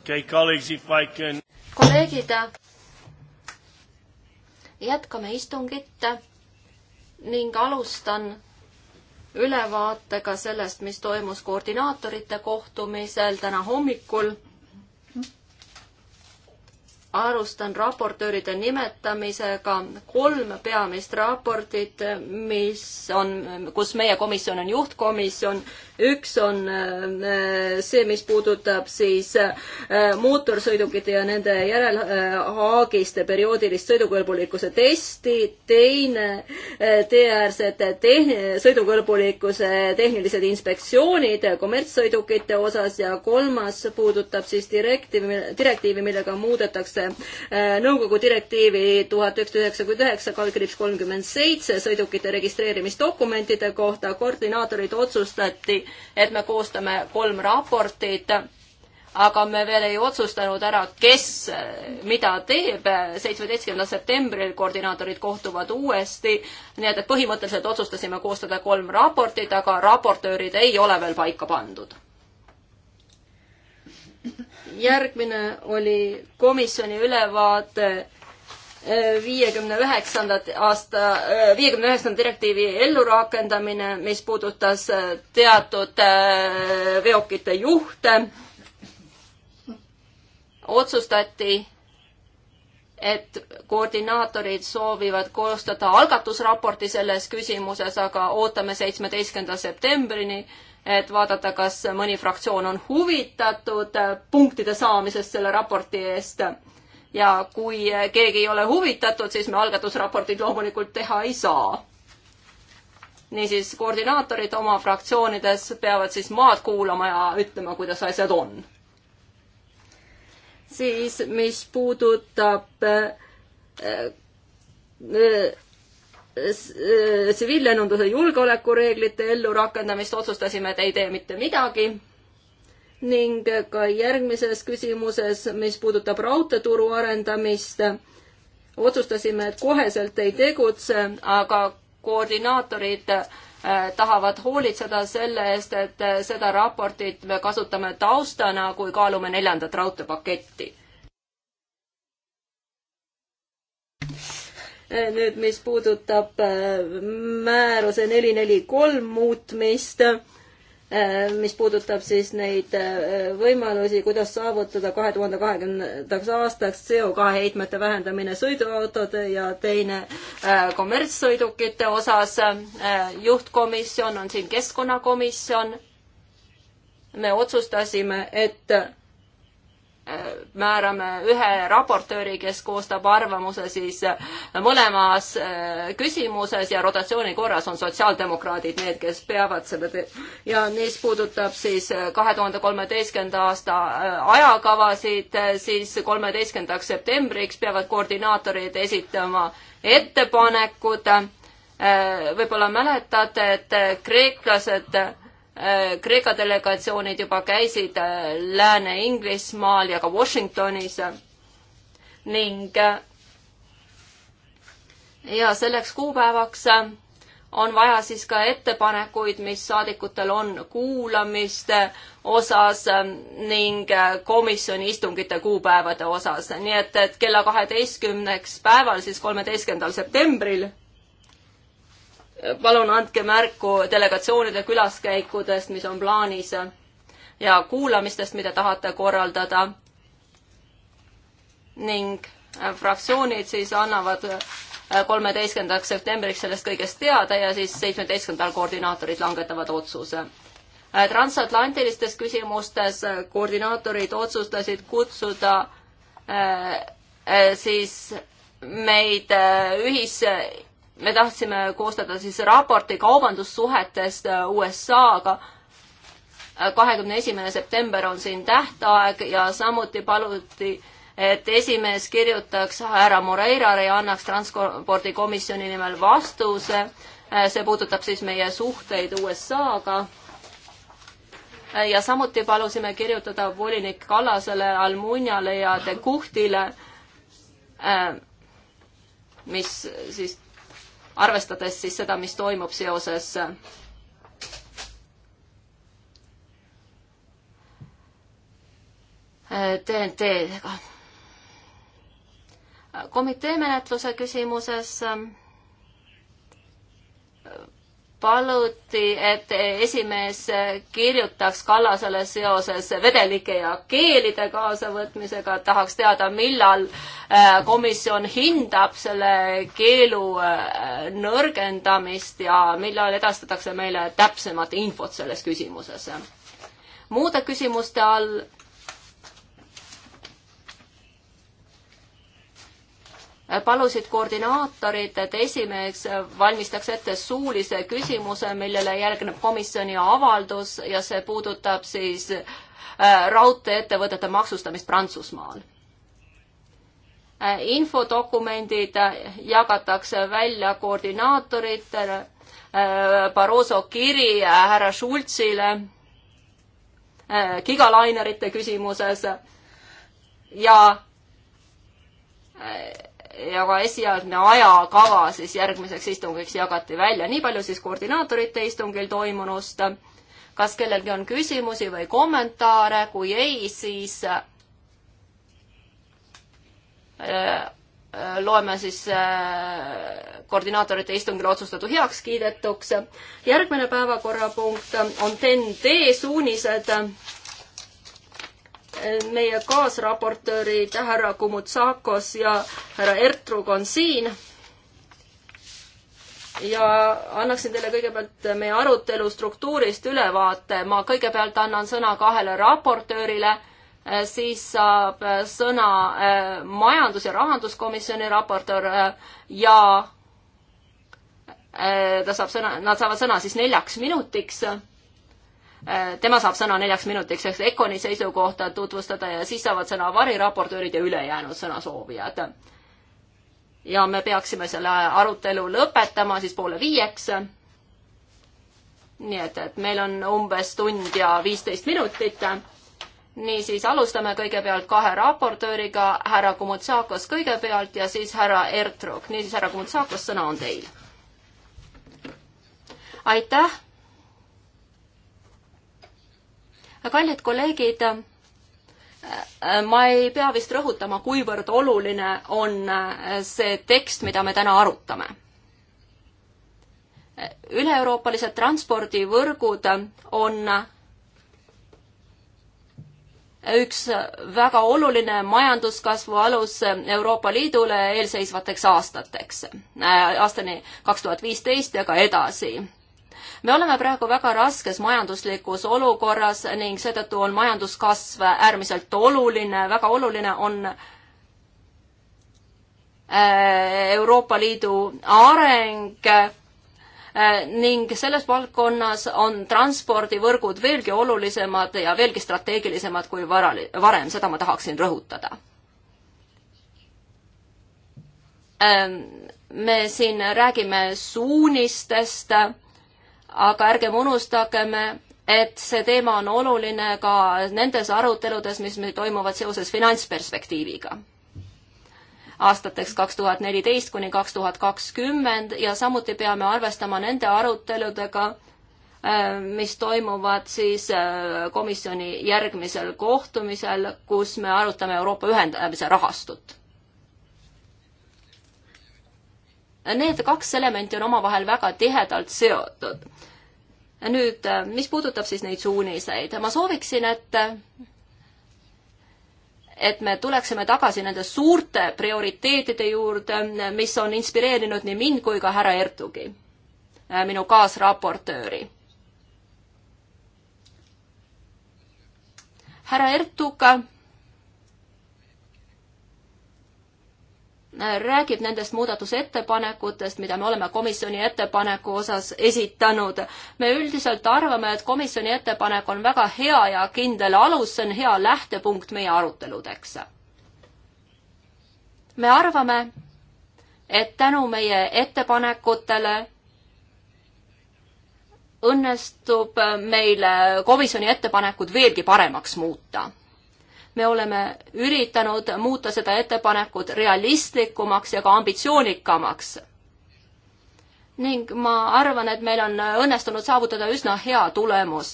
okay,. Can... kolleegid, jätkame istungit ning alustan ülevaatega sellest, mis toimus koordinaatorite kohtumisel täna hommikul alustan raportööride nimetamisega. kolm peamist raportit, mis on, kus meie komisjon on juhtkomisjon. üks on äh, see, mis puudutab siis äh, mootorsõidukite ja nende järelhaagiste perioodilist sõidukõlbulikkuse testi. teine äh, teeäärsete tehn-, sõidukõlbulikkuse tehnilised inspektsioonid kommertssõidukite osas ja kolmas puudutab siis direktiivi, direktiivi, millega muudetakse Äh, nõukogu direktiivi tuhat üheksasada üheksakümmend üheksa kalkriips kolmkümmend seitse sõidukite registreerimisdokumentide kohta. koordinaatorid otsustati, et me koostame kolm raportit aga me veel ei otsustanud ära, kes mida teeb. seitsmeteistkümnendal septembril koordinaatorid kohtuvad uuesti. nii et, et põhimõtteliselt otsustasime koostada kolm raportit, aga raportöörid ei ole veel paika pandud järgmine oli komisjoni ülevaade äh, viiekümne üheksandat aasta, äh, viiekümne üheksanda direktiivi ellurakendamine, mis puudutas äh, teatud veokite juhte. otsustati, et koordinaatorid soovivad koostada algatusraporti selles küsimuses, aga ootame seitsmeteistkümnenda septembrini et vaadata, kas mõni fraktsioon on huvitatud punktide saamisest selle raporti eest. ja kui keegi ei ole huvitatud, siis me algatusraportit loomulikult teha ei saa. niisiis, koordinaatorid oma fraktsioonides peavad siis maad kuulama ja ütlema, kuidas asjad on. siis, mis puudutab äh, äh, Äh, tsiviillennunduse julgeolekureeglite ellurakendamist otsustasime, et ei tee mitte midagi. ning ka järgmises küsimuses, mis puudutab raudteeturu arendamist, otsustasime, et koheselt ei tegutse, aga koordinaatorid äh, tahavad hoolitseda selle eest, et äh, seda raportit me kasutame taustana, kui kaalume neljandat raudteepaketti. nüüd, mis puudutab äh, määruse neli, neli, kolm muutmist, äh, mis puudutab siis neid äh, võimalusi, kuidas saavutada kahe tuhande kahekümnendaks aastaks CO kahe heitmete vähendamine sõiduautode ja teine kommertssõidukite osas. juhtkomisjon on siin keskkonnakomisjon. me otsustasime, et määrame ühe raportööri, kes koostab arvamuse siis äh, mõlemas äh, küsimuses ja rotatsiooni korras on sotsiaaldemokraadid need, kes peavad selle te-. ja mis puudutab siis äh, kahe tuhande kolmeteistkümnenda aasta ajakavasid, siis kolmeteistkümnendaks septembriks peavad koordinaatorid esitama ettepanekud. võib-olla mäletate, et kreeklased Äh, Kreeka delegatsioonid juba käisid äh, Lääne-Inglismaal ja ka Washingtonis ning äh, ja selleks kuupäevaks on vaja siis ka ettepanekuid, mis saadikutel on kuulamiste osas ning komisjoni istungite kuupäevade osas, nii et, et kella kaheteistkümneks päeval, siis kolmeteistkümnendal septembril palun andke märku delegatsioonide külaskäikudest, mis on plaanis ja kuulamistest, mida tahate korraldada. ning äh, fraktsioonid siis annavad äh, kolmeteistkümnendaks septembriks sellest kõigest teada ja siis seitsmeteistkümnendal koordinaatorid langetavad otsuse. Äh, transatlantilistes küsimustes koordinaatorid otsustasid kutsuda siis meid ühis me tahtsime koostada siis raporti kaubandussuhetest äh, USA-ga. Äh, kahekümne esimene september on siin tähtaeg ja samuti paluti et esimees kirjutaks härra Moreirale ja annaks transpordikomisjoni nimel vastuse. Äh, see puudutab siis meie suhteid USA-ga. ja samuti palusime kirjutada volinik Kallasele, Almuniale ja De Guhtile, mis siis arvestades siis seda, mis toimub seoses äh, TNT-ga. komitee menetluse küsimuses äh, paluti, et esimees kirjutaks Kallasele seoses vedelike ja keelide kaasavõtmisega, tahaks teada, millal äh, komisjon hindab selle keelu äh, nõrgendamist ja millal edastatakse meile täpsemat infot selles küsimuses. muude küsimuste all palusid koordinaatorid, et esimees valmistaks ette suulise küsimuse, millele järgneb komisjoni avaldus ja see puudutab siis äh, raudteeettevõtete maksustamist Prantsusmaal äh, infodokumendid äh, jagatakse välja koordinaatoritele, Barroso kiri härra Schultzile gigalainerite küsimuses ja ja ka esialgne ajakava siis järgmiseks istungiks jagati välja. nii palju siis koordinaatorite istungil toimunust. kas kellelgi on küsimusi või kommentaare, kui ei, siis äh, äh, loeme siis äh, koordinaatorite istungil otsustatu heaks kiidetuks. järgmine päevakorrapunkt on TEN-T suunised meie kaasraportöörid härra Kumutsakos ja härra Ertrug on siin. ja annaksin teile kõigepealt meie arutelu struktuurist ülevaate. ma kõigepealt annan sõna kahele raportöörile, äh, siis saab äh, sõna äh, majandus- ja rahanduskomisjoni raportöör ja ta saab sõna, nad saavad sõna siis neljaks minutiks Äh, tema saab sõna neljaks minutiks, eks Econi seisukohta tutvustada ja siis saavad sõna variraportöörid ja ülejäänud sõnasoovijad. ja me peaksime selle arutelu lõpetama siis poole viieks. nii et, et meil on umbes tund ja viisteist minutit. niisiis alustame kõigepealt kahe raportööriga, härra Kumutsakos kõigepealt ja siis härra Ertrug. niisiis, härra Kumutsakos, sõna on teil. aitäh kallid kolleegid, ma ei pea vist rõhutama, kuivõrd oluline on see tekst, mida me täna arutame. üle-euroopalised transpordivõrgud on üks väga oluline majanduskasvu alus Euroopa Liidule eelseisvateks aastateks, aastani kaks tuhat viisteist ja ka edasi me oleme praegu väga raskes majanduslikus olukorras ning seetõttu on majanduskasv äärmiselt oluline, väga oluline on äh, Euroopa Liidu areng äh, ning selles valdkonnas on transpordivõrgud veelgi olulisemad ja veelgi strateegilisemad kui varali, varem, seda ma tahaksin rõhutada. Ähm, me siin räägime suunistest aga ärgem unustagem, et see teema on oluline ka nendes aruteludes, mis meil toimuvad seoses finantsperspektiiviga aastateks kaks tuhat neliteist kuni kaks tuhat kakskümmend ja samuti peame arvestama nende aruteludega, äh, mis toimuvad siis äh, komisjoni järgmisel kohtumisel, kus me arutame Euroopa ühendamise rahastut. Need kaks elementi on omavahel väga tihedalt seotud. nüüd, mis puudutab siis neid suuniseid, ma sooviksin, et et me tuleksime tagasi nende suurte prioriteetide juurde, mis on inspireerinud nii mind kui ka härra Ertugi, minu kaasraportööri. härra Ertug räägib nendest muudatusettepanekutest, mida me oleme komisjoni ettepaneku osas esitanud. me üldiselt arvame, et komisjoni ettepanek on väga hea ja kindel alus, see on hea lähtepunkt meie aruteludeks. me arvame, et tänu meie ettepanekutele õnnestub meil komisjoni ettepanekud veelgi paremaks muuta me oleme üritanud muuta seda ettepanekut realistlikumaks ja ka ambitsioonikamaks. ning ma arvan, et meil on õnnestunud saavutada üsna hea tulemus.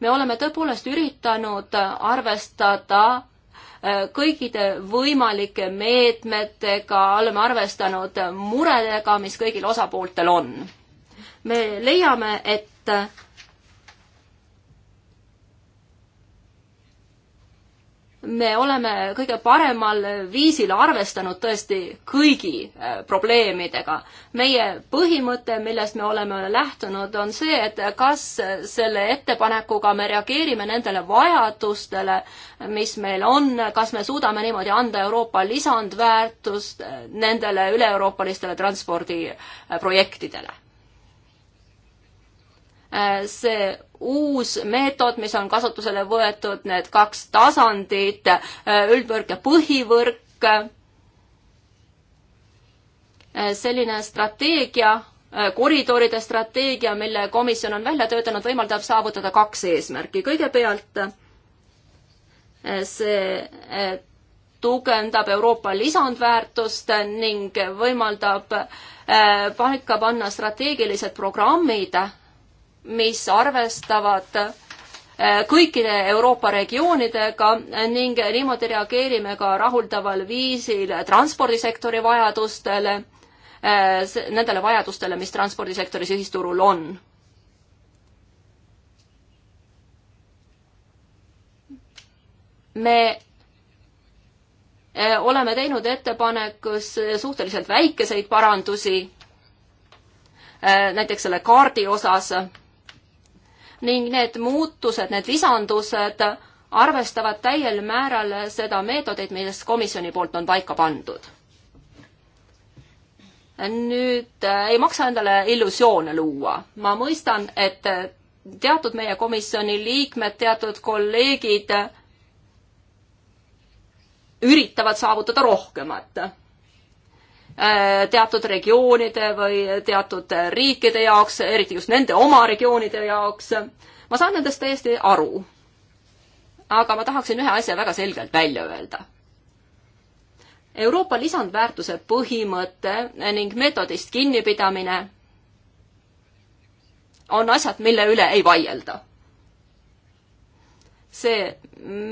me oleme tõepoolest üritanud arvestada äh, kõikide võimalike meetmetega, oleme arvestanud muredega, mis kõigil osapooltel on. me leiame, et me oleme kõige paremal viisil arvestanud tõesti kõigi äh, probleemidega. meie põhimõte, millest me oleme lähtunud, on see, et kas selle ettepanekuga me reageerime nendele vajadustele, mis meil on, kas me suudame niimoodi anda Euroopa lisandväärtust äh, nendele üle-euroopalistele transpordiprojektidele. Äh, see uus meetod, mis on kasutusele võetud, need kaks tasandit, üldvõrk ja põhivõrk. selline strateegia, koridoride strateegia, mille komisjon on välja töötanud, võimaldab saavutada kaks eesmärki. kõigepealt see tugevdab Euroopa lisandväärtust ning võimaldab eh, paika panna strateegilised programmid mis arvestavad äh, kõikide Euroopa regioonidega ning niimoodi reageerime ka rahuldaval viisil transpordisektori vajadustele, äh, nendele vajadustele, mis transpordisektoris ühisturul on me äh, oleme teinud ettepanekus suhteliselt väikeseid parandusi, näiteks selle kaardi osas ning need muutused, need lisandused arvestavad täiel määral seda meetodit, millest komisjoni poolt on paika pandud. nüüd ei maksa endale illusioone luua. ma mõistan, et teatud meie komisjoni liikmed, teatud kolleegid üritavad saavutada rohkemat Äh, teatud regioonide või teatud riikide jaoks, eriti just nende oma regioonide jaoks. ma saan nendest täiesti aru. aga ma tahaksin ühe asja väga selgelt välja öelda. Euroopa lisandväärtuse põhimõte ning meetodist kinnipidamine on asjad, mille üle ei vaielda see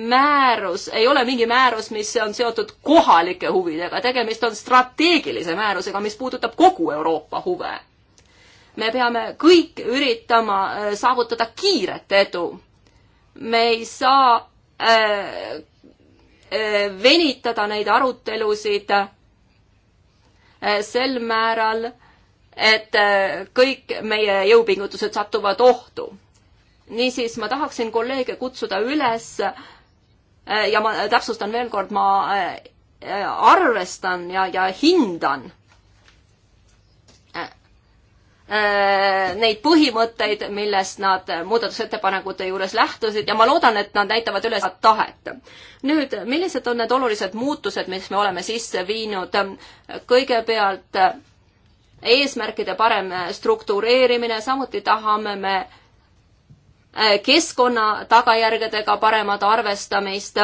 määrus ei ole mingi määrus, mis on seotud kohalike huvidega, tegemist on strateegilise määrusega, mis puudutab kogu Euroopa huve. me peame kõik üritama äh, saavutada kiiret edu. me ei saa äh, äh, venitada neid arutelusid äh, sel määral, et äh, kõik meie jõupingutused satuvad ohtu niisiis ma tahaksin kolleege kutsuda üles äh, ja ma täpsustan veel kord, ma äh, arvestan ja, ja hindan äh, neid põhimõtteid, millest nad muudatusettepanekute juures lähtusid ja ma loodan, et nad näitavad üles tahet. nüüd, millised on need olulised muutused, mis me oleme sisse viinud? kõigepealt eesmärkide parem struktureerimine, samuti tahame me Äh, keskkonna tagajärgedega paremat arvestamist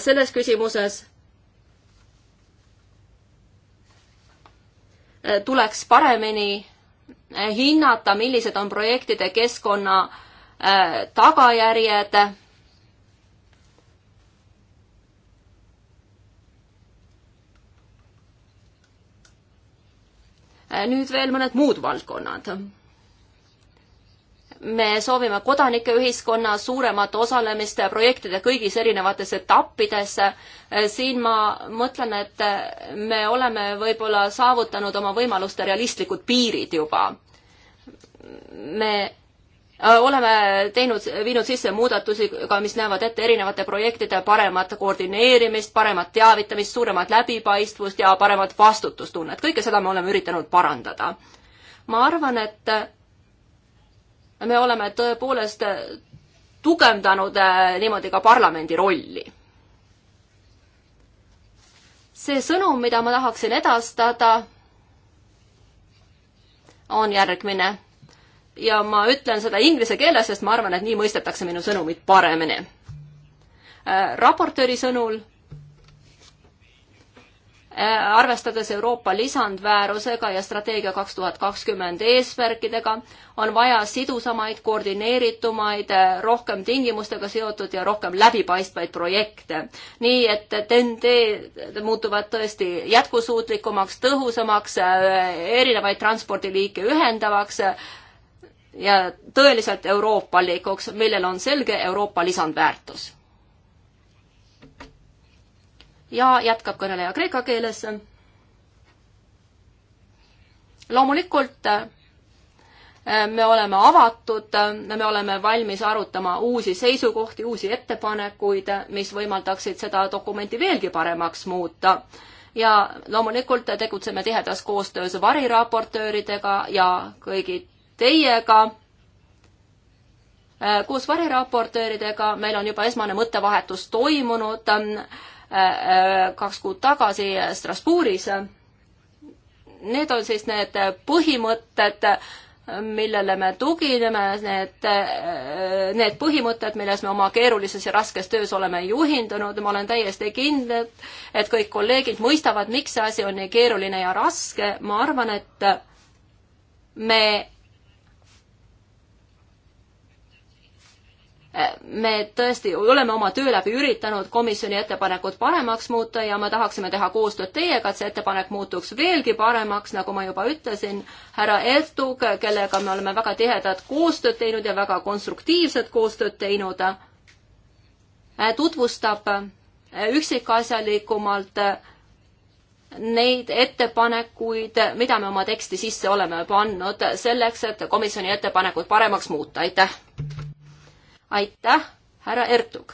selles küsimuses äh, tuleks paremini äh, hinnata, millised on projektide keskkonna tagajärjed. nüüd veel mõned muud valdkonnad me soovime kodanikeühiskonna suuremat osalemist projektide kõigis erinevates etappides. siin ma mõtlen, et me oleme võib-olla saavutanud oma võimaluste realistlikud piirid juba. me äh, oleme teinud, viinud sisse muudatusi ka, mis näevad ette erinevate projektide paremat koordineerimist, paremat teavitamist, suuremat läbipaistvust ja paremat vastutustunnet. kõike seda me oleme üritanud parandada. ma arvan, et me oleme tõepoolest tugevdanud äh, niimoodi ka parlamendi rolli. see sõnum, mida ma tahaksin edastada, on järgmine. ja ma ütlen seda inglise keeles, sest ma arvan, et nii mõistetakse minu sõnumit paremini. Äh, raportööri sõnul Äh, arvestades Euroopa lisandväärusega ja strateegia kaks tuhat kakskümmend eesmärkidega, on vaja sidusamaid, koordineeritumaid, äh, rohkem tingimustega seotud ja rohkem läbipaistvaid projekte. nii et TEN-T muutuvad tõesti jätkusuutlikumaks, tõhusamaks, äh, erinevaid transpordiliike ühendavaks ja tõeliselt euroopalikuks, millel on selge Euroopa lisandväärtus ja jätkab kõneleja kreeka keeles. loomulikult äh, me oleme avatud, äh, me oleme valmis arutama uusi seisukohti, uusi ettepanekuid, äh, mis võimaldaksid seda dokumenti veelgi paremaks muuta. ja loomulikult tegutseme tihedas koostöös variraportööridega ja kõigi teiega. koos variraportööridega meil on juba esmane mõttevahetus toimunud kaks kuud tagasi Strasbourgis. Need on siis need põhimõtted, millele me tugineme, need, need põhimõtted, milles me oma keerulises ja raskes töös oleme juhindunud, ma olen täiesti kindel, et kõik kolleegid mõistavad, miks see asi on nii keeruline ja raske, ma arvan, et me me tõesti oleme oma töö läbi üritanud komisjoni ettepanekut paremaks muuta ja me tahaksime teha koostööd teiega, et see ettepanek muutuks veelgi paremaks, nagu ma juba ütlesin, härra Ertug, kellega me oleme väga tihedat koostööd teinud ja väga konstruktiivset koostööd teinud, äh, tutvustab äh, üksikasjalikumalt äh, neid ettepanekuid, mida me oma teksti sisse oleme pannud, selleks et komisjoni ettepanekut paremaks muuta, aitäh! aitäh, härra Ertug.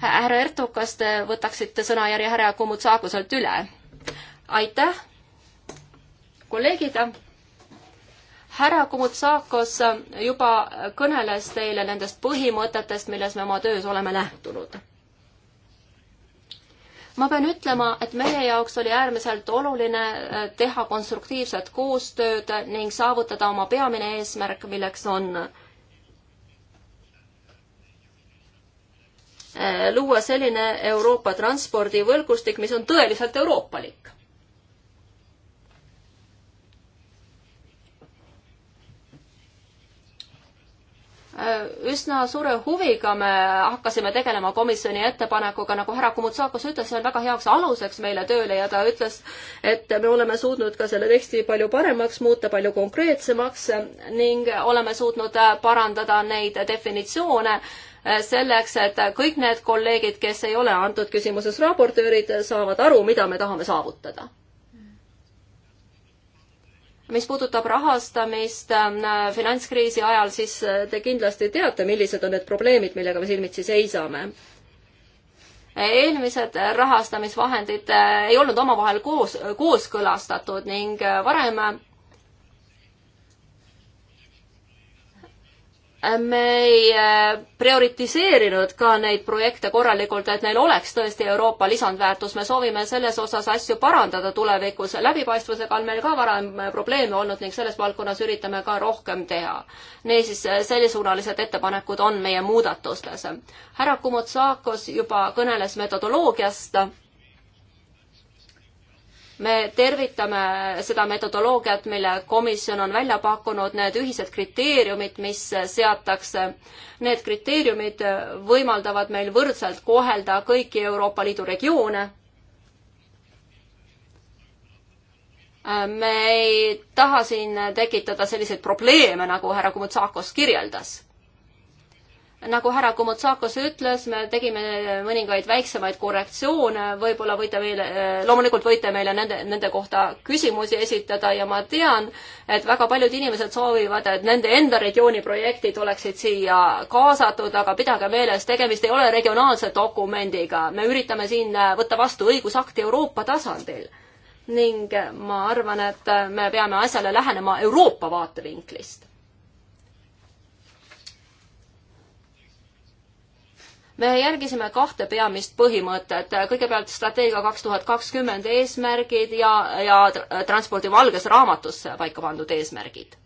härra Ertug, kas te võtaksite sõnajärje härra Kumutsakuselt üle? aitäh, kolleegid härra Kumutsakos juba kõneles teile nendest põhimõtetest, milles me oma töös oleme lähtunud ma pean ütlema, et meie jaoks oli äärmiselt oluline äh, teha konstruktiivset koostööd ning saavutada oma peamine eesmärk, milleks on äh, luua selline Euroopa transpordivõrgustik, mis on tõeliselt euroopalik. Äh, üsna suure huviga me hakkasime tegelema komisjoni ettepanekuga, nagu härra Kumutsakos ütles, see on väga heaks aluseks meile tööle ja ta ütles, et me oleme suutnud ka selle teksti palju paremaks muuta, palju konkreetsemaks ning oleme suutnud äh, parandada neid definitsioone äh, selleks, et kõik need kolleegid, kes ei ole antud küsimuses raportöörid, saavad aru, mida me tahame saavutada mis puudutab rahastamist ähm, finantskriisi ajal, siis äh, te kindlasti teate, millised on need probleemid, millega me silmitsi seisame eelmised rahastamisvahendid äh, ei olnud omavahel koos, kooskõlastatud ning äh, varem me ei äh, prioritiseerinud ka neid projekte korralikult, et neil oleks tõesti Euroopa lisandväärtus, me soovime selles osas asju parandada tulevikus, läbipaistvusega on meil ka varem äh, probleeme olnud ning selles valdkonnas üritame ka rohkem teha. niisiis, äh, sellesuunalised ettepanekud on meie muudatustes. härra Kumutsakos juba kõneles metodoloogiast me tervitame seda metodoloogiat, mille komisjon on välja pakkunud, need ühised kriteeriumid, mis seatakse. Need kriteeriumid võimaldavad meil võrdselt kohelda kõiki Euroopa Liidu regioone. me ei taha siin tekitada selliseid probleeme, nagu härra Kumutsakos kirjeldas nagu härra Komotsakos ütles, me tegime mõningaid väiksemaid korrektsioone, võib-olla võite meile, eh, loomulikult võite meile nende, nende kohta küsimusi esitada ja ma tean, et väga paljud inimesed soovivad, et nende enda regiooni projektid oleksid siia kaasatud, aga pidage meeles, tegemist ei ole regionaalse dokumendiga, me üritame siin eh, võtta vastu õigusakti Euroopa tasandil. ning ma arvan, et me peame asjale lähenema Euroopa vaatevinklist me järgisime kahte peamist põhimõtet, kõigepealt strateegia kaks tuhat kakskümmend eesmärgid ja, ja transpordi valges raamatus paika pandud eesmärgid.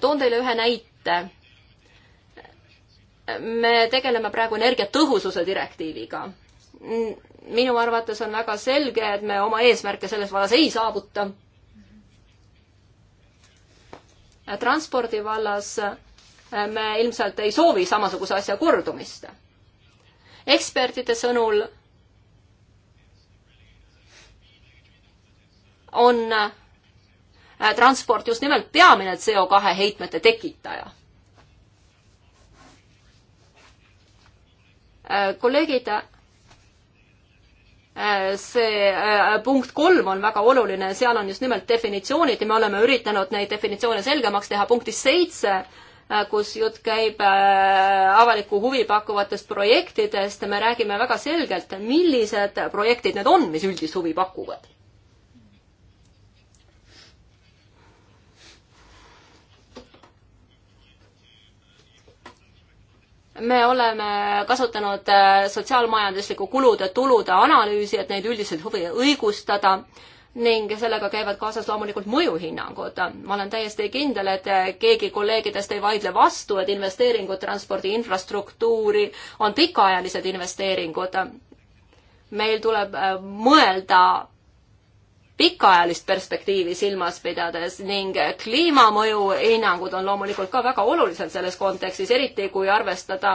toon teile ühe näite. me tegeleme praegu energiatõhususe direktiiviga. minu arvates on väga selge, et me oma eesmärke selles vallas ei saavuta. transpordi vallas me ilmselt ei soovi samasuguse asja kordumist. ekspertide sõnul on äh, transport just nimelt peamine CO2 heitmete tekitaja. Äh, kolleegid, äh, see punkt kolm on väga oluline, seal on just nimelt definitsioonid ja me oleme üritanud neid definitsioone selgemaks teha. punktis seitse Äh, kus jutt käib äh, avalikku huvi pakkuvatest projektidest, me räägime väga selgelt, millised projektid need on, mis üldist huvi pakuvad. me oleme kasutanud äh, sotsiaalmajandusliku kulude-tulude analüüsi, et neid üldiseid huve õigustada ning sellega käivad kaasas loomulikult mõjuhinnangud. ma olen täiesti kindel, et keegi kolleegidest ei vaidle vastu, et investeeringud transpordi infrastruktuuri on pikaajalised investeeringud. meil tuleb äh, mõelda pikaajalist perspektiivi silmas pidades ning kliimamõju hinnangud on loomulikult ka väga olulised selles kontekstis, eriti kui arvestada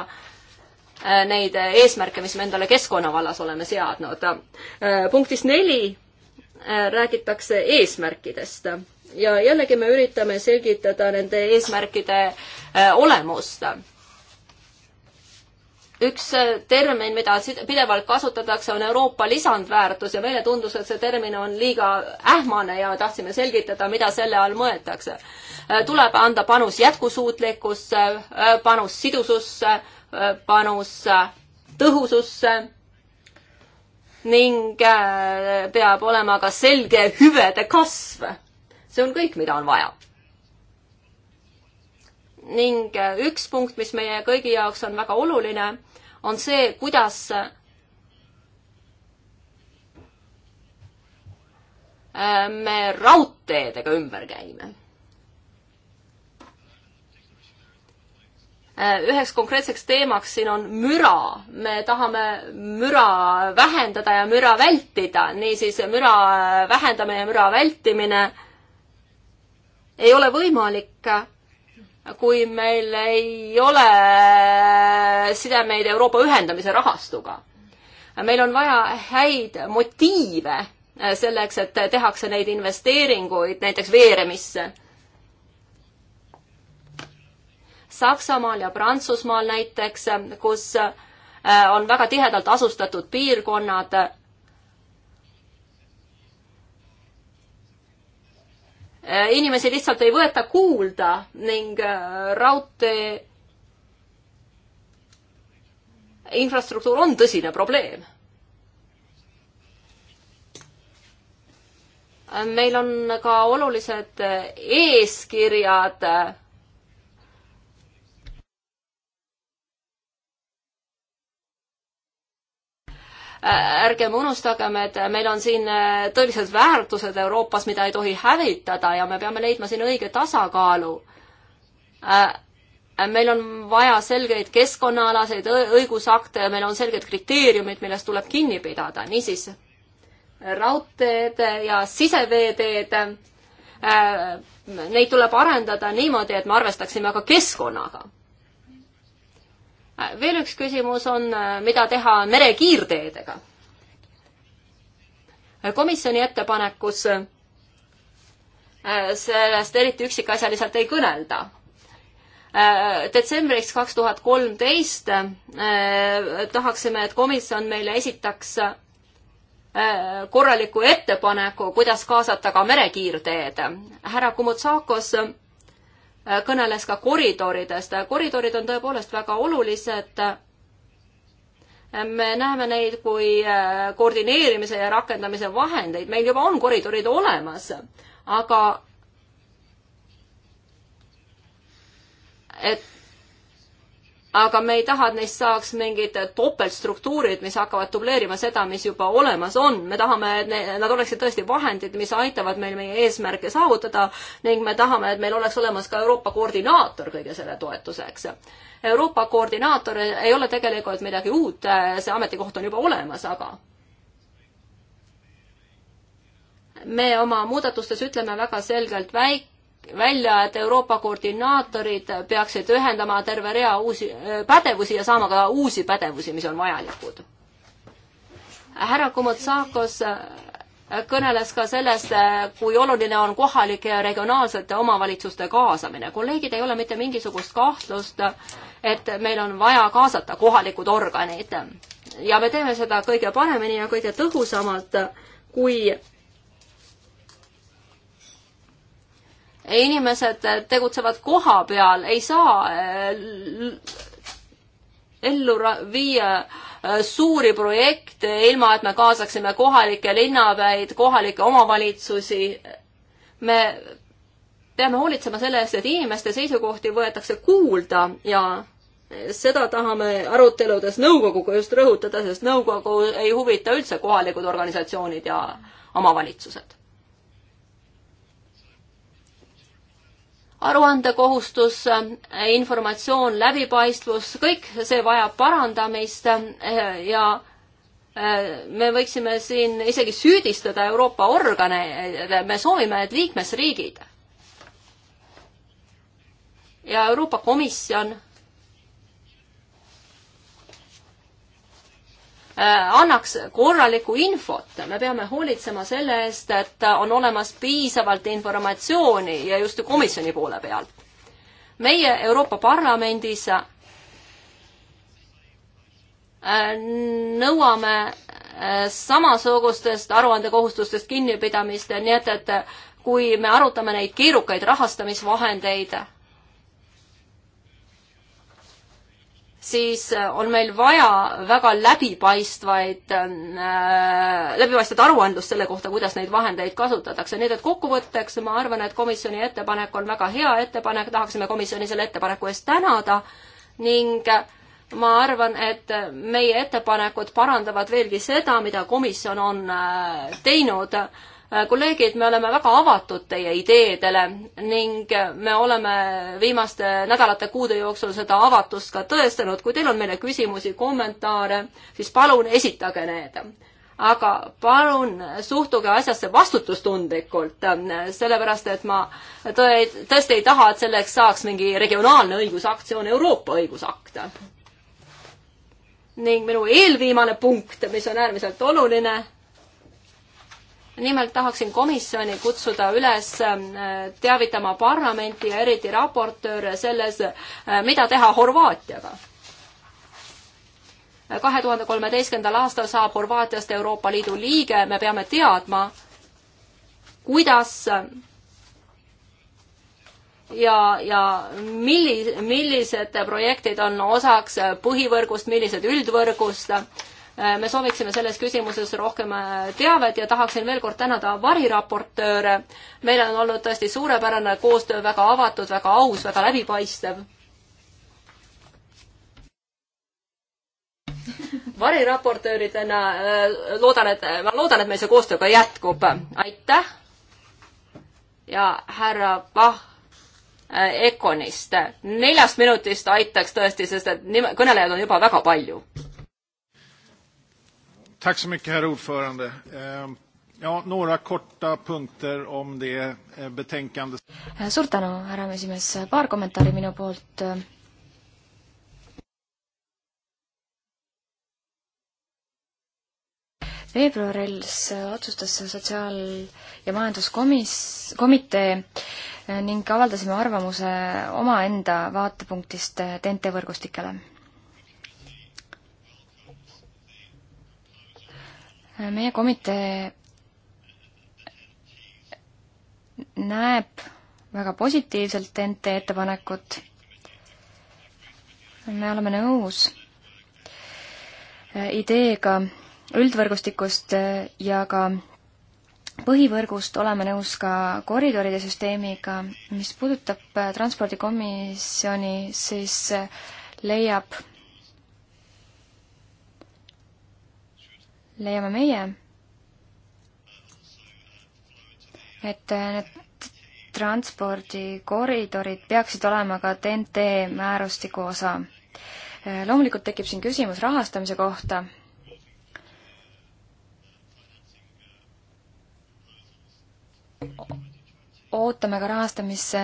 äh, neid eesmärke, mis me endale keskkonna vallas oleme seadnud. Äh, punktis neli Äh, räägitakse eesmärkidest ja jällegi me üritame selgitada nende eesmärkide äh, olemust. üks äh, termin, mida pidevalt kasutatakse, on Euroopa lisandväärtus ja meile tundus, et see termin on liiga ähmane ja tahtsime selgitada, mida selle all mõeldakse. tuleb anda panus jätkusuutlikkusse, panus sidususse, panus tõhususse ning äh, peab olema ka selge hüvede kasv. see on kõik, mida on vaja. ning äh, üks punkt, mis meie kõigi jaoks on väga oluline, on see, kuidas äh, me raudteedega ümber käime Äh, üheks konkreetseks teemaks siin on müra. me tahame müra vähendada ja müra vältida, niisiis müra vähendamine ja müra vältimine ei ole võimalik, kui meil ei ole sidemeid Euroopa ühendamise rahastuga. meil on vaja häid motiive selleks, et tehakse neid investeeringuid näiteks veeremisse Saksamaal ja Prantsusmaal näiteks, kus äh, on väga tihedalt asustatud piirkonnad. Äh, inimesi lihtsalt ei võeta kuulda ning äh, raudtee infrastruktuur on tõsine probleem. meil on ka olulised eeskirjad Äh, ärgem unustagem, et meil on siin äh, tõelised väärtused Euroopas, mida ei tohi hävitada ja me peame leidma siin õige tasakaalu. Äh, meil on vaja selgeid keskkonnaalaseid õigusakte ja meil on selged kriteeriumid, millest tuleb kinni pidada, niisiis raudteed ja siseveeteed, neid tuleb arendada niimoodi, et me arvestaksime ka keskkonnaga Äh, veel üks küsimus on, äh, mida teha merekiirteedega. Äh, komisjoni ettepanekus sellest eriti üksikasjaliselt ei kõnelda detsembriks kaks tuhat kolmteist tahaksime, et komisjon meile esitaks korraliku ettepaneku, kuidas kaasata ka merekiirteed. härra Kumutsakos kõneles ka koridoridest. koridorid on tõepoolest väga olulised. me näeme neid kui äh, koordineerimise ja rakendamise vahendeid, meil juba on koridorid olemas, aga et aga me ei taha, et neist saaks mingid topeltstruktuurid, mis hakkavad dubleerima seda, mis juba olemas on. me tahame, et ne, nad oleksid tõesti vahendid, mis aitavad meil meie eesmärke saavutada ning me tahame, et meil oleks olemas ka Euroopa koordinaator kõige selle toetuseks. Euroopa koordinaator ei ole tegelikult midagi uut, see ametikoht on juba olemas, aga me oma muudatustes ütleme väga selgelt väik-, välja, et Euroopa koordinaatorid peaksid ühendama terve rea uusi äh, pädevusi ja saama ka uusi pädevusi, mis on vajalikud. härra Komotsakos äh, kõneles ka sellest, äh, kui oluline on kohalike ja regionaalsete omavalitsuste kaasamine. kolleegid, ei ole mitte mingisugust kahtlust, et meil on vaja kaasata kohalikud organid. ja me teeme seda kõige paremini ja kõige tõhusamalt, kui inimesed tegutsevad koha peal, ei saa äh, ellu viia äh, suuri projekte, ilma et me kaasaksime kohalikke linnapäid, kohalikke omavalitsusi. me peame hoolitsema selle eest, et inimeste seisukohti võetakse kuulda ja seda tahame aruteludes nõukoguga just rõhutada, sest nõukogu ei huvita üldse kohalikud organisatsioonid ja omavalitsused. aruandekohustus, informatsioon, läbipaistvus, kõik see vajab parandamist eh, ja eh, me võiksime siin isegi süüdistada Euroopa organe, me soovime, et liikmesriigid ja Euroopa Komisjon Äh, annaks korralikku infot. me peame hoolitsema selle eest, et on olemas piisavalt informatsiooni ja just komisjoni poole pealt. meie Euroopa Parlamendis äh, nõuame äh, samasugustest aruandekohustustest kinnipidamist, nii et, et kui me arutame neid keerukaid rahastamisvahendeid, siis äh, on meil vaja väga läbipaistvaid äh,, läbipaistvat aruandlust selle kohta, kuidas neid vahendeid kasutatakse. nii et kokkuvõtteks ma arvan, et komisjoni ettepanek on väga hea ettepanek, tahaksime komisjoni selle ettepaneku eest tänada ning äh, ma arvan, et meie ettepanekud parandavad veelgi seda, mida komisjon on äh, teinud äh, Äh, kolleegid, me oleme väga avatud teie ideedele ning äh, me oleme viimaste nädalate-kuude jooksul seda avatust ka tõestanud. kui teil on meile küsimusi, kommentaare, siis palun esitage need. aga palun suhtuge asjasse vastutustundlikult, äh, sellepärast et ma tõe-, tõesti ei taha, et selleks saaks mingi regionaalne õigusakt, see on Euroopa õigusakt. ning minu eelviimane punkt, mis on äärmiselt oluline nimelt tahaksin komisjoni kutsuda üles äh, teavitama parlamenti ja eriti raportööre selles, äh, mida teha Horvaatiaga. kahe tuhande kolmeteistkümnendal aastal saab Horvaatiast Euroopa Liidu liige, me peame teadma, kuidas ja, ja milli-, millised projektid on osaks põhivõrgust, millised üldvõrgust Äh, me sooviksime selles küsimuses rohkem äh, teavet ja tahaksin veel kord tänada variraportööre. meil on olnud tõesti suurepärane koostöö, väga avatud, väga aus, väga läbipaistev. variraportööridena äh, loodan, et, ma loodan, et meil see koostöö ka jätkub. aitäh! ja härra Pah- Econist. neljast minutist aitaks tõesti, sest et nime, kõnelejaid on juba väga palju. Tack så mycket, herr ordförande. Ehm, ja, några korta punkter om det eh, betänkandet. Eh, suur tänu, härra esimees. Paar kommentaari minu poolt. veebruaris eh, otsustas sotsiaal- ja majanduskomis-, komitee ning avaldasime arvamuse omaenda vaatepunktist TNT võrgustikele meie komitee näeb väga positiivselt NT ettepanekut. me oleme nõus ideega üldvõrgustikust ja ka põhivõrgust oleme nõus ka koridoride süsteemiga. mis puudutab transpordikomisjoni, siis leiab leiame meie, et need transpordikoridorid peaksid olema ka TNT määrustiku osa. loomulikult tekib siin küsimus rahastamise kohta. ootame ka rahastamise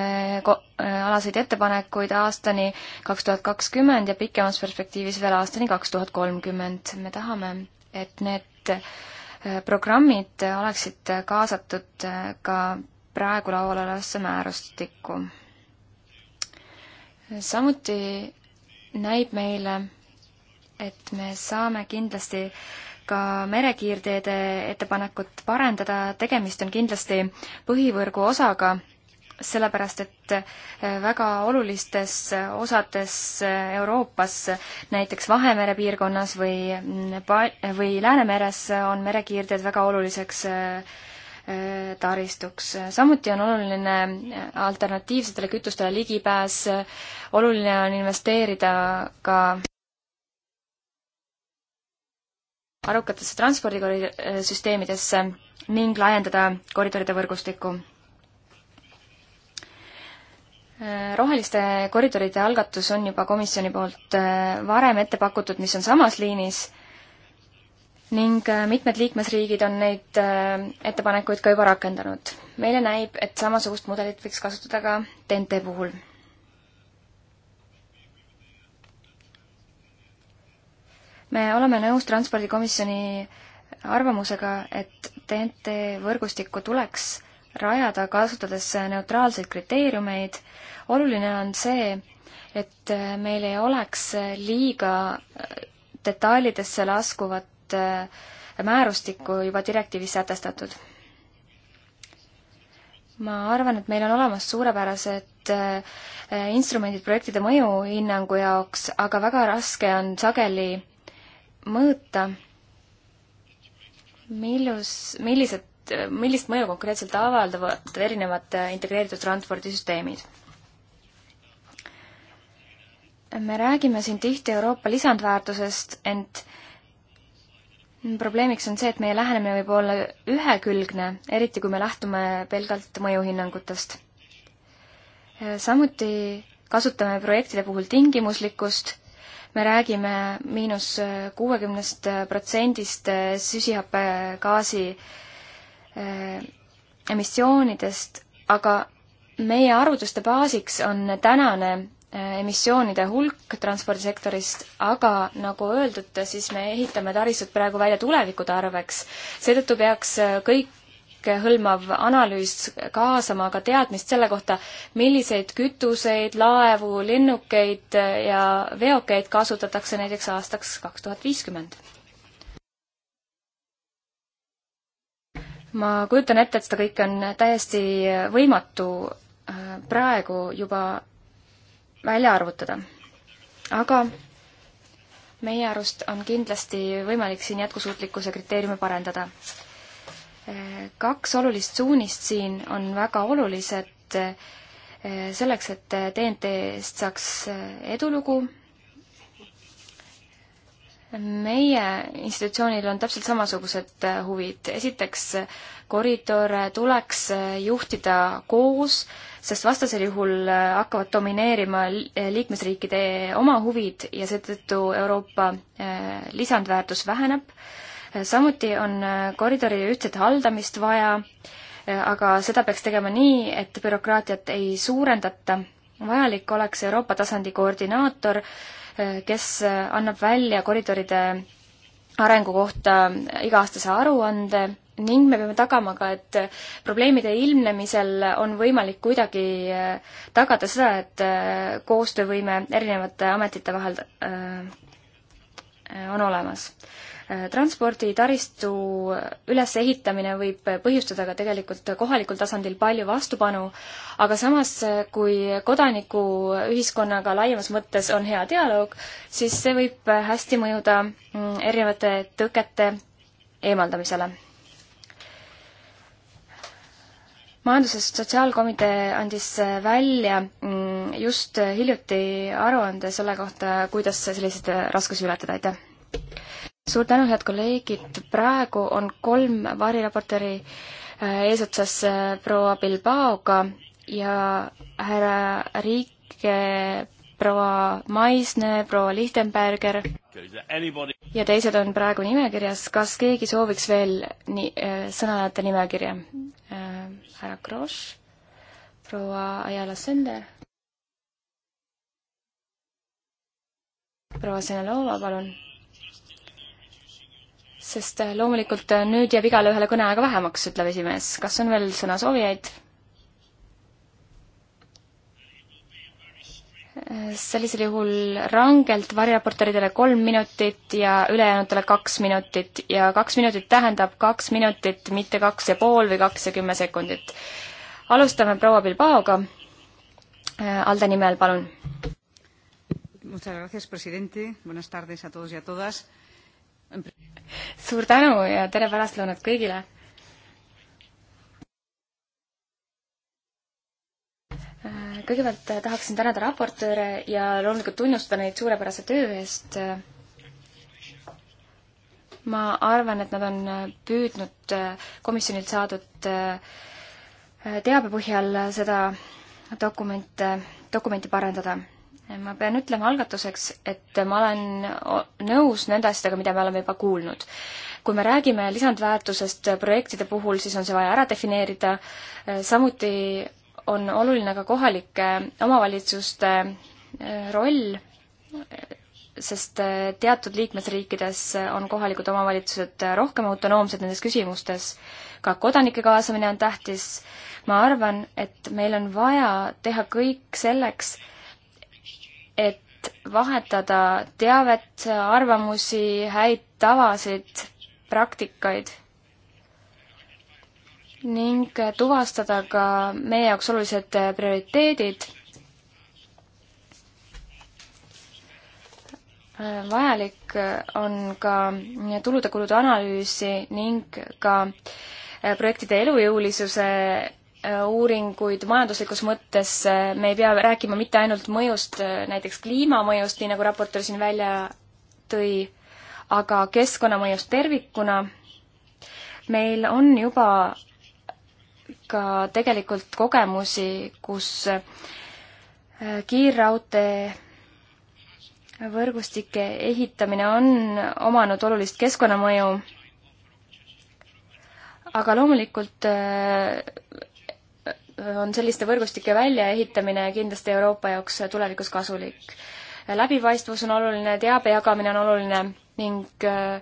alaseid ettepanekuid aastani kaks tuhat kakskümmend ja pikemas perspektiivis veel aastani kaks tuhat kolmkümmend. me tahame et need äh, programmid oleksid kaasatud äh, ka praegu laual olevasse määrustikku. samuti näib meile, et me saame kindlasti ka merekiirteede ettepanekut parendada, tegemist on kindlasti põhivõrgu osaga sellepärast, et äh, väga olulistes äh, osades äh, Euroopas, näiteks Vahemere piirkonnas või, mm, või Läänemeres on merekiirded väga oluliseks taristuks. samuti on oluline alternatiivsetele kütustele ligipääs, oluline on investeerida ka arukatesse transpordikoridor-, süsteemidesse ning laiendada koridoride võrgustikku Äh, roheliste koridoride algatus on juba komisjoni poolt äh, varem ette pakutud, mis on samas liinis ning äh, mitmed liikmesriigid on neid ettepanekuid ka juba rakendanud. meile näib, et samasugust mudelit võiks kasutada ka TNT puhul. me oleme nõus Transpordikomisjoni arvamusega, et TNT võrgustikku tuleks äh, rajada, kasutades neutraalseid kriteeriumeid. oluline on see, et meil ei oleks liiga detailidesse laskuvat äh, määrustikku juba direktiivis sätestatud. ma arvan, et meil on olemas suurepärased äh, instrumendid projektide mõjuhinnangu jaoks, aga väga raske on sageli mõõta, millus, millised Äh, millist mõju konkreetselt avaldavad erinevad äh, integreeritud transpordisüsteemid? me räägime siin tihti Euroopa lisandväärtusest, ent probleemiks on see, et meie lähenemine võib olla ühekülgne, eriti kui me lähtume pelgalt mõjuhinnangutest. Äh, samuti kasutame projektide puhul tingimuslikkust, me räägime miinus kuuekümnest protsendist süsihappegaasi äh, Äh, emissioonidest, aga meie arvutuste baasiks on tänane äh, emissioonide hulk transpordisektorist, aga nagu öeldud, siis me ehitame taristut praegu välja tuleviku tarveks. seetõttu peaks äh, kõik hõlmav analüüs kaasama ka teadmist selle kohta, milliseid kütuseid, laevu, linnukeid ja veokeid kasutatakse näiteks aastaks kaks tuhat viiskümmend ma kujutan ette, et seda kõike on täiesti võimatu äh, praegu juba välja arvutada. aga meie arust on kindlasti võimalik siin jätkusuutlikkuse kriteeriume parendada. Äh, kaks olulist suunist siin on väga olulised äh, selleks, et TNT-st saaks edulugu meie institutsioonil on täpselt samasugused äh, huvid. esiteks, koridore äh, tuleks äh, juhtida koos, sest vastasel juhul hakkavad domineerima liikmesriikide oma huvid ja seetõttu Euroopa lisandväärtus väheneb. samuti on koridori ühtset haldamist vaja, aga seda peaks tegema nii, et bürokraatiat ei suurendata. vajalik oleks Euroopa tasandi koordinaator, kes äh, annab välja koridoride arengu kohta iga-aastase aruande ning me peame tagama ka, et probleemide ilmnemisel on võimalik kuidagi äh, tagada seda, et äh, koostöövõime erinevate ametite vahel on olemas. Äh, transporditaristu ülesehitamine võib põhjustada ka tegelikult kohalikul tasandil palju vastupanu, aga samas, äh, kui kodanikuühiskonnaga laiemas mõttes on hea dialoog, siis see võib äh, hästi mõjuda mm, erinevate tõkete eemaldamisele majandus- ja sotsiaalkomitee andis välja mm, just hiljuti aruande selle kohta, kuidas selliseid raskusi ületada, aitäh! suur tänu, head kolleegid, praegu on kolm variraportööri äh, eesotsas äh, proua Bilbaoga ja härra Riike, proua Maisne, proua Lichtenberger ja teised on praegu nimekirjas, kas keegi sooviks veel nii, äh, sõnajate nimekirja? härra Kross, proua Ayala Sender. proua Senelova, palun sest äh, loomulikult äh, nüüd jääb igale ühele kõneaega vähemaks, ütleb esimees. kas on veel sõnasoovijaid? Äh, sellisel juhul rangelt variraportööridele kolm minutit ja ülejäänutele kaks minutit ja kaks minutit tähendab kaks minutit, mitte kaks ja pool või kaks ja kümme sekundit. alustame proua Bilbaoga. Alde nimel, palun. Muchas gracias, presidente. Buenas tardes a todos y a todas suur tänu ja tere pärastlõunat kõigile! kõigepealt tahaksin tänada raportööre ja loomulikult tunnustada neid suurepärase töö eest. ma arvan, et nad on püüdnud komisjonilt saadud teabe põhjal seda dokumente, dokumenti parandada ma pean ütlema algatuseks, et ma olen nõus nende asjadega, mida me oleme juba kuulnud. kui me räägime lisandväärtusest projektide puhul, siis on see vaja ära defineerida, äh, samuti on oluline ka kohalike omavalitsuste äh, roll, sest äh, teatud liikmesriikides on kohalikud omavalitsused rohkem autonoomsed nendes küsimustes, ka kodanike kaasamine on tähtis, ma arvan, et meil on vaja teha kõik selleks, et vahetada teavet, arvamusi, häid tavasid, praktikaid ning tuvastada ka meie jaoks olulised prioriteedid, vajalik on ka tulude-kulude analüüsi ning ka projektide elujõulisuse uuringuid majanduslikus mõttes, eh, me ei pea rääkima mitte ainult mõjust, eh, näiteks kliimamõjust, nii nagu raportöör siin välja tõi, aga keskkonnamõjust tervikuna. meil on juba ka tegelikult kogemusi, kus eh, kiirraudtee võrgustike ehitamine on omanud olulist keskkonnamõju, aga loomulikult on selliste võrgustike väljaehitamine kindlasti Euroopa jaoks tulevikus kasulik. läbipaistvus on oluline, teabe jagamine on oluline ning äh,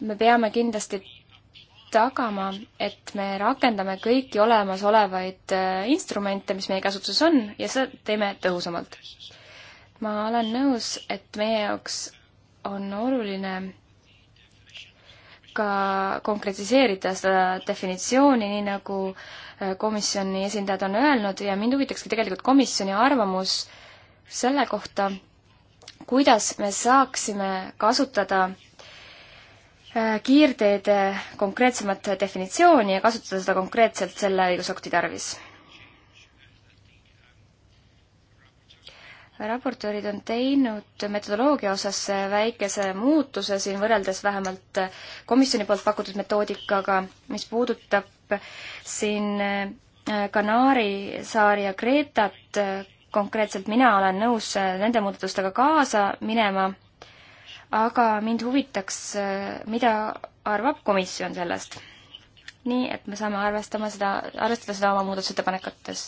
me peame kindlasti tagama, et me rakendame kõiki olemasolevaid äh, instrumente, mis meie käsutuses on ja seda teeme tõhusamalt. ma olen nõus, et meie jaoks on oluline ka konkretiseerida seda definitsiooni, nii nagu äh, komisjoni esindajad on öelnud ja mind huvitakski tegelikult komisjoni arvamus selle kohta, kuidas me saaksime kasutada äh, kiirteede konkreetsemat definitsiooni ja kasutada seda konkreetselt selle õigusakti tarvis raportöörid on teinud metodoloogia osas väikese muutuse siin võrreldes vähemalt komisjoni poolt pakutud metoodikaga, mis puudutab siin äh, Kanaari saari ja Kreetat, konkreetselt mina olen nõus äh, nende muudatustega kaasa minema, aga mind huvitaks, äh, mida arvab komisjon sellest. nii et me saame arvestama seda, arvestada seda oma muudatusettepanekutes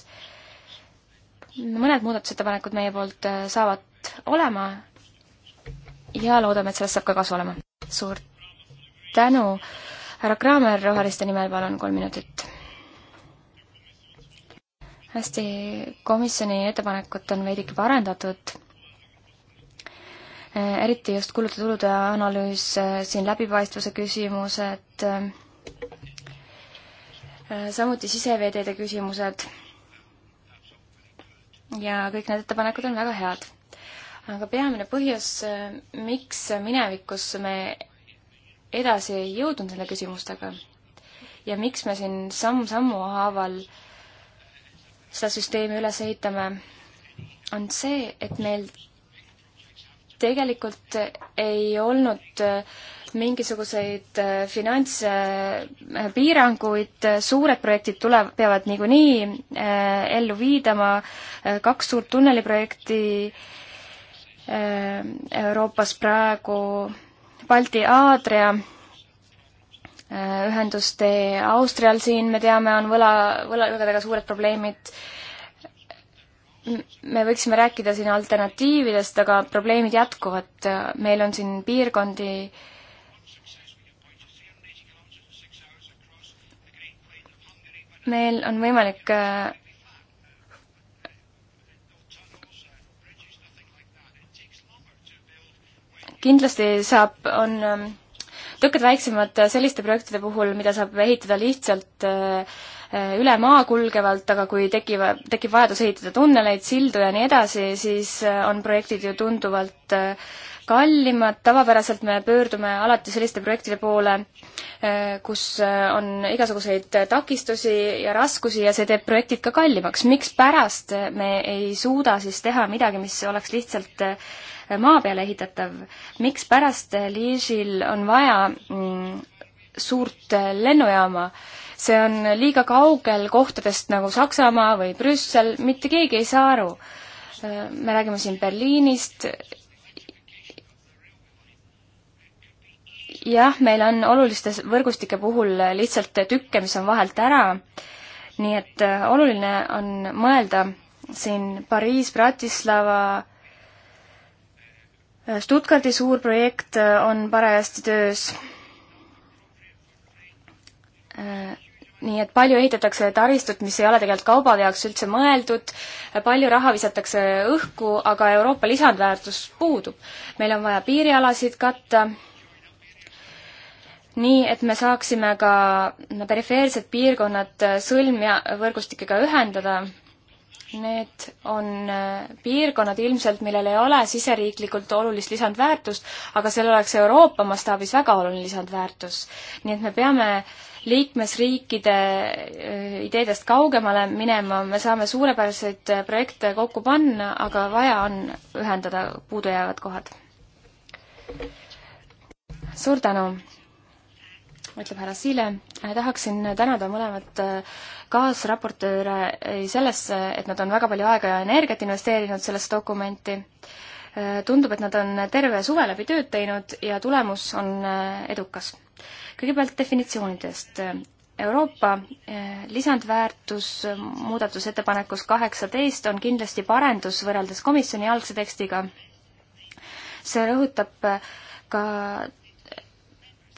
mõned muudatusettepanekud meie poolt äh, saavad olema ja loodame, et sellest saab ka kasu olema. suur tänu, härra Kraamer Roheliste nimel, palun kolm minutit. hästi, komisjoni ettepanekut on veidike parendatud, äh, eriti just kulude-tulude analüüs, äh, siin läbipaistvuse küsimused, samuti siseveeteede küsimused ja kõik need ettepanekud on väga head. aga peamine põhjus, eh, miks minevikus me edasi ei jõudnud nende küsimustega ja miks me siin samm-sammu haaval seda süsteemi üles ehitame, on see, et meil tegelikult ei olnud äh, mingisuguseid äh, finantspiiranguid, äh, äh, suured projektid tule-, peavad niikuinii ellu viidama, kaks suurt tunneliprojekti Euroopas praegu, Balti-Aadria ühendustee Austrial siin, me teame, on võla, võlalõdedega suured probleemid, me võiksime rääkida siin alternatiividest, aga probleemid jätkuvad, meil on siin piirkondi äh, meil on võimalik äh, kindlasti saab, on ähm, tõkked väiksemad selliste projektide puhul, mida saab ehitada lihtsalt äh, äh, üle maa kulgevalt, aga kui tekib, tekib vajadus ehitada tunneleid, sildu ja nii edasi, siis on projektid ju tunduvalt kallimad, tavapäraselt me pöördume alati selliste projektide poole, eh, kus eh, on igasuguseid takistusi ja raskusi ja see teeb projektid ka kallimaks. mikspärast me ei suuda siis teha midagi, mis oleks lihtsalt eh, maa peale ehitatav? mikspärast Liižil on vaja mm, suurt lennujaama? see on liiga kaugel kohtadest nagu Saksamaa või Brüssel, mitte keegi ei saa aru. me räägime siin Berliinist jah, meil on oluliste võrgustike puhul lihtsalt tükke, mis on vahelt ära, nii et äh, oluline on mõelda siin Pariis, Bratislava, äh, Stuttgardi suur projekt äh, on parajasti töös. nii et palju ehitatakse taristut, mis ei ole tegelikult kaubade jaoks üldse mõeldud, palju raha visatakse õhku, aga Euroopa lisandväärtus puudub. meil on vaja piirialasid katta nii et me saaksime ka perifeersed piirkonnad äh, sõlmvõrgustikega ühendada. Need on äh, piirkonnad ilmselt, millel ei ole siseriiklikult olulist lisandväärtust, aga seal oleks Euroopa mastaabis väga oluline lisandväärtus. nii et me peame liikmesriikide äh, ideedest kaugemale minema, me saame suurepäraseid projekte kokku panna, aga vaja on ühendada puudujäävad kohad. suur tänu! ütleb härra Siile, äh, tahaksin tänada mõlemat äh, kaasraportööre äh, sellesse, et nad on väga palju aega ja energiat investeerinud sellesse dokumenti. tundub, et nad on terve suve läbi tööd teinud ja tulemus on edukas. kõigepealt definitsioonidest. Euroopa lisandväärtus muudatusettepanekus kaheksateist on kindlasti parendus võrreldes komisjoni algse tekstiga. see rõhutab ka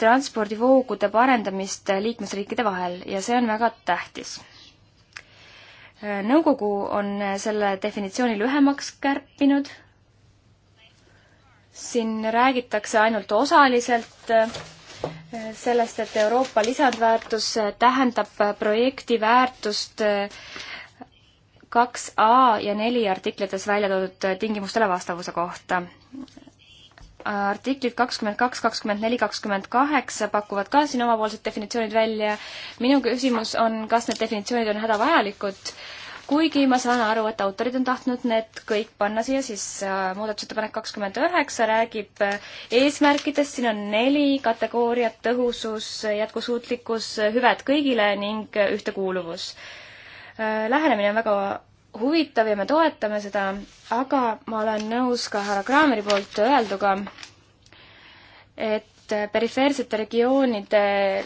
transpordivoogude parendamist liikmesriikide vahel ja see on väga tähtis. nõukogu on selle definitsiooni lühemaks kärpinud, siin räägitakse ainult osaliselt äh, sellest, et Euroopa lisandväärtus tähendab projekti väärtust äh, kaks A ja neli artiklites välja toodud tingimustele vastavuse kohta artiklid kakskümmend kaks, kakskümmend neli, kakskümmend kaheksa pakuvad ka siin omapoolsed definitsioonid välja. minu küsimus on, kas need definitsioonid on hädavajalikud, kuigi ma saan aru, et autorid on tahtnud need kõik panna siia sisse. muudatusettepanek kakskümmend üheksa räägib eesmärkidest, siin on neli kategooriat, tõhusus, jätkusuutlikkus, hüved kõigile ning ühtekuuluvus. Lähenemine on väga huvitav ja me toetame seda, aga ma olen nõus ka härra Kraameri poolt öelduga, et perifeersete regioonidega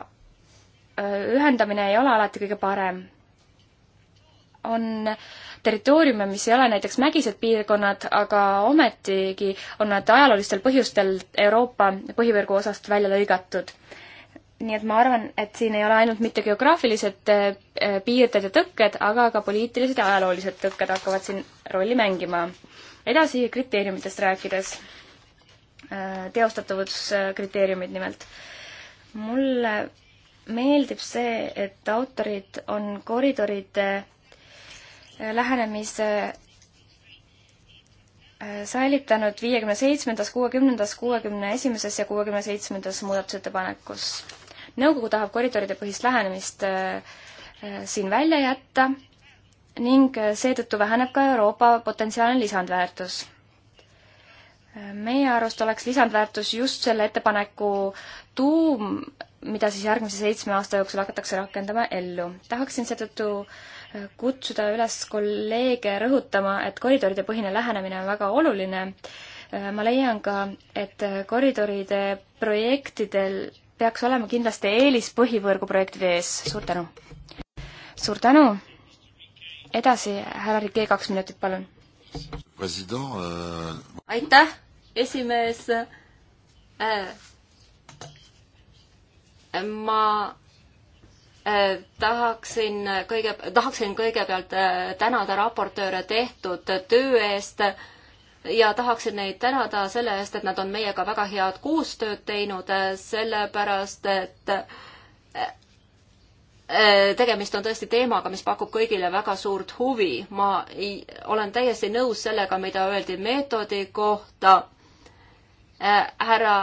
äh, ühendamine ei ole alati kõige parem. on territooriume, mis ei ole näiteks mägised piirkonnad, aga ometigi on nad ajaloolistel põhjustel Euroopa põhivõrgu osast välja lõigatud nii et ma arvan, et siin ei ole ainult mitte geograafilised äh, äh, piirded ja tõkked, aga ka poliitilised ja ajaloolised tõkked hakkavad siin rolli mängima. edasi kriteeriumitest rääkides, äh, teostatavuskriteeriumid nimelt. mulle meeldib see, et autorid on koridoride lähenemise säilitanud viiekümne seitsmendas, kuuekümnendas, kuuekümne esimeses ja kuuekümne seitsmendas muudatusettepanekus nõukogu tahab koridoride põhist lähenemist äh, äh, siin välja jätta ning äh, seetõttu väheneb ka Euroopa potentsiaalne lisandväärtus. meie arust oleks lisandväärtus just selle ettepaneku tuum, mida siis järgmise seitsme aasta jooksul hakatakse rakendama ellu. tahaksin seetõttu kutsuda üles kolleege rõhutama, et koridoride põhine lähenemine on väga oluline. ma leian ka, et koridoride projektidel peaks olema kindlasti eelis põhivõrguprojektide ees, suur tänu! suur tänu! edasi, härra Rikee, kaks minutit, palun! Äh... aitäh, esimees äh,! ma äh, tahaksin kõige, tahaksin kõigepealt äh, tänada raportööre tehtud töö eest äh, ja tahaksin neid tänada selle eest, et nad on meiega väga head koostööd teinud, sellepärast et eh, tegemist on tõesti teemaga, mis pakub kõigile väga suurt huvi. ma ei, olen täiesti nõus sellega, mida öeldi meetodi kohta. Eh, härra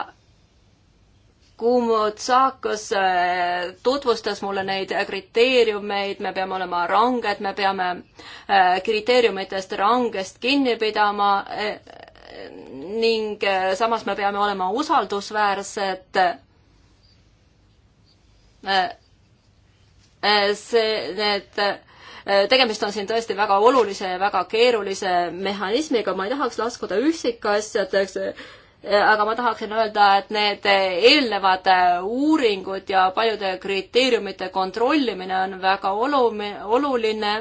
Kumutsakas äh, tutvustas mulle neid kriteeriumeid, me peame olema ranged, me peame äh, kriteeriumitest rangest kinni pidama äh, ning samas me peame olema usaldusväärsed. see, need, tegemist on siin tõesti väga olulise ja väga keerulise mehhanismiga, ma ei tahaks laskuda üksikasjadeks aga ma tahaksin öelda, et need eelnevad äh, uuringud ja paljude kriteeriumite kontrollimine on väga olu-, oluline.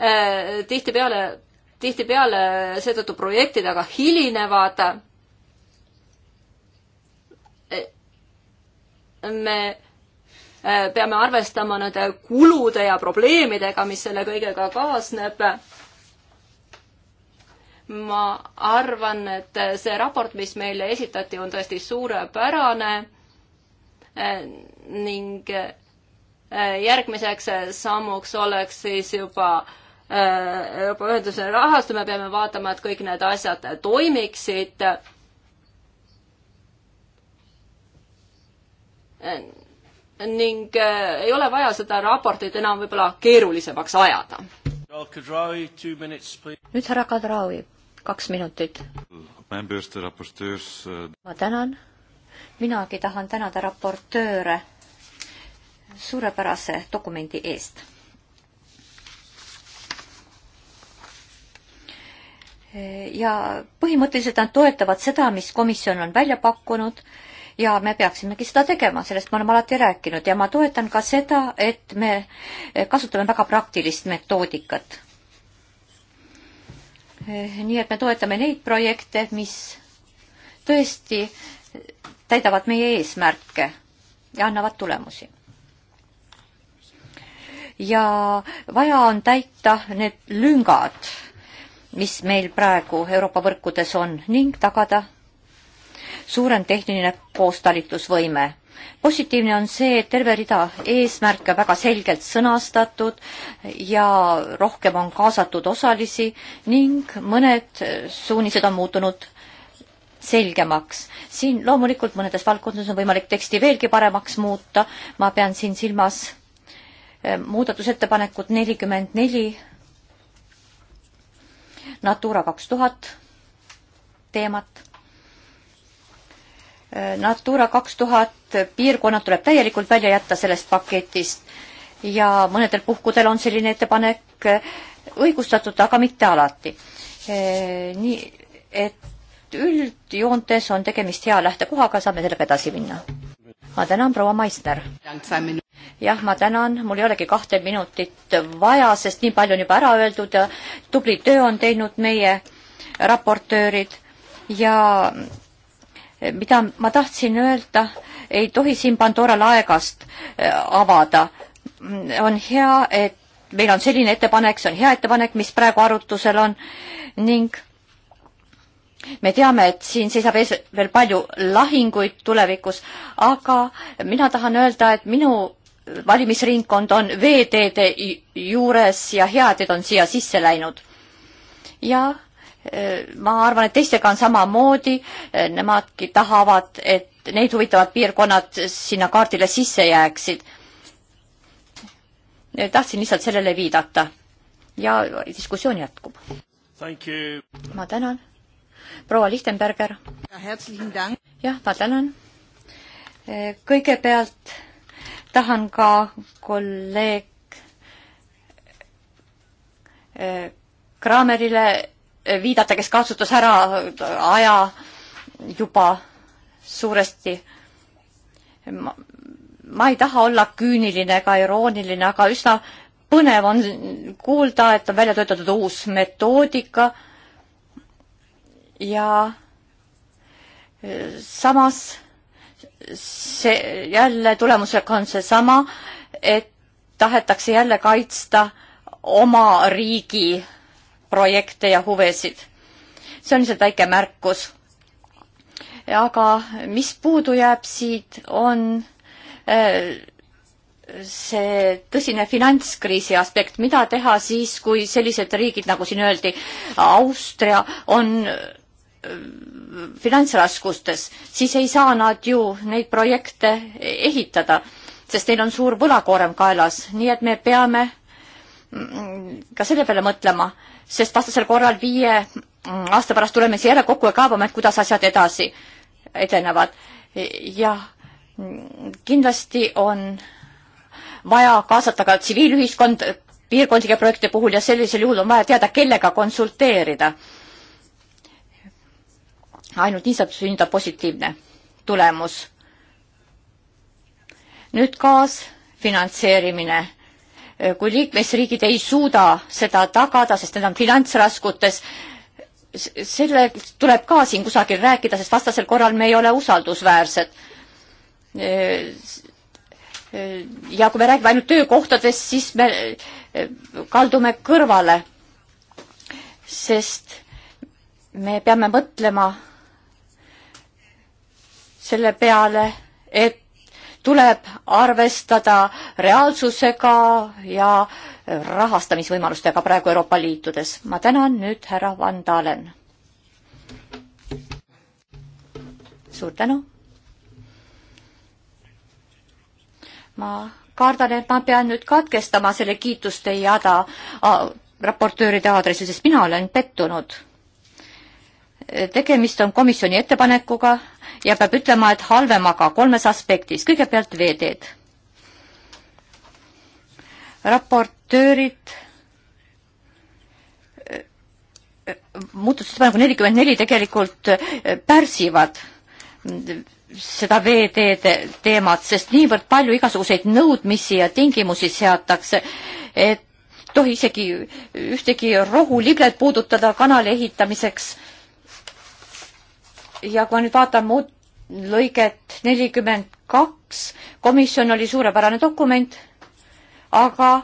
Äh, tihtipeale, tihtipeale seetõttu projektid aga hilinevad. Äh, me peame arvestama nende kulude ja probleemidega, mis selle kõigega kaasneb ma arvan, et see raport, mis meile esitati, on tõesti suurepärane äh, ning äh, järgmiseks sammuks oleks siis juba Euroopa äh, Ühenduse rahastu, me peame vaatama, et kõik need asjad toimiksid. ning ei ole vaja seda raportit enam võib-olla keerulisemaks ajada. nüüd härra Kadraovi kaks minutit. Eh, ma tänan. minagi tahan tänada raportööre suurepärase dokumendi eest. ja põhimõtteliselt nad toetavad seda, mis komisjon on välja pakkunud ja me peaksimegi seda tegema, sellest me oleme alati rääkinud ja ma toetan ka seda, et me kasutame väga praktilist metoodikat Eh, nii et me toetame neid projekte, mis tõesti täidavad meie eesmärke ja annavad tulemusi. ja vaja on täita need lüngad, mis meil praegu Euroopa võrkudes on ning tagada suurem tehniline koostalitusvõime positiivne on see, et terve rida eesmärke väga selgelt sõnastatud ja rohkem on kaasatud osalisi ning mõned suunised on muutunud selgemaks. siin loomulikult mõnedes valdkondades on võimalik teksti veelgi paremaks muuta, ma pean siin silmas eh, muudatusettepanekut nelikümmend neli, Natura kaks tuhat teemat Natura kaks tuhat piirkonnad tuleb täielikult välja jätta sellest paketist ja mõnedel puhkudel on selline ettepanek eh, õigustatud, aga mitte alati. Eh, nii et üldjoontes on tegemist hea lähtekohaga, saame sellega edasi minna. ma tänan, proua Maister. jah, ma tänan, mul ei olegi kahte minutit vaja, sest nii palju on juba ära öeldud ja tubli töö on teinud meie raportöörid ja mida ma tahtsin öelda, ei tohi siin Pandora laegast äh, avada. on hea, et meil on selline ettepanek, see on hea ettepanek, mis praegu arutusel on ning me teame, et siin seisab ees veel palju lahinguid tulevikus, aga mina tahan öelda, et minu valimisringkond on veeteede juures ja heateed on siia sisse läinud. ja Äh, ma arvan, et teistega on samamoodi, äh, nemadki tahavad, et neid huvitavad piirkonnad sinna kaardile sisse jääksid. Äh, tahtsin lihtsalt sellele viidata ja diskussioon jätkub. ma tänan. proua Lichtenberger. jah, ma tänan. kõigepealt tahan ka kolleeg Kramerile viidata, kes kasutas ära aja juba suuresti. ma ei taha olla küüniline ega irooniline, aga üsna põnev on kuulda, et on välja töötatud uus metoodika ja e, samas see jälle tulemusega on seesama, et tahetakse jälle kaitsta oma riigi äh, projekte ja huvesid. see on lihtsalt väike märkus. aga mis puudu jääb siit, on äh, see tõsine finantskriisi aspekt, mida teha siis, kui sellised riigid, nagu siin öeldi, Austria on äh, finantsraskustes, siis ei saa nad ju neid projekte ehitada, sest neil on suur võlakoorem kaelas, nii et me peame ka selle peale mõtlema, sest vastasel korral viie aasta pärast tuleme siia jälle kokku ja kaevame, et kuidas asjad edasi edenevad. jah, kindlasti on vaja kaasata ka tsiviilühiskond piirkondlike projektide puhul ja sellisel juhul on vaja teada, kellega konsulteerida. ainult nii saab sündida positiivne tulemus. nüüd kaasfinantseerimine Äh, kui liikmesriigid ei suuda seda tagada, sest need on finantsraskutes, selle tuleb ka siin kusagil rääkida, sest vastasel korral me ei ole usaldusväärsed. Äh, ja kui me räägime ainult töökohtadest, siis me äh, kaldume kõrvale, sest me peame mõtlema selle peale, et tuleb arvestada reaalsusega ja rahastamisvõimalustega praegu Euroopa Liitudes. ma tänan nüüd härra Van Dalen. suur tänu. ma kardan, et ma pean nüüd katkestama selle kiituste jada raportööride aadressil, sest mina olen pettunud tegemist on komisjoni ettepanekuga ja peab ütlema, et halvemaga kolmes aspektis. kõigepealt veeteed. raportöörid äh, muudatusettepaneku nelikümmend neli tegelikult äh, pärsivad seda veeteede teemat, sest niivõrd palju igasuguseid nõudmisi ja tingimusi seatakse, et tohi isegi ühtegi rohuliblet puudutada kanali ehitamiseks ja kui ma nüüd vaatan muud lõiget nelikümmend kaks, komisjon oli suurepärane dokument, aga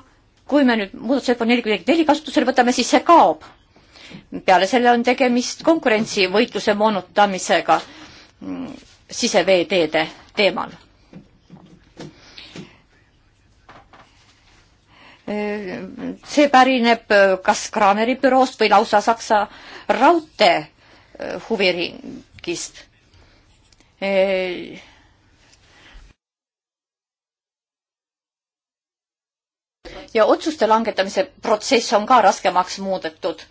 kui me nüüd muudatusettepaneku nelikümmend neli kasutusele võtame, siis see kaob. peale selle on tegemist konkurentsivõitluse moonutamisega siseveeteede teemal. see pärineb kas Krameri büroost või lausa Saksa raudtee huviring Irgist. E, ja otsuste langetamise protsess on ka raskemaks muudetud.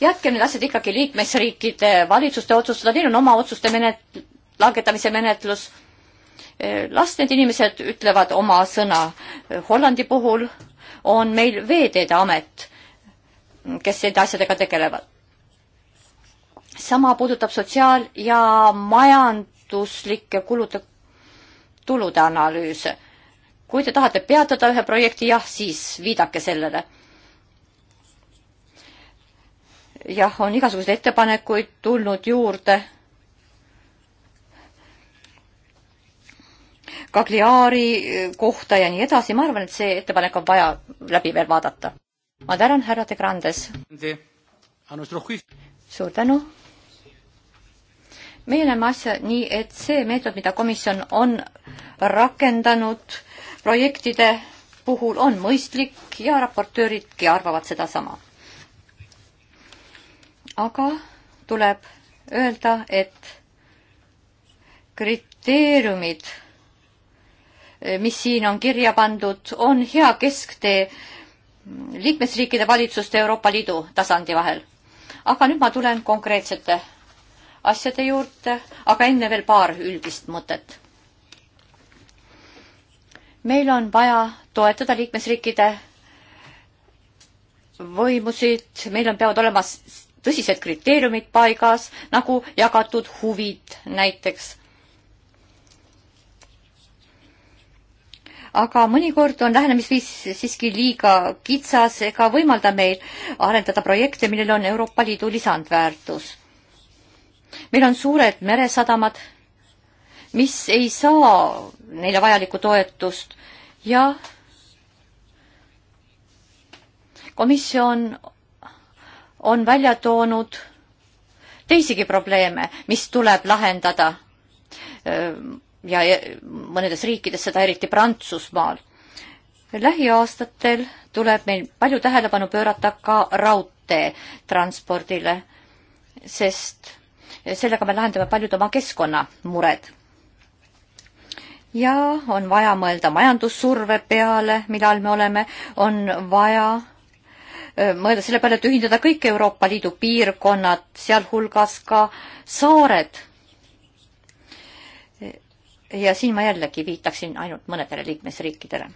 jätke need asjad ikkagi liikmesriikide valitsuste otsustada, neil on oma otsuste menet-, langetamise menetlus. E, las need inimesed ütlevad oma sõna. Hollandi puhul on meil Veeteede Amet, kes nende asjadega tegelevad sama puudutab sotsiaal- ja majanduslike kulude, tulude analüüse. kui te tahate peatada ühe projekti, jah, siis viidake sellele. jah, on igasuguseid ettepanekuid tulnud juurde. Kagliari kohta ja nii edasi, ma arvan, et see ettepanek on vaja läbi veel vaadata. ma tänan, härra De Grandes. suur tänu meie näeme asja nii, et see meetod, mida komisjon on rakendanud projektide puhul, on mõistlik ja raportööridki arvavad sedasama. aga tuleb öelda, et kriteeriumid, mis siin on kirja pandud, on hea kesktee liikmesriikide valitsuste Euroopa Liidu tasandi vahel. aga nüüd ma tulen konkreetsete asjade juurde, aga enne veel paar üldist mõtet. meil on vaja toetada liikmesriikide võimusid, meil on, peavad olema tõsised kriteeriumid paigas, nagu jagatud huvid näiteks. aga mõnikord on lähenemisviis siiski liiga kitsas ega võimalda meil arendada projekte, millel on Euroopa Liidu lisandväärtus meil on suured meresadamad, mis ei saa neile vajalikku toetust ja komisjon on välja toonud teisigi probleeme, mis tuleb lahendada. ja mõnedes riikides, seda eriti Prantsusmaal. lähiaastatel tuleb meil palju tähelepanu pöörata ka raudteetranspordile, sest sellega me lahendame paljud oma keskkonnamured. ja on vaja mõelda majandussurve peale, millal me oleme, on vaja mõelda selle peale, et ühindada kõik Euroopa Liidu piirkonnad, sealhulgas ka saared. ja siin ma jällegi viitaksin ainult mõnedele liikmesriikidele.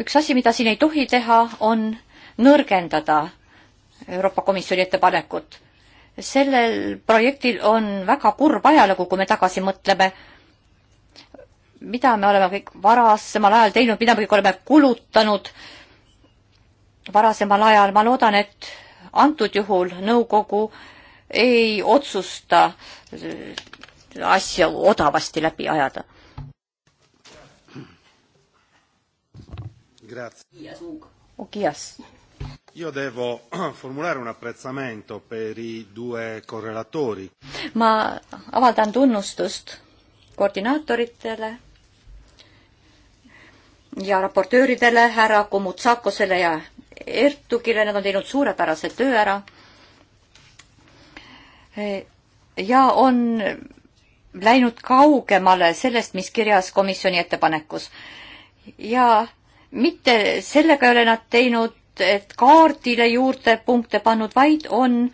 üks asi, mida siin ei tohi teha, on nõrgendada Euroopa Komisjoni ettepanekut. sellel projektil on väga kurb ajalugu, kui me tagasi mõtleme, mida me oleme kõik varasemal ajal teinud, mida me kõik oleme kulutanud varasemal ajal, ma loodan, et antud juhul nõukogu ei otsusta asja odavasti läbi ajada. Okias. Io devo formulare un apprezzamento per i due correlatori. ma avaldan tunnustust koordinaatoritele ja raportööridele, härra Komutsakosele ja Ertugile, nad on teinud suurepärase töö ära. ja on läinud kaugemale sellest, mis kirjas komisjoni ettepanekus. ja mitte sellega ei ole nad teinud et kaardile juurde punkte pannud, vaid on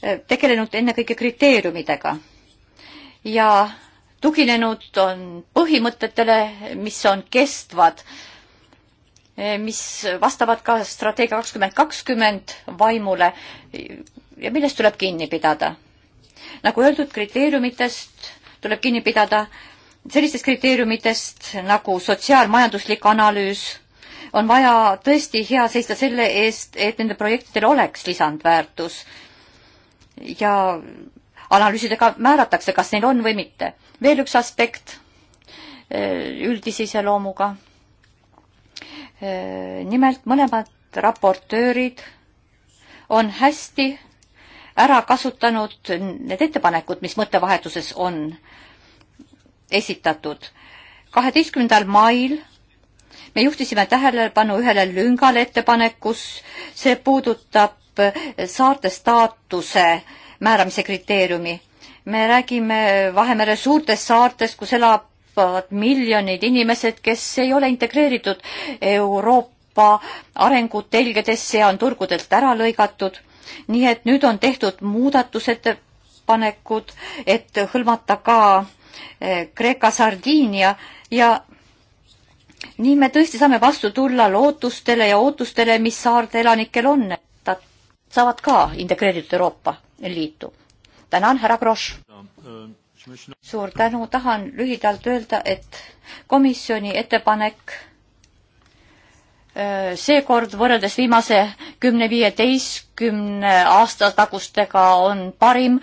eh, tegelenud ennekõike kriteeriumidega. ja tuginenud on põhimõtetele, mis on kestvad, eh, mis vastavad ka strateegia kakskümmend kakskümmend vaimule ja millest tuleb kinni pidada. nagu öeldud, kriteeriumitest tuleb kinni pidada sellistest kriteeriumitest nagu sotsiaalmajanduslik analüüs on vaja tõesti hea seista selle eest, et nendel projektidel oleks lisandväärtus ja analüüsidega määratakse, kas neil on või mitte. veel üks aspekt eh, üldise iseloomuga. Eh, nimelt mõlemad raportöörid on hästi ära kasutanud need ettepanekud, mis mõttevahetuses on esitatud. kaheteistkümnendal mail me juhtisime tähelepanu ühele lüngale ettepanekus, see puudutab eh, saarte staatuse määramise kriteeriumi. me räägime Vahemere suurtest saartest, kus elavad miljonid inimesed, kes ei ole integreeritud Euroopa arengutelgedesse ja on turgudelt ära lõigatud. nii et nüüd on tehtud muudatusettepanekud, et hõlmata ka eh, Kreeka Sardiinia ja nii me tõesti saame vastu tulla lootustele ja ootustele, mis saarte elanikel on, et nad saavad ka integreeritud Euroopa Liitu. tänan, härra Grosch no,! Äh, suur tänu, tahan lühidalt öelda, et komisjoni ettepanek seekord võrreldes viimase kümne-viieteistkümne aasta tagustega on parim,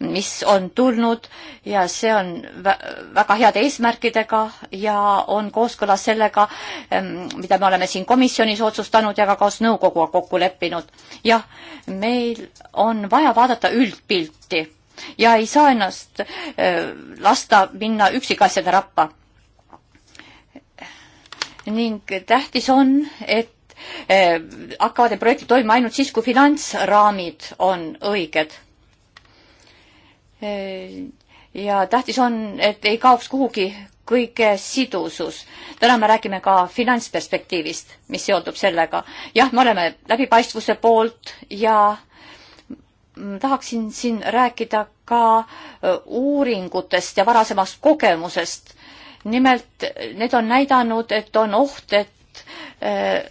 mis on tulnud ja see on väga heade eesmärkidega ja on kooskõlas sellega, mida me oleme siin komisjonis otsustanud ja ka koos nõukoguga kokku leppinud. jah, meil on vaja vaadata üldpilti ja ei saa ennast eh, lasta minna üksikasjade rappa ning tähtis on, et eh, hakkavad need projektid toimima ainult siis, kui finantsraamid on õiged. Eh, ja tähtis on, et ei kaoks kuhugi kõige sidusus. täna me räägime ka finantsperspektiivist, mis seondub sellega. jah, me oleme läbipaistvuse poolt ja mm, tahaksin siin rääkida ka eh, uuringutest ja varasemast kogemusest nimelt need on näidanud, et on oht, et eh,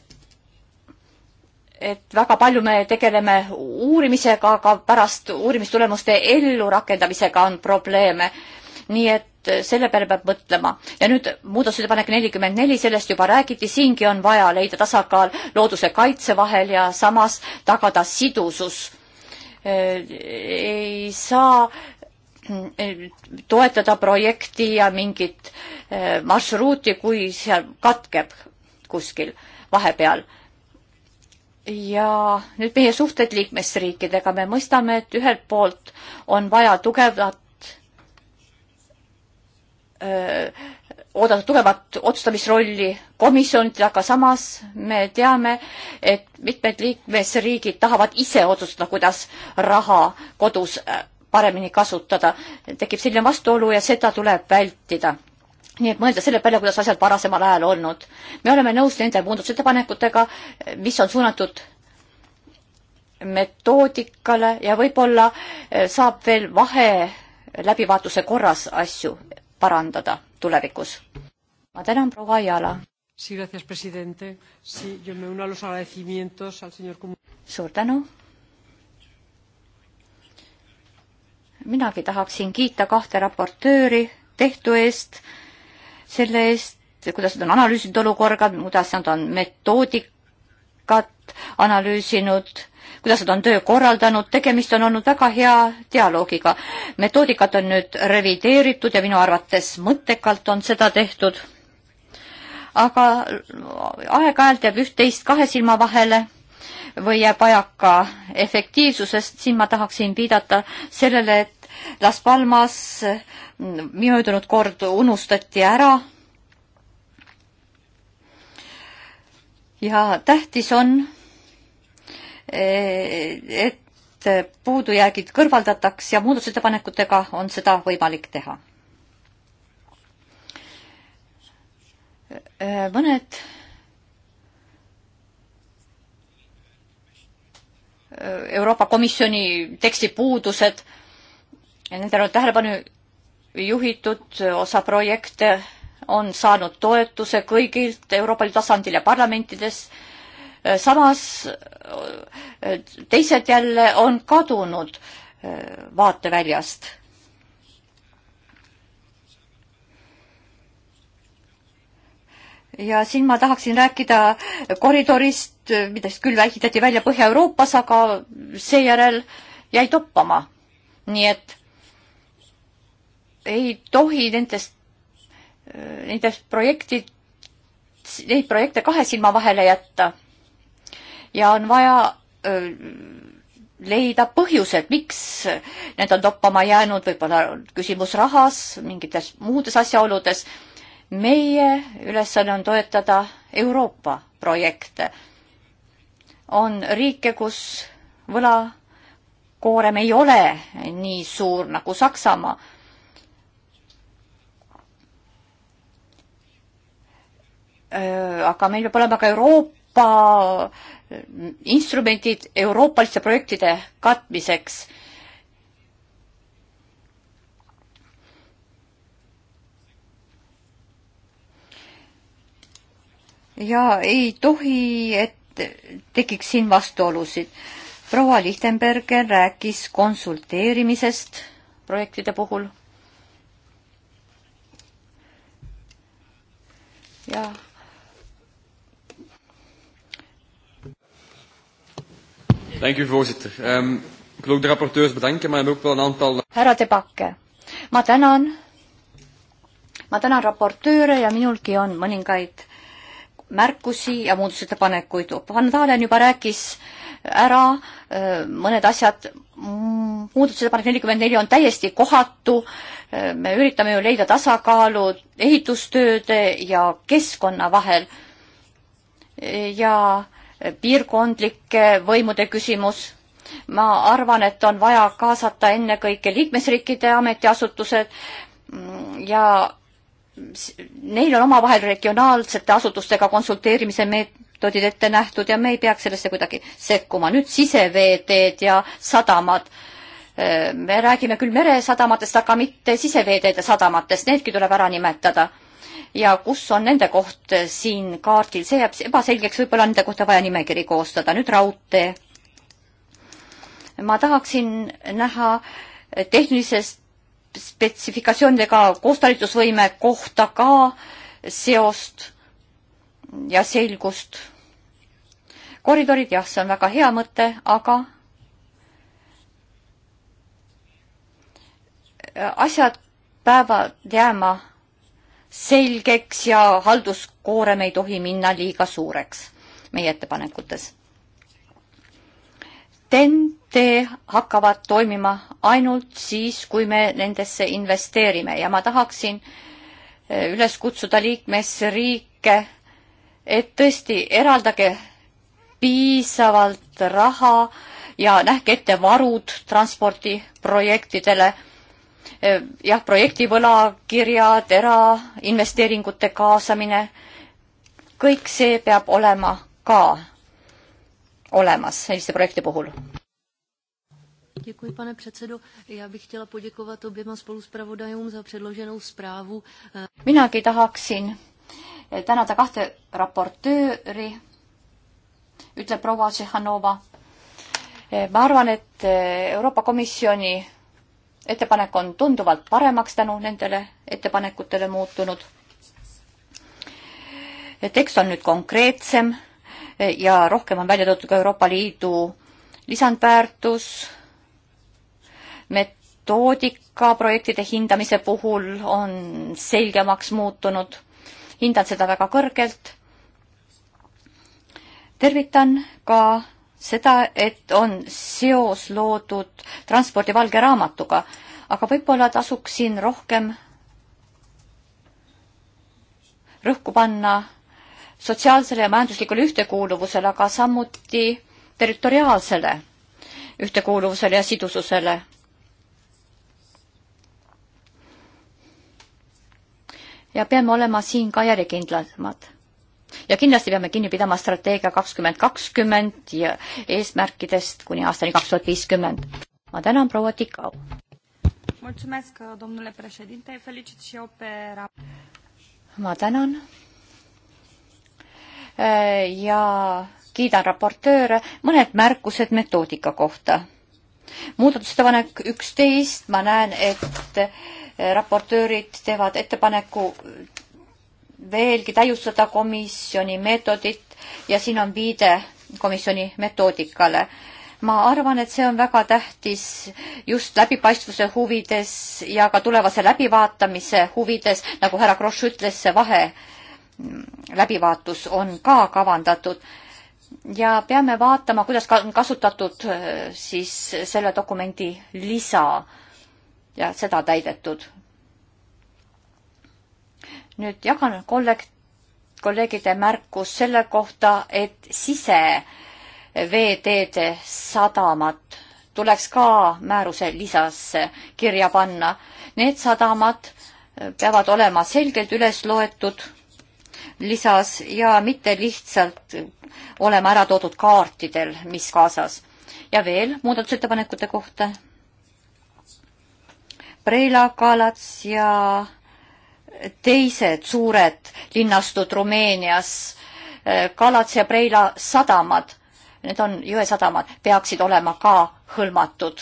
et väga palju me tegeleme uurimisega, aga pärast uurimistulemuste ellurakendamisega on probleeme. nii et selle peale peab mõtlema. ja nüüd muudatusettepanek nelikümmend neli, sellest juba räägiti, siingi on vaja leida tasakaal looduse kaitse vahel ja samas tagada sidusus. Eh, ei saa toetada projekti ja mingit eh, marsruuti, kui seal katkeb kuskil vahepeal. ja nüüd meie suhted liikmesriikidega, me mõistame, et ühelt poolt on vaja tugevat eh, oodata tugevat otsustamisrolli komisjonidel, aga samas me teame, et mitmed liikmesriigid tahavad ise otsustada, kuidas raha kodus eh, paremini kasutada. tekib selline vastuolu ja seda tuleb vältida nii et mõelda selle peale, kuidas asjad varasemal ajal olnud. me oleme nõus nende muudatusettepanekutega, mis on suunatud metoodikale ja võib-olla eh, saab veel vahe läbivaatuse korras asju parandada tulevikus. ma tänan, proua Ajala. suur tänu minagi tahaksin kiita kahte raportööri tehtu eest, selle eest, kuidas nad on analüüsinud olukorda, kuidas nad on metoodikat analüüsinud, kuidas nad on töö korraldanud, tegemist on olnud väga hea dialoogiga. metoodikat on nüüd revideeritud ja minu arvates mõttekalt on seda tehtud. aga aeg-ajalt jääb üht-teist kahe silma vahele või jääb vajaka efektiivsusest, siin ma tahaksin viidata sellele, et Las Palmas mm, möödunud kord unustati ära. ja tähtis on, e, et puudujäägid kõrvaldataks ja muudatusettepanekutega on seda võimalik teha. E, mõned Äh, Euroopa Komisjoni teksti puudused ja nendele on tähelepanu juhitud, osa projekte on saanud toetuse kõigilt Euroopa Liidu tasandil ja parlamentides. Äh, samas äh, teised jälle on kadunud vaateväljast. ja siin ma tahaksin rääkida koridorist Äh, mida siis küll väiteti välja Põhja-Euroopas, aga seejärel jäi toppama. nii et ei tohi nendest, äh, nendest projektid, neid projekte kahe silma vahele jätta. ja on vaja öö, äh, leida põhjused, miks need on toppama jäänud, võib-olla on küsimus rahas, mingites muudes asjaoludes. meie ülesanne on toetada Euroopa projekte on riike, kus võlakoorem ei ole nii suur nagu Saksamaa. aga meil peab olema ka Euroopa mm, instrumendid euroopaliste projektide katmiseks. ja ei tohi, et tekiks siin vastuolusid. proua Lichtenberger rääkis konsulteerimisest projektide puhul. ja. Dank u voorzitter um,. Ik wil ook de rapporteurs bedanken, maar ik heb ook wel een aantal... Härra De Bakke, ma tänan. ma tänan raportööre ja minulgi on mõningaid märkusi ja muudatusettepanekuid. Vandalen juba rääkis ära äh, mõned asjad, muudatusettepanek nelikümmend neli on täiesti kohatu, äh, me üritame ju leida tasakaalu ehitustööde ja keskkonna vahel ja piirkondlike võimude küsimus. ma arvan, et on vaja kaasata ennekõike liikmesriikide ametiasutused ja neil on omavahel regionaalsete asutustega konsulteerimise meetodid ette nähtud ja me ei peaks sellesse kuidagi sekkuma. nüüd siseveeteed ja sadamad. me räägime küll meresadamatest, aga mitte siseveeteed ja sadamatest, needki tuleb ära nimetada. ja kus on nende koht siin kaardil, see jääb ebaselgeks, võib-olla nende kohta vaja nimekiri koostada. nüüd raudtee. ma tahaksin näha tehnilisest spetsifikatsioonidega koostalitusvõime kohta ka seost ja selgust. koridorid, jah, see on väga hea mõte, aga asjad peavad jääma selgeks ja halduskoorem ei tohi minna liiga suureks meie ettepanekutes TEN-T hakkavad toimima ainult siis, kui me nendesse investeerime ja ma tahaksin eh, üles kutsuda liikmesriike, et tõesti eraldage piisavalt raha ja nähke ette varud transpordiprojektidele. Eh, jah, projektivõlakirjad, erainvesteeringute kaasamine, kõik see peab olema ka olemas selliste projekti puhul? Děkuji, pane předsedo. Já bych chtěla poděkovat oběma spoluspravodajům za předloženou zprávu. Minagi tahaksin tänada kahte raportööri, ütleb proua Tšehhanova. ma arvan, et Euroopa Komisjoni ettepanek on tunduvalt paremaks tänu nendele ettepanekutele muutunud. tekst on nüüd konkreetsem ja rohkem on välja toodud ka Euroopa Liidu lisandväärtus, metoodika projektide hindamise puhul on selgemaks muutunud, hindan seda väga kõrgelt. tervitan ka seda, et on seos loodud transpordi valge raamatuga, aga võib-olla tasuks siin rohkem rõhku panna sotsiaalsele ja majanduslikule ühtekuuluvusele, aga samuti territoriaalsele ühtekuuluvusele ja sidususele. ja peame olema siin ka järjekindlamad. ja kindlasti peame kinni pidama strateegia kakskümmend kakskümmend ja eesmärkidest kuni aastani kaks tuhat viiskümmend. ma tänan, proua Tikau. ma tänan Äh, ja kiidan raportööre, mõned märkused metoodika kohta. muudatusettepanek üksteist, ma näen, et äh, raportöörid teevad ettepaneku veelgi täiustada komisjoni meetodit ja siin on viide komisjoni metoodikale. ma arvan, et see on väga tähtis just läbipaistvuse huvides ja ka tulevase läbivaatamise huvides, nagu härra Kross ütles, see vahe läbivaatus on ka kavandatud ja peame vaatama, kuidas on kasutatud äh, siis selle dokumendi lisa ja seda täidetud. nüüd jagan kollekt-, kolleegide märkus selle kohta, et siseveeteede sadamad tuleks ka määruse lisasse kirja panna. Need sadamad peavad olema selgelt üles loetud lisas ja mitte lihtsalt olema ära toodud kaartidel, mis kaasas. ja veel muudatusettepanekute kohta. Preila, Kalats ja teised suured linnastud Rumeenias, Kalats ja Preila sadamad, need on jõesadamad, peaksid olema ka hõlmatud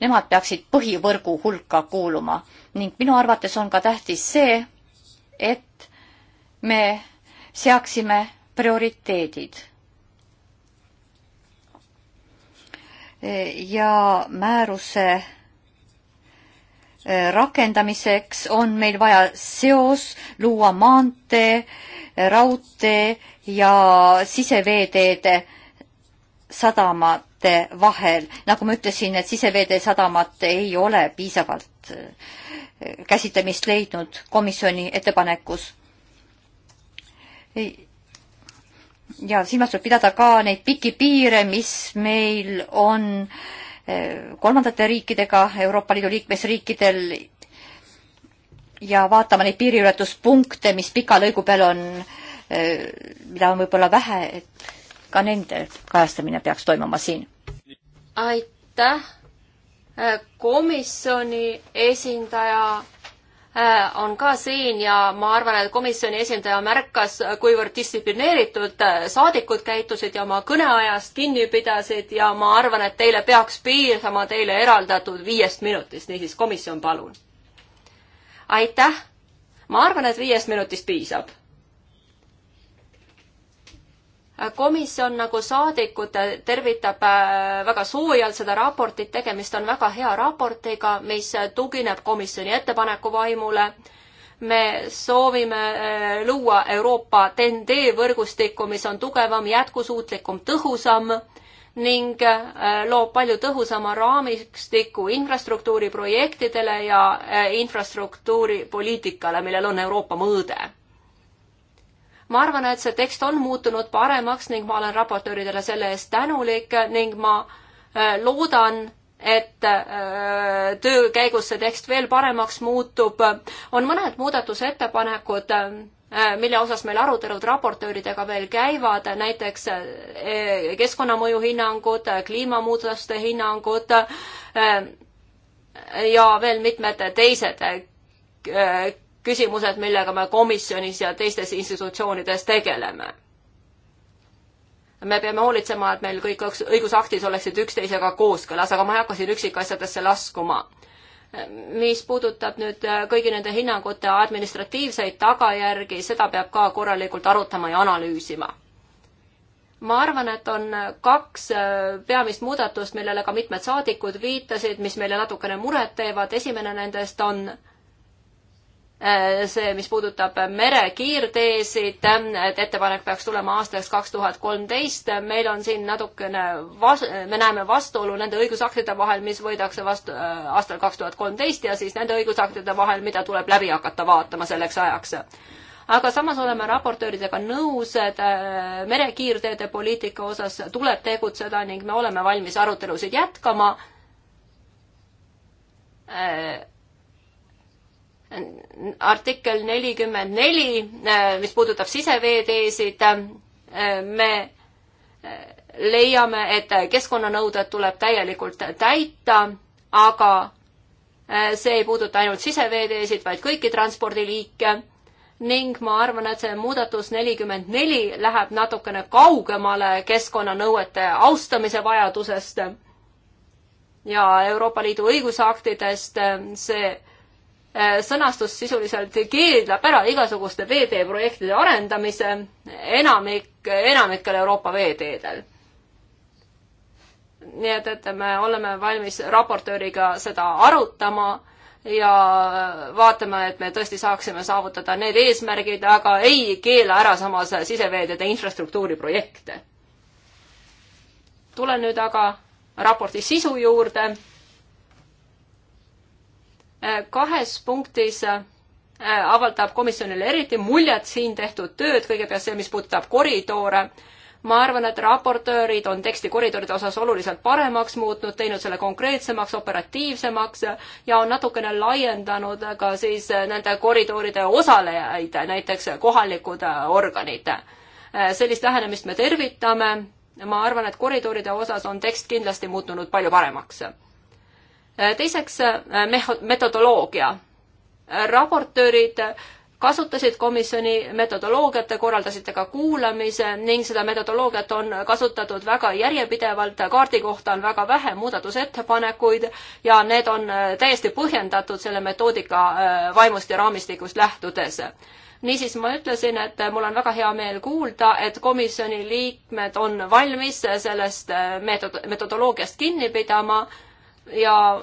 nemad peaksid põhivõrgu hulka kuuluma ning minu arvates on ka tähtis see, et me seaksime prioriteedid. ja määruse äh, rakendamiseks on meil vaja seos luua maantee, raudtee ja siseveeteede sadamate vahel. nagu ma ütlesin, et siseveetee sadamad ei ole piisavalt äh, käsitlemist leidnud komisjoni ettepanekus ja silmas tuleb pidada ka neid pikki piire, mis meil on eh, kolmandate riikidega, Euroopa Liidu liikmesriikidel ja vaatama neid piiriületuspunkte, mis pika lõigu peal on, eh, mida on võib-olla vähe, et ka nende kajastamine peaks toimuma siin. aitäh, eh, komisjoni esindaja Äh, on ka siin ja ma arvan, et komisjoni esindaja märkas, kuivõrd distsiplineeritud äh, saadikud käitusid ja oma kõneajast kinni pidasid ja ma arvan, et teile peaks piisama teile eraldatud viiest minutist, niisiis komisjon, palun. aitäh. ma arvan, et viiest minutist piisab komisjon nagu saadikud tervitab äh, väga soojalt seda raportit, tegemist on väga hea raportiga, mis tugineb komisjoni ettepaneku vaimule. me soovime äh, luua Euroopa TNT võrgustikku, mis on tugevam, jätkusuutlikum, tõhusam ning äh, loob palju tõhusama raamistiku infrastruktuuriprojektidele ja infrastruktuuripoliitikale, millel on Euroopa mõõde ma arvan, et see tekst on muutunud paremaks ning ma olen raportööridele selle eest tänulik ning ma äh, loodan, et äh, töö käigus see tekst veel paremaks muutub. on mõned muudatusettepanekud, äh, mille osas meil arutelud raportööridega veel käivad, näiteks keskkonnamõju hinnangud, kliimamuutuste hinnangud ja veel mitmed teised küsimused, millega me komisjonis ja teistes institutsioonides tegeleme. me peame hoolitsema, et meil kõik õigusaktis oleksid üksteisega kooskõlas, aga ma ei hakka siin üksikasjadesse laskuma mis puudutab nüüd äh, kõigi nende hinnangute administratiivseid tagajärgi, seda peab ka korralikult arutama ja analüüsima. ma arvan, et on kaks äh, peamist muudatust, millele ka mitmed saadikud viitasid, mis meile natukene muret teevad. esimene nendest on äh, Äh, see, mis puudutab merekiirteesid, et ettepanek peaks tulema aastaks kaks tuhat kolmteist. meil on siin natukene, me näeme vastuolu nende õigusaktide vahel, mis võidakse vastu äh, aastal kaks tuhat kolmteist ja siis nende õigusaktide vahel, mida tuleb läbi hakata vaatama selleks ajaks aga samas oleme raportööridega nõus, et äh, merekiirteede poliitika osas tuleb tegutseda ning me oleme valmis arutelusid jätkama artikkel nelikümmend neli, äh, mis puudutab siseveeteesid, äh, me äh, leiame, et keskkonnanõuded tuleb täielikult täita, aga see ei puuduta ainult siseveeteesid, vaid kõiki transpordiliike ning ma arvan, et see muudatus nelikümmend neli läheb natukene kaugemale keskkonnanõuete austamise vajadusest ja Euroopa Liidu õigusaktidest see Äh, sõnastus sisuliselt keelab ära igasuguste veeteeprojektide arendamise enamik, enamikel Euroopa veeteedel. nii et, et me oleme valmis raportööriga seda arutama ja vaatame, et me tõesti saaksime saavutada need eesmärgid, aga ei keela ära samas siseveeteede infrastruktuuri projekte. tulen nüüd aga raporti sisu juurde Äh, kahes punktis äh, avaldab komisjonile eriti muljet siin tehtud tööd, kõigepealt see, mis puudutab koridore. ma arvan, et raportöörid on teksti koridoride osas oluliselt paremaks muutnud, teinud selle konkreetsemaks, operatiivsemaks ja on natukene laiendanud ka siis äh, nende koridoride osalejaid, näiteks kohalikud organid. sellist lähenemist me tervitame. ma arvan, et koridoride osas on tekst kindlasti muutunud palju paremaks Äh, teiseks äh, meho-, metodoloogia. Äh, raportöörid kasutasid komisjoni metodoloogiat, korraldasite ka kuulamise ning seda metodoloogiat on kasutatud väga järjepidevalt, kaardi kohta on väga vähe muudatusettepanekuid ja need on täiesti põhjendatud selle metoodika vaimust ja raamistikust lähtudes niisiis ma ütlesin, et mul on väga hea meel kuulda, et komisjoni liikmed on valmis sellest meetod-, metodoloogiast kinni pidama ja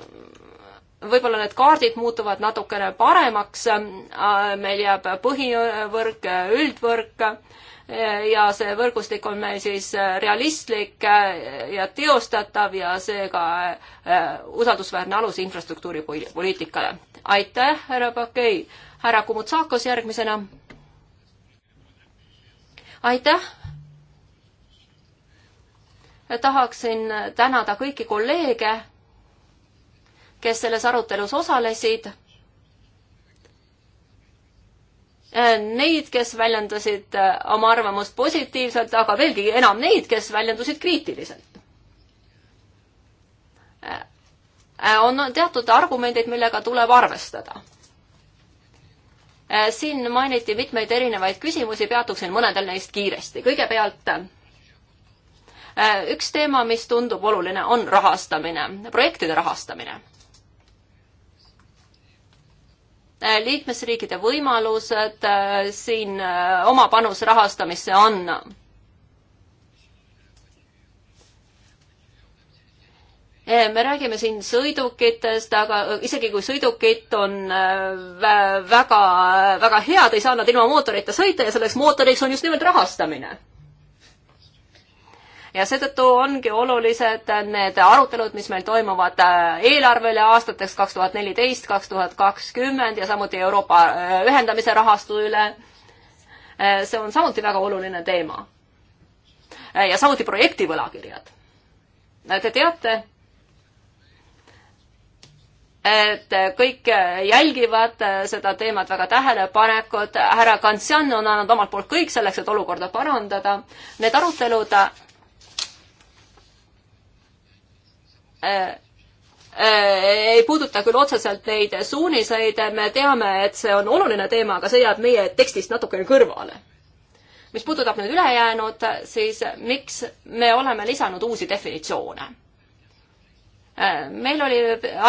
võib-olla need kaardid muutuvad natukene paremaks, meil jääb põhivõrk, üldvõrk ja see võrgustik on meil siis realistlik ja teostatav ja seega äh, usaldusväärne alus infrastruktuuri poliitikale. aitäh, härra Pakei. härra Kumutsakos järgmisena. aitäh. tahaksin tänada kõiki kolleege kes selles arutelus osalesid. Äh, neid, kes väljendasid äh, oma arvamust positiivselt, aga veelgi enam neid, kes väljendusid kriitiliselt. Äh, on teatud argumendid, millega tuleb arvestada siin mainiti mitmeid erinevaid küsimusi, peatuksin mõnedel neist kiiresti. kõigepealt üks teema, mis tundub oluline, on rahastamine, projektide rahastamine. liikmesriikide võimalused äh, siin äh, oma panus rahastamisse anna. Äh, me räägime siin sõidukitest, aga isegi kui sõidukid on väga, väga head, ei saa nad ilma mootorita sõita ja selleks mootoriks on just nimelt rahastamine ja seetõttu ongi olulised need arutelud, mis meil toimuvad äh, eelarvele aastateks kaks tuhat neliteist, kaks tuhat kakskümmend ja samuti Euroopa äh, ühendamise rahastu üle. Äh, see on samuti väga oluline teema. ja samuti projekti võlakirjad. Te teate, et kõik jälgivad seda teemat väga tähelepanekud. härra Kantsjan on andnud omalt poolt kõik selleks, et olukorda parandada. Need arutelud Äh, äh, ei puuduta küll otseselt neid suuniseid, me teame, et see on oluline teema, aga see jääb meie tekstist natukene kõrvale. mis puudutab nüüd ülejäänud, siis miks me oleme lisanud uusi definitsioone? meil oli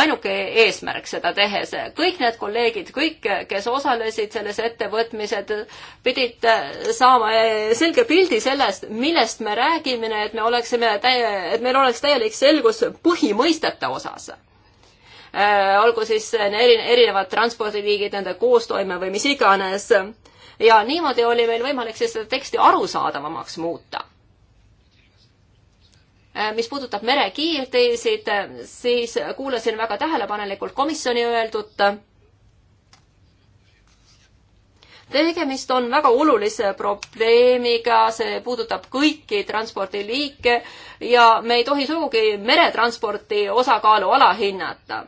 ainuke eesmärk seda tehes, kõik need kolleegid, kõik, kes osalesid selles ettevõtmised, pidid äh, saama äh, selge pildi sellest, millest me räägime, et me oleksime täie, et meil oleks täielik selgus põhimõistete osas äh, olgu siis erinevad transpordiliigid, nende koostoime või mis iganes. ja niimoodi oli meil võimalik siis seda teksti arusaadavamaks muuta Äh, mis puudutab merekiirteisid, äh, siis kuulasin väga tähelepanelikult komisjoni öeldut. tegemist on väga olulise probleemiga, see puudutab kõiki transpordiliike ja me ei tohi sugugi meretransporti osakaalu alahinnata.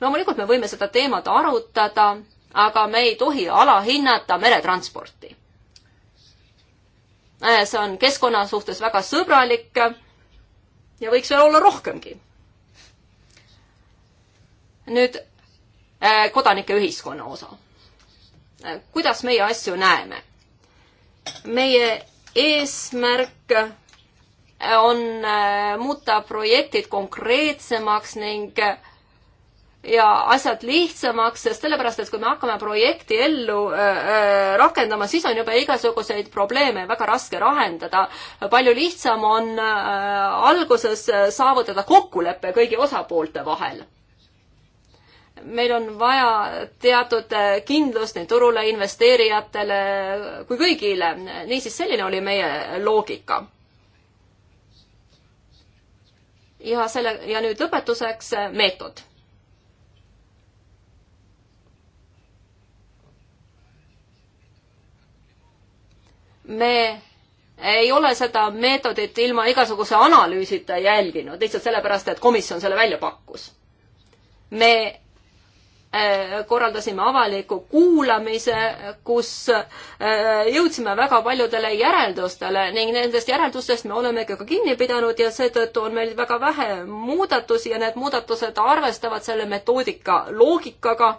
loomulikult me võime seda teemat arutada, aga me ei tohi alahinnata meretransporti. Äh, see on keskkonna suhtes väga sõbralik ja võiks veel olla rohkemgi. nüüd äh, kodanike ühiskonna osa. Äh, kuidas meie asju näeme? meie eesmärk äh, on muuta projektid konkreetsemaks ning äh, ja asjad lihtsamaks, sest sellepärast, et kui me hakkame projekti ellu äh, rakendama, siis on juba igasuguseid probleeme väga raske lahendada. palju lihtsam on äh, alguses saavutada kokkulepe kõigi osapoolte vahel. meil on vaja teatud kindlust nii turule, investeerijatele kui kõigile. niisiis, selline oli meie loogika ja selle ja nüüd lõpetuseks meetod me ei ole seda meetodit ilma igasuguse analüüsita jälginud, lihtsalt sellepärast, et komisjon selle välja pakkus. me äh, korraldasime avaliku kuulamise, kus äh, jõudsime väga paljudele järeldustele ning nendest järeldustest me oleme ikkagi kinni pidanud ja seetõttu on meil väga vähe muudatusi ja need muudatused arvestavad selle metoodika loogikaga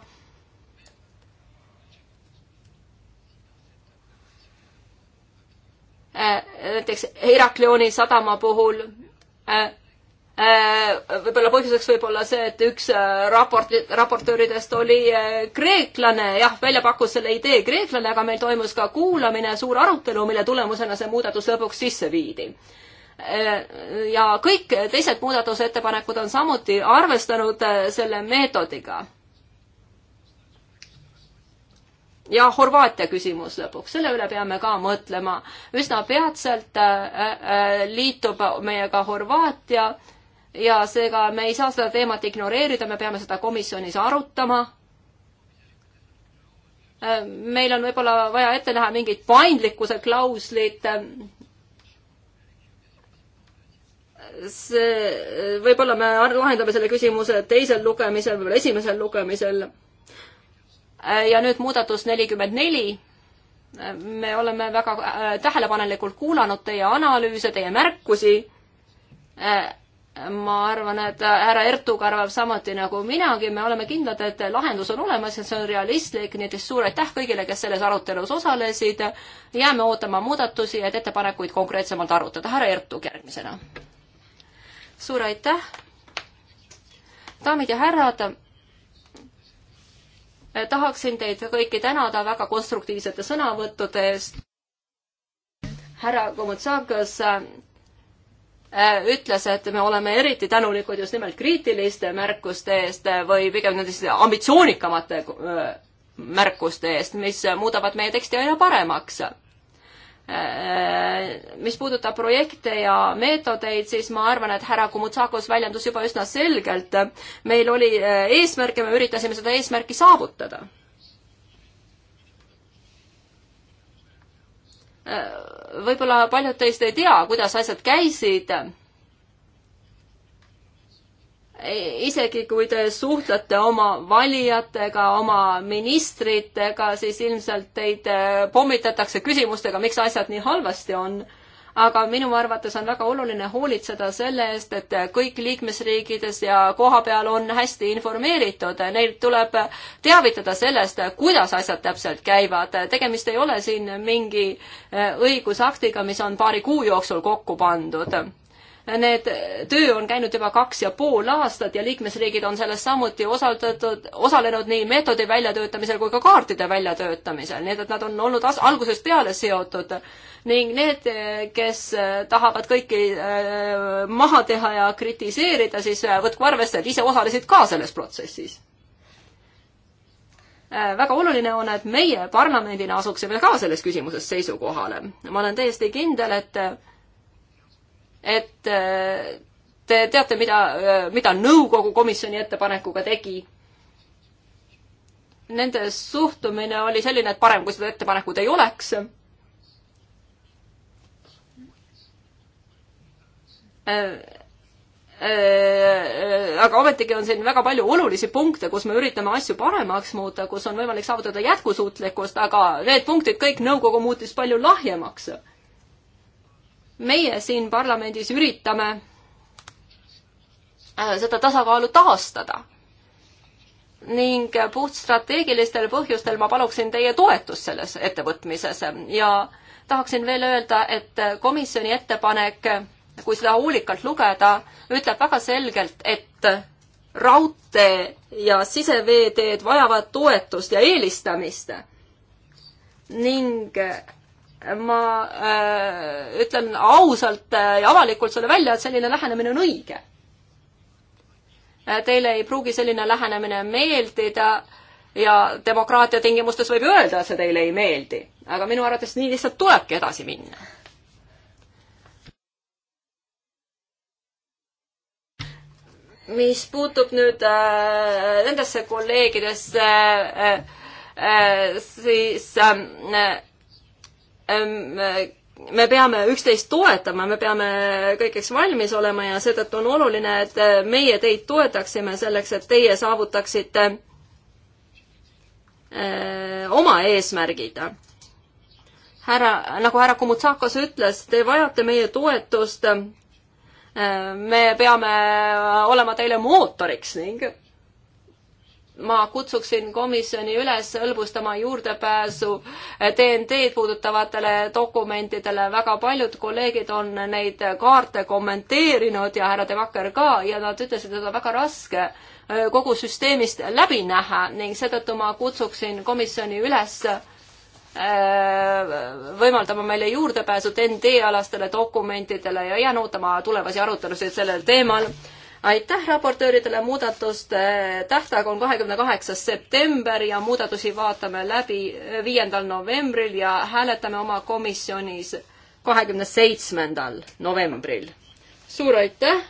Äh, näiteks Heraklioni sadama puhul äh, äh, võib-olla põhjuseks võib olla see, et üks raport, raportööridest oli kreeklane, jah, välja pakkus selle idee kreeklane, aga meil toimus ka kuulamine, suur arutelu, mille tulemusena see muudatus lõpuks sisse viidi. ja kõik teised muudatusettepanekud on samuti arvestanud selle meetodiga ja Horvaatia küsimus lõpuks, selle üle peame ka mõtlema. üsna peatselt äh, äh, liitub meiega Horvaatia ja seega me ei saa seda teemat ignoreerida, me peame seda komisjonis arutama. Äh, meil on võib-olla vaja ette näha mingid paindlikkuse klauslid see, võib-olla me lahendame selle küsimuse teisel lugemisel, võib-olla esimesel lugemisel. Äh, ja nüüd muudatus nelikümmend neli. Äh, me oleme väga äh, tähelepanelikult kuulanud teie analüüse, teie märkusi. ma arvan, et härra Ertug arvab samuti nagu minagi, me oleme kindlad, et lahendus on olemas ja see on realistlik, nii et suur aitäh kõigile, kes selles arutelus osalesid. jääme ootama muudatusi, et ettepanekuid konkreetsemalt arutada. härra Ertug järgmisena. suur aitäh. daamid ja härrad Eh, tahaksin teid kõiki tänada väga konstruktiivsete sõnavõttude eest. härra Komutsakas eh, ütles, et me oleme eriti tänulikud just nimelt kriitiliste märkuste eest eh, või pigem nendest ambitsioonikamate märkuste eest, mis muudavad meie teksti aina paremaks Äh, mis puudutab projekte ja meetodeid, siis ma arvan, et härra Kumutsakos väljendus juba üsna selgelt. meil oli äh, eesmärk ja me üritasime seda eesmärki saavutada. Äh, võib-olla paljud teist ei tea, kuidas asjad käisid isegi kui te suhtlete oma valijatega, oma ministritega, siis ilmselt teid äh, pommitatakse küsimustega, miks asjad nii halvasti on. aga minu arvates on väga oluline hoolitseda selle eest, et kõik liikmesriikides ja kohapeal on hästi informeeritud, neil tuleb teavitada sellest, kuidas asjad täpselt käivad. tegemist ei ole siin mingi äh, õigusaktiga, mis on paari kuu jooksul kokku pandud Need, töö on käinud juba kaks ja pool aastat ja liikmesriigid on selles samuti osaldatud, osalenud nii meetodi väljatöötamisel kui ka kaartide väljatöötamisel, nii et, et nad on olnud as-, algusest peale seotud. ning need, kes tahavad kõiki äh, maha teha ja kritiseerida, siis äh, võtku arvesse, et ise osalesid ka selles protsessis äh, väga oluline on, et meie parlamendina asuksime ka selles küsimuses seisukohale. ma olen täiesti kindel, et et äh, te teate, mida, äh, mida nõukogu komisjoni ettepanekuga tegi. Nende suhtumine oli selline, et parem, kui seda ettepanekut ei oleks. Äh, aga ometigi on siin väga palju olulisi punkte, kus me üritame asju paremaks muuta, kus on võimalik saavutada jätkusuutlikkust, aga need punktid kõik nõukogu muutis palju lahjemaks meie siin parlamendis üritame äh, seda tasakaalu taastada. ning puhtstrateegilistel põhjustel ma paluksin teie toetust selles ettevõtmises ja tahaksin veel öelda, et komisjoni ettepanek, kui seda hoolikalt lugeda, ütleb väga selgelt, et raudtee ja siseveeteed vajavad toetust ja eelistamist ning ma äh, ütlen ausalt äh, ja avalikult selle välja, et selline lähenemine on õige. Äh, teile ei pruugi selline lähenemine meeldida ja demokraatia tingimustes võib ju öelda, et see teile ei meeldi, aga minu arvates nii lihtsalt tulebki edasi minna. mis puutub nüüd äh, nendesse kolleegidesse äh, äh, siis ähm, äh, me peame üksteist toetama, me peame kõigeks valmis olema ja seetõttu on oluline, et äh, meie teid toetaksime selleks, et teie saavutaksite öö, äh, oma eesmärgid. härra, nagu härra Komutsakos ütles, te vajate meie toetust. me peame olema teile mootoriks ning ma kutsuksin komisjoni üles hõlbustama juurdepääsu DND-d puudutavatele dokumentidele, väga paljud kolleegid on neid kaarte kommenteerinud ja härra De Vakker ka ja nad ütlesid, et on väga raske äh, kogu süsteemist läbi näha ning seetõttu ma kutsuksin komisjoni üles äh, võimaldama meile juurdepääsu DND-alastele dokumentidele ja jään ootama tulevasi arutelusid sellel teemal aitäh raportööridele, muudatuste tähtaeg on kahekümne kaheksas september ja muudatusi vaatame läbi viiendal novembril ja hääletame oma komisjonis kahekümne seitsmendal novembril. suur aitäh!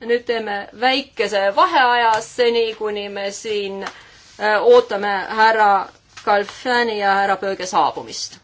nüüd teeme väikese vaheaja seni, kuni me siin äh, ootame härra Kalfani ja härra Pööge saabumist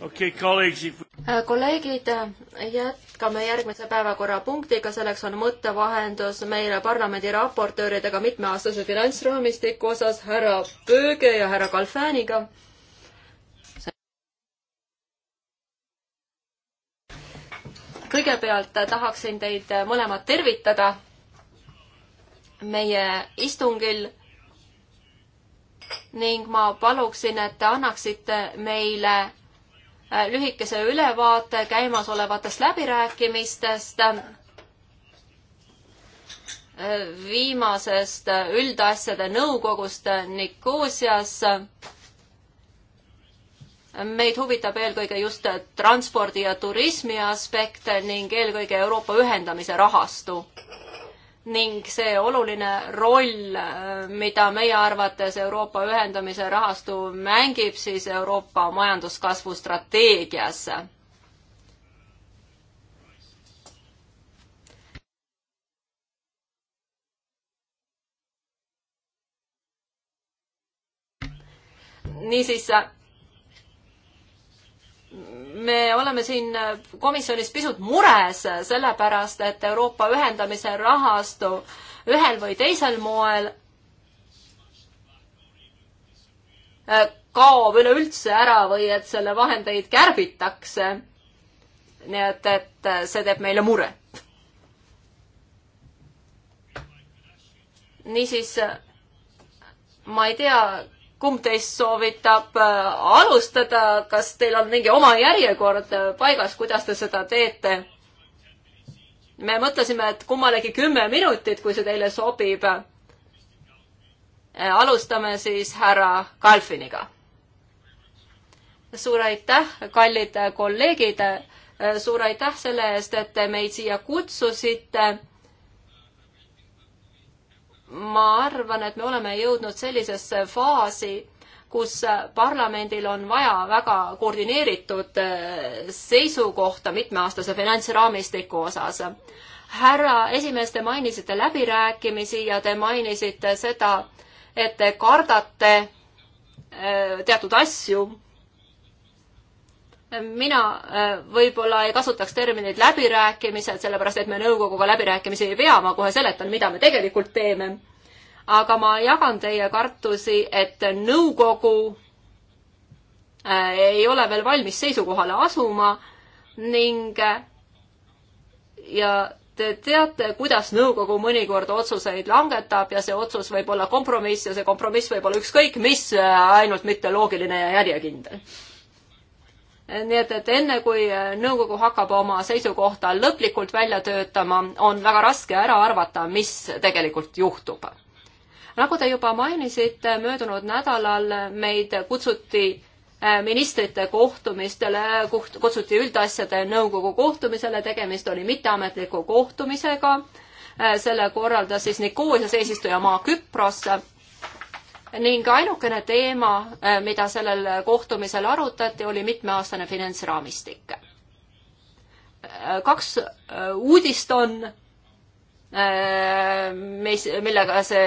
okay, kolleegid. Äh, kolleegid, jätkame järgmise päevakorrapunktiga, selleks on mõttevahendus meile parlamendi raportööridega mitmeaastase finantsraamistiku osas härra Pööge ja härra Kalfääniga. kõigepealt tahaksin teid mõlemad tervitada meie istungil ning ma paluksin, et te annaksite meile Äh, lühikese ülevaate käimasolevatest läbirääkimistest, äh, viimasest äh, üldasjade nõukogust Nikosias. meid huvitab eelkõige just transpordi ja turismi aspekte ning eelkõige Euroopa ühendamise rahastu ning see oluline roll, mida meie arvates Euroopa ühendamise rahastu mängib siis Euroopa majanduskasvu strateegias. niisiis me oleme siin komisjonis pisut mures, sellepärast et Euroopa ühendamise rahastu ühel või teisel moel äh, kaob üleüldse ära või et selle vahendeid kärbitakse. nii et, et äh, see teeb meile muret. niisiis, äh, ma ei tea, kumb teist soovitab äh, alustada, kas teil on mingi oma järjekord äh, paigas, kuidas te seda teete? me mõtlesime, et kummalegi kümme minutit, kui see teile sobib. Äh, alustame siis härra Kalfiniga. suur aitäh, kallid kolleegid, suur aitäh selle eest, et te meid siia kutsusite ma arvan, et me oleme jõudnud sellisesse faasi, kus parlamendil on vaja väga koordineeritud eh, seisukohta mitmeaastase finantsraamistiku osas. härra esimees, te mainisite läbirääkimisi ja te mainisite seda, et te kardate eh, teatud asju mina äh, võib-olla ei kasutaks terminit läbirääkimised, sellepärast et me nõukoguga läbirääkimisi ei pea, ma kohe seletan, mida me tegelikult teeme. aga ma jagan teie kartusi, et nõukogu äh, ei ole veel valmis seisukohale asuma ning äh, ja te teate, kuidas nõukogu mõnikord otsuseid langetab ja see otsus võib olla kompromiss ja see kompromiss võib olla ükskõik mis, ainult mitte loogiline ja järjekindel nii et, et enne kui äh, nõukogu hakkab oma seisukohta lõplikult välja töötama, on väga raske ära arvata, mis tegelikult juhtub. nagu te juba mainisite, möödunud nädalal meid kutsuti äh, ministrite kohtumistele, kutsuti üldasjade nõukogu kohtumisele, tegemist oli mitteametliku kohtumisega, äh, selle korraldas siis Nikoosia eesistujamaa Küpros ning ainukene teema, äh, mida sellel kohtumisel arutati, oli mitmeaastane finantsraamistik. Äh, kaks äh, uudist on, mis, millega see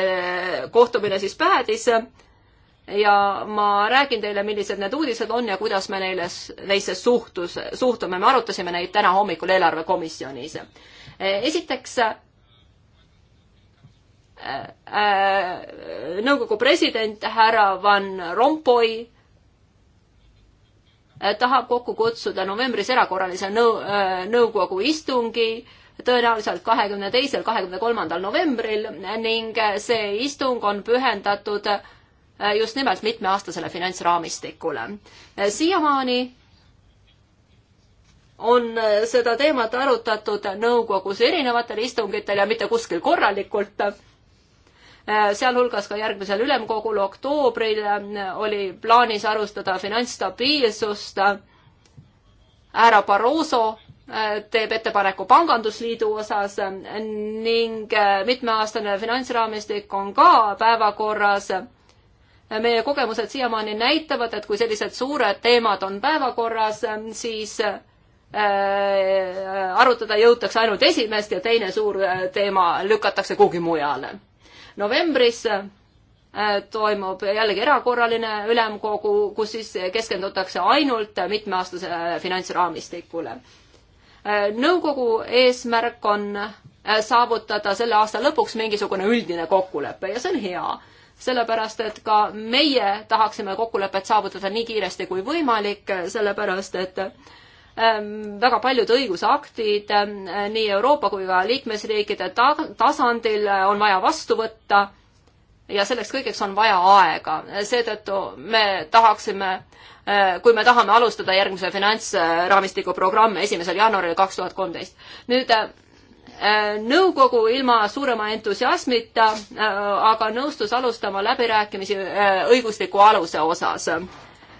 kohtumine siis päädis ja ma räägin teile, millised need uudised on ja kuidas me neile, neisse suhtus, suhtume, me arutasime neid täna hommikul eelarvekomisjonis. esiteks Äh, äh, nõukogu president härra Van Rompuy äh, tahab kokku kutsuda novembris erakorralise nõu, nõukogu istungi tõenäoliselt kahekümne teisel, kahekümne kolmandal novembril ning see istung on pühendatud just nimelt mitmeaastasele finantsraamistikule. siiamaani on seda teemat arutatud nõukogus erinevatel istungitel ja mitte kuskil korralikult Äh, sealhulgas ka järgmisel ülemkogul oktoobril äh, oli plaanis arustada finantsstabiilsust. härra Barroso äh, teeb ettepaneku Pangandusliidu osas ning mitmeaastane finantsraamistik on ka päevakorras. meie kogemused siiamaani näitavad, et kui sellised suured teemad on päevakorras, siis arutada jõutakse ainult esimest ja teine suur teema lükatakse kuhugi mujale novembris äh, toimub jällegi erakorraline ülemkogu, kus siis keskendutakse ainult mitmeaastasele finantsraamistikule. Äh, nõukogu eesmärk on äh, saavutada selle aasta lõpuks mingisugune üldine kokkulepe ja see on hea, sellepärast et ka meie tahaksime kokkulepet saavutada nii kiiresti kui võimalik, sellepärast et äh, Ähm, väga paljud õigusaktid ähm, nii Euroopa kui ka liikmesriikide ta-, tasandil äh, on vaja vastu võtta ja selleks kõigeks on vaja aega. seetõttu me tahaksime, äh, kui me tahame alustada järgmise finantsraamistiku programmi esimesel jaanuaril kaks tuhat kolmteist. nüüd äh, nõukogu ilma suurema entusiasmita, aga nõustus alustama läbirääkimisi õigusliku aluse osas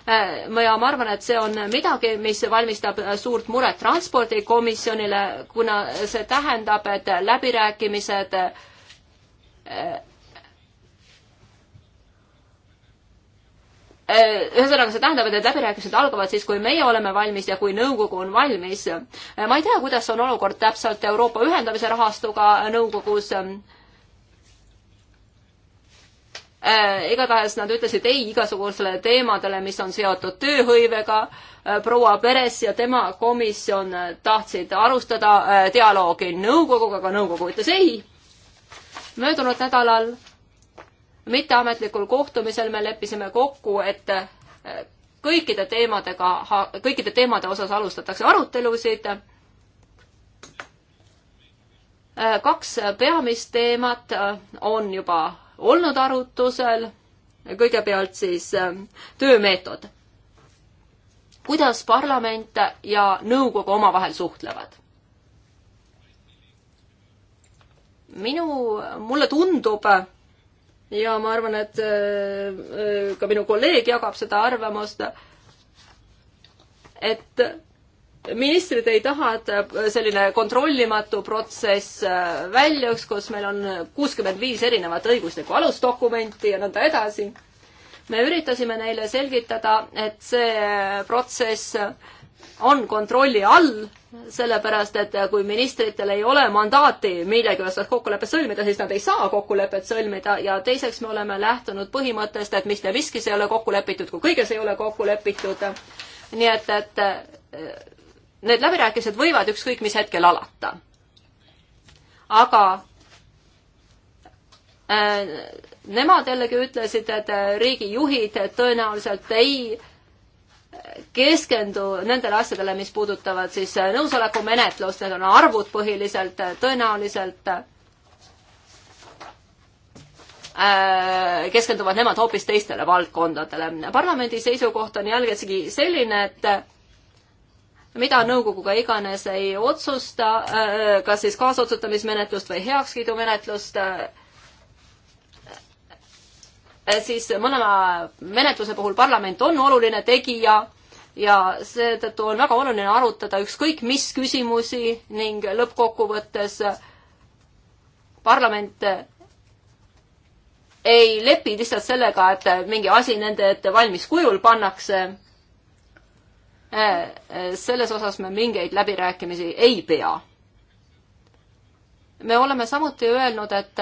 Äh, ja ma arvan, et see on midagi, mis valmistab suurt muret transpordikomisjonile, kuna see tähendab, et läbirääkimised äh, äh, ühesõnaga, see tähendab, et need läbirääkimised algavad siis, kui meie oleme valmis ja kui nõukogu on valmis. ma ei tea, kuidas on olukord täpselt Euroopa ühendamise rahastuga nõukogus Äh, igatahes nad ütlesid ei igasugustele teemadele, mis on seotud tööhõivega. Äh, proua Peres ja tema komisjon äh, tahtsid alustada dialoogi nõukoguga, aga nõukogu ütles ei. möödunud nädalal mitteametlikul kohtumisel me leppisime kokku, et kõikide teemadega, kõikide teemade osas alustatakse arutelusid kaks peamist teemat on juba olnud arutusel, kõigepealt siis äh, töömeetod. kuidas parlament ja nõukogu omavahel suhtlevad? minu, mulle tundub ja ma arvan, et äh, äh, ka minu kolleeg jagab seda arvamust, et ministrid ei taha, et äh, selline kontrollimatu protsess äh, väljuks, kus meil on kuuskümmend viis erinevat õiguslikku alusdokumenti ja nõnda edasi. me üritasime neile selgitada, et see äh, protsess on kontrolli all, sellepärast et kui ministritel ei ole mandaati millegi osas kokkulepet sõlmida, siis nad ei saa kokkulepet sõlmida ja teiseks me oleme lähtunud põhimõttest, et mis te miskis ei ole kokku lepitud, kui kõiges ei ole kokku lepitud. nii et, et need läbirääkimised võivad ükskõik mis hetkel alata. aga äh, nemad jällegi ütlesid, et äh, riigijuhid tõenäoliselt ei keskendu nendele asjadele, mis puudutavad siis äh, nõusolekumenetlust, need on arvud põhiliselt, äh, tõenäoliselt keskenduvad nemad hoopis teistele valdkondadele. parlamendi seisukoht on jälgigi selline, et mida nõukoguga iganes ei otsusta, äh, kas siis kaasotsustamismenetlust või heakskiidumenetlust, äh, siis mõlema menetluse puhul parlament on oluline tegija ja seetõttu on väga oluline arutada ükskõik mis küsimusi ning lõppkokkuvõttes parlament ei lepi lihtsalt sellega, et mingi asi nende ette valmis kujul pannakse selles osas me mingeid läbirääkimisi ei pea. me oleme samuti öelnud, et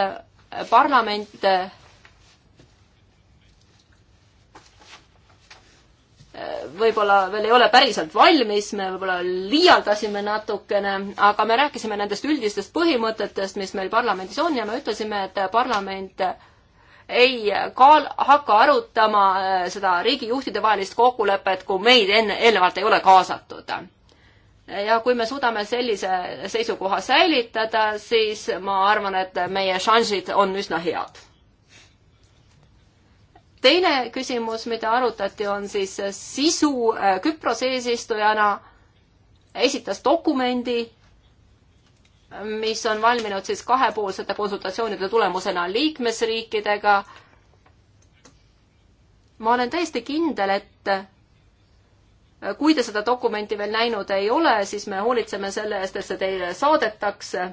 parlament võib-olla veel ei ole päriselt valmis, me võib-olla liialdasime natukene, aga me rääkisime nendest üldistest põhimõtetest, mis meil parlamendis on ja me ütlesime, et parlament äh, ei kaal-, hakka arutama äh, seda riigijuhtide vahelist kokkulepet, kui meid enne, eelnevalt ei ole kaasatud. ja kui me suudame sellise seisukoha säilitada, siis ma arvan, et meie šansid on üsna head. teine küsimus, mida arutati, on siis sisu äh, Küprose eesistujana esitas dokumendi mis on valminud siis kahepoolsete konsultatsioonide tulemusena liikmesriikidega. ma olen täiesti kindel, et kui te seda dokumenti veel näinud ei ole, siis me hoolitseme selle eest, et see teile saadetakse.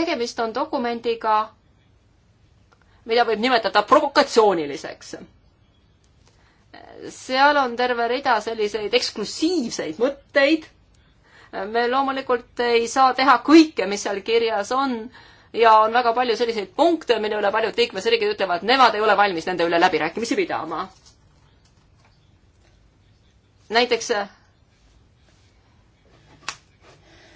tegemist on dokumendiga, mida võib nimetada provokatsiooniliseks seal on terve rida selliseid eksklusiivseid mõtteid. me loomulikult ei saa teha kõike, mis seal kirjas on ja on väga palju selliseid punkte, mille üle paljud liikmesriigid ütlevad, nemad ei ole valmis nende üle läbirääkimisi pidama. näiteks,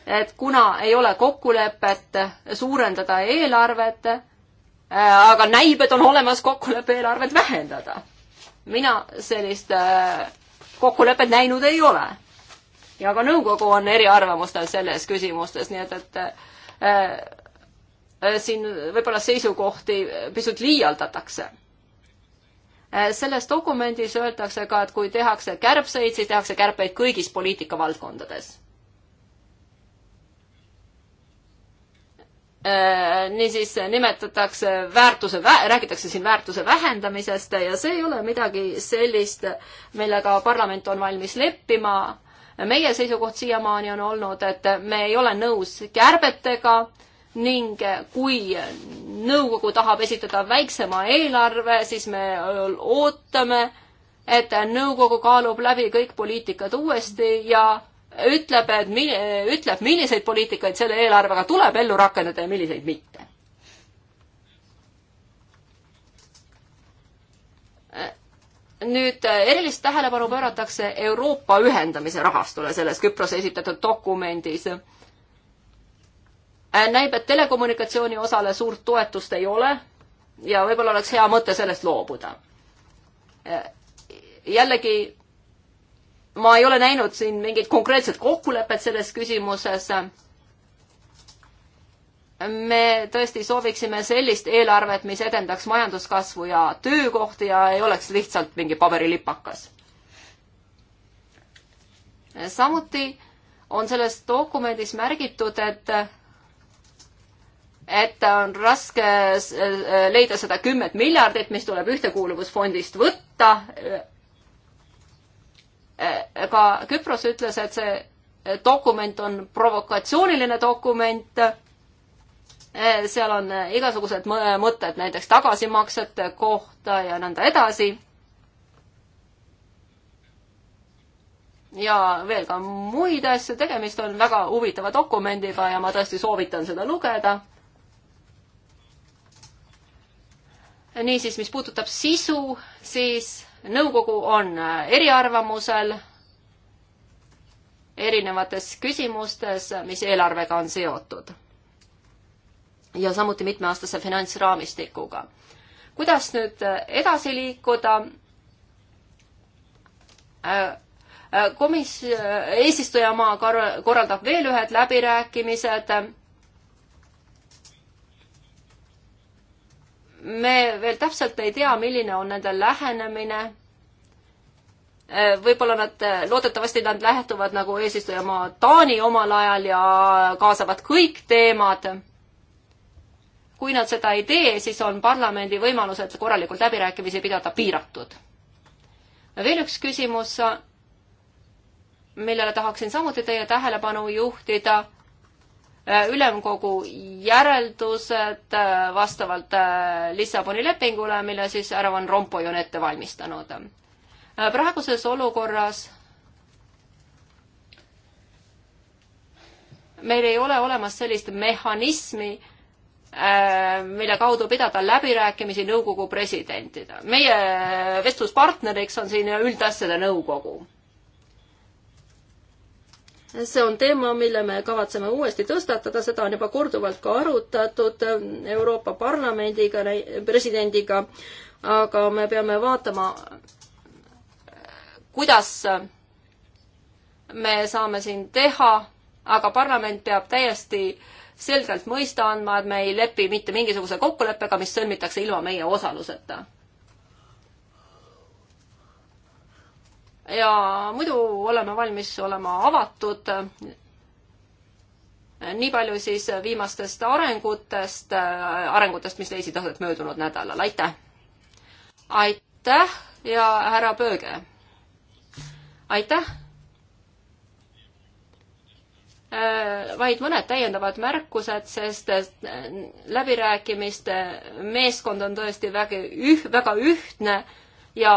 et kuna ei ole kokkulepet suurendada eelarvet, aga näib, et on olemas kokkulepe eelarvet vähendada mina sellist äh, kokkulepet näinud ei ole. ja ka nõukogu on eriarvamustel selles küsimustes, nii et, et äh, äh, siin võib-olla seisukohti pisut liialdatakse äh,. selles dokumendis öeldakse ka, et kui tehakse kärbseid, siis tehakse kärpeid kõigis poliitikavaldkondades Äh, niisiis nimetatakse väärtuse, räägitakse siin väärtuse vähendamisest ja see ei ole midagi sellist, millega parlament on valmis leppima. meie seisukoht siiamaani on olnud, et me ei ole nõus kärbetega ning kui nõukogu tahab esitada väiksema eelarve, siis me ootame, et nõukogu kaalub läbi kõik poliitikad uuesti ja ütleb, et mi-, ütleb, milliseid poliitikaid selle eelarvega tuleb ellu rakendada ja milliseid mitte. nüüd erilist tähelepanu pööratakse Euroopa ühendamise rahastule selles Küprose esitatud dokumendis. näib, et telekommunikatsiooni osale suurt toetust ei ole ja võib-olla oleks hea mõte sellest loobuda. jällegi ma ei ole näinud siin mingit konkreetset kokkulepet selles küsimuses. me tõesti sooviksime sellist eelarvet, mis edendaks majanduskasvu ja töökohti ja ei oleks lihtsalt mingi paberilipakas. samuti on selles dokumendis märgitud, et et on raske leida seda kümmet miljardit, mis tuleb ühtekuuluvusfondist võtta Äh, ka Küpros ütles, et see äh, dokument on provokatsiooniline dokument. Äh, seal on igasugused mõtted näiteks tagasimaksete kohta ja nõnda edasi. ja veel ka muid asju, tegemist on väga huvitava dokumendiga ja ma tõesti soovitan seda lugeda niisiis, mis puudutab sisu, siis nõukogu on äh, eriarvamusel erinevates küsimustes, mis eelarvega on seotud. ja samuti mitmeaastase finantsraamistikuga. kuidas nüüd äh, edasi liikuda? Äh, komis-, eesistujamaa kor-, korraldab veel ühed läbirääkimised me veel täpselt ei tea, milline on nende lähenemine. Äh, võib-olla nad, äh, loodetavasti nad lähtuvad nagu eesistujamaa Taani omal ajal ja kaasavad kõik teemad. kui nad seda ei tee, siis on parlamendi võimalused korralikult läbirääkimisi pidada piiratud. veel üks küsimus, millele tahaksin samuti teie tähelepanu juhtida Äh, ülemkogu järeldused äh, vastavalt äh, Lissaboni lepingule, mille siis härra Van Rompuy on ette valmistanud. praeguses olukorras meil ei ole olemas sellist mehhanismi, mille kaudu pidada läbirääkimisi nõukogu presidentidega. meie vestluspartneriks on siin üldasjade nõukogu see on teema, mille me kavatseme uuesti tõstatada, seda on juba korduvalt ka arutatud Euroopa Parlamendiga, presidendiga, aga me peame vaatama, kuidas me saame siin teha, aga parlament peab täiesti selgelt mõista andma, et me ei lepi mitte mingisuguse kokkuleppega, mis sõlmitakse ilma meie osaluseta ja muidu oleme valmis olema avatud. nii palju siis viimastest arengutest, arengutest, mis leidsid aset möödunud nädalal, aitäh! aitäh ja härra Pööge! aitäh! Äh, vaid mõned täiendavad märkused, sest äh, läbirääkimiste meeskond on tõesti väga üh-, väga ühtne ja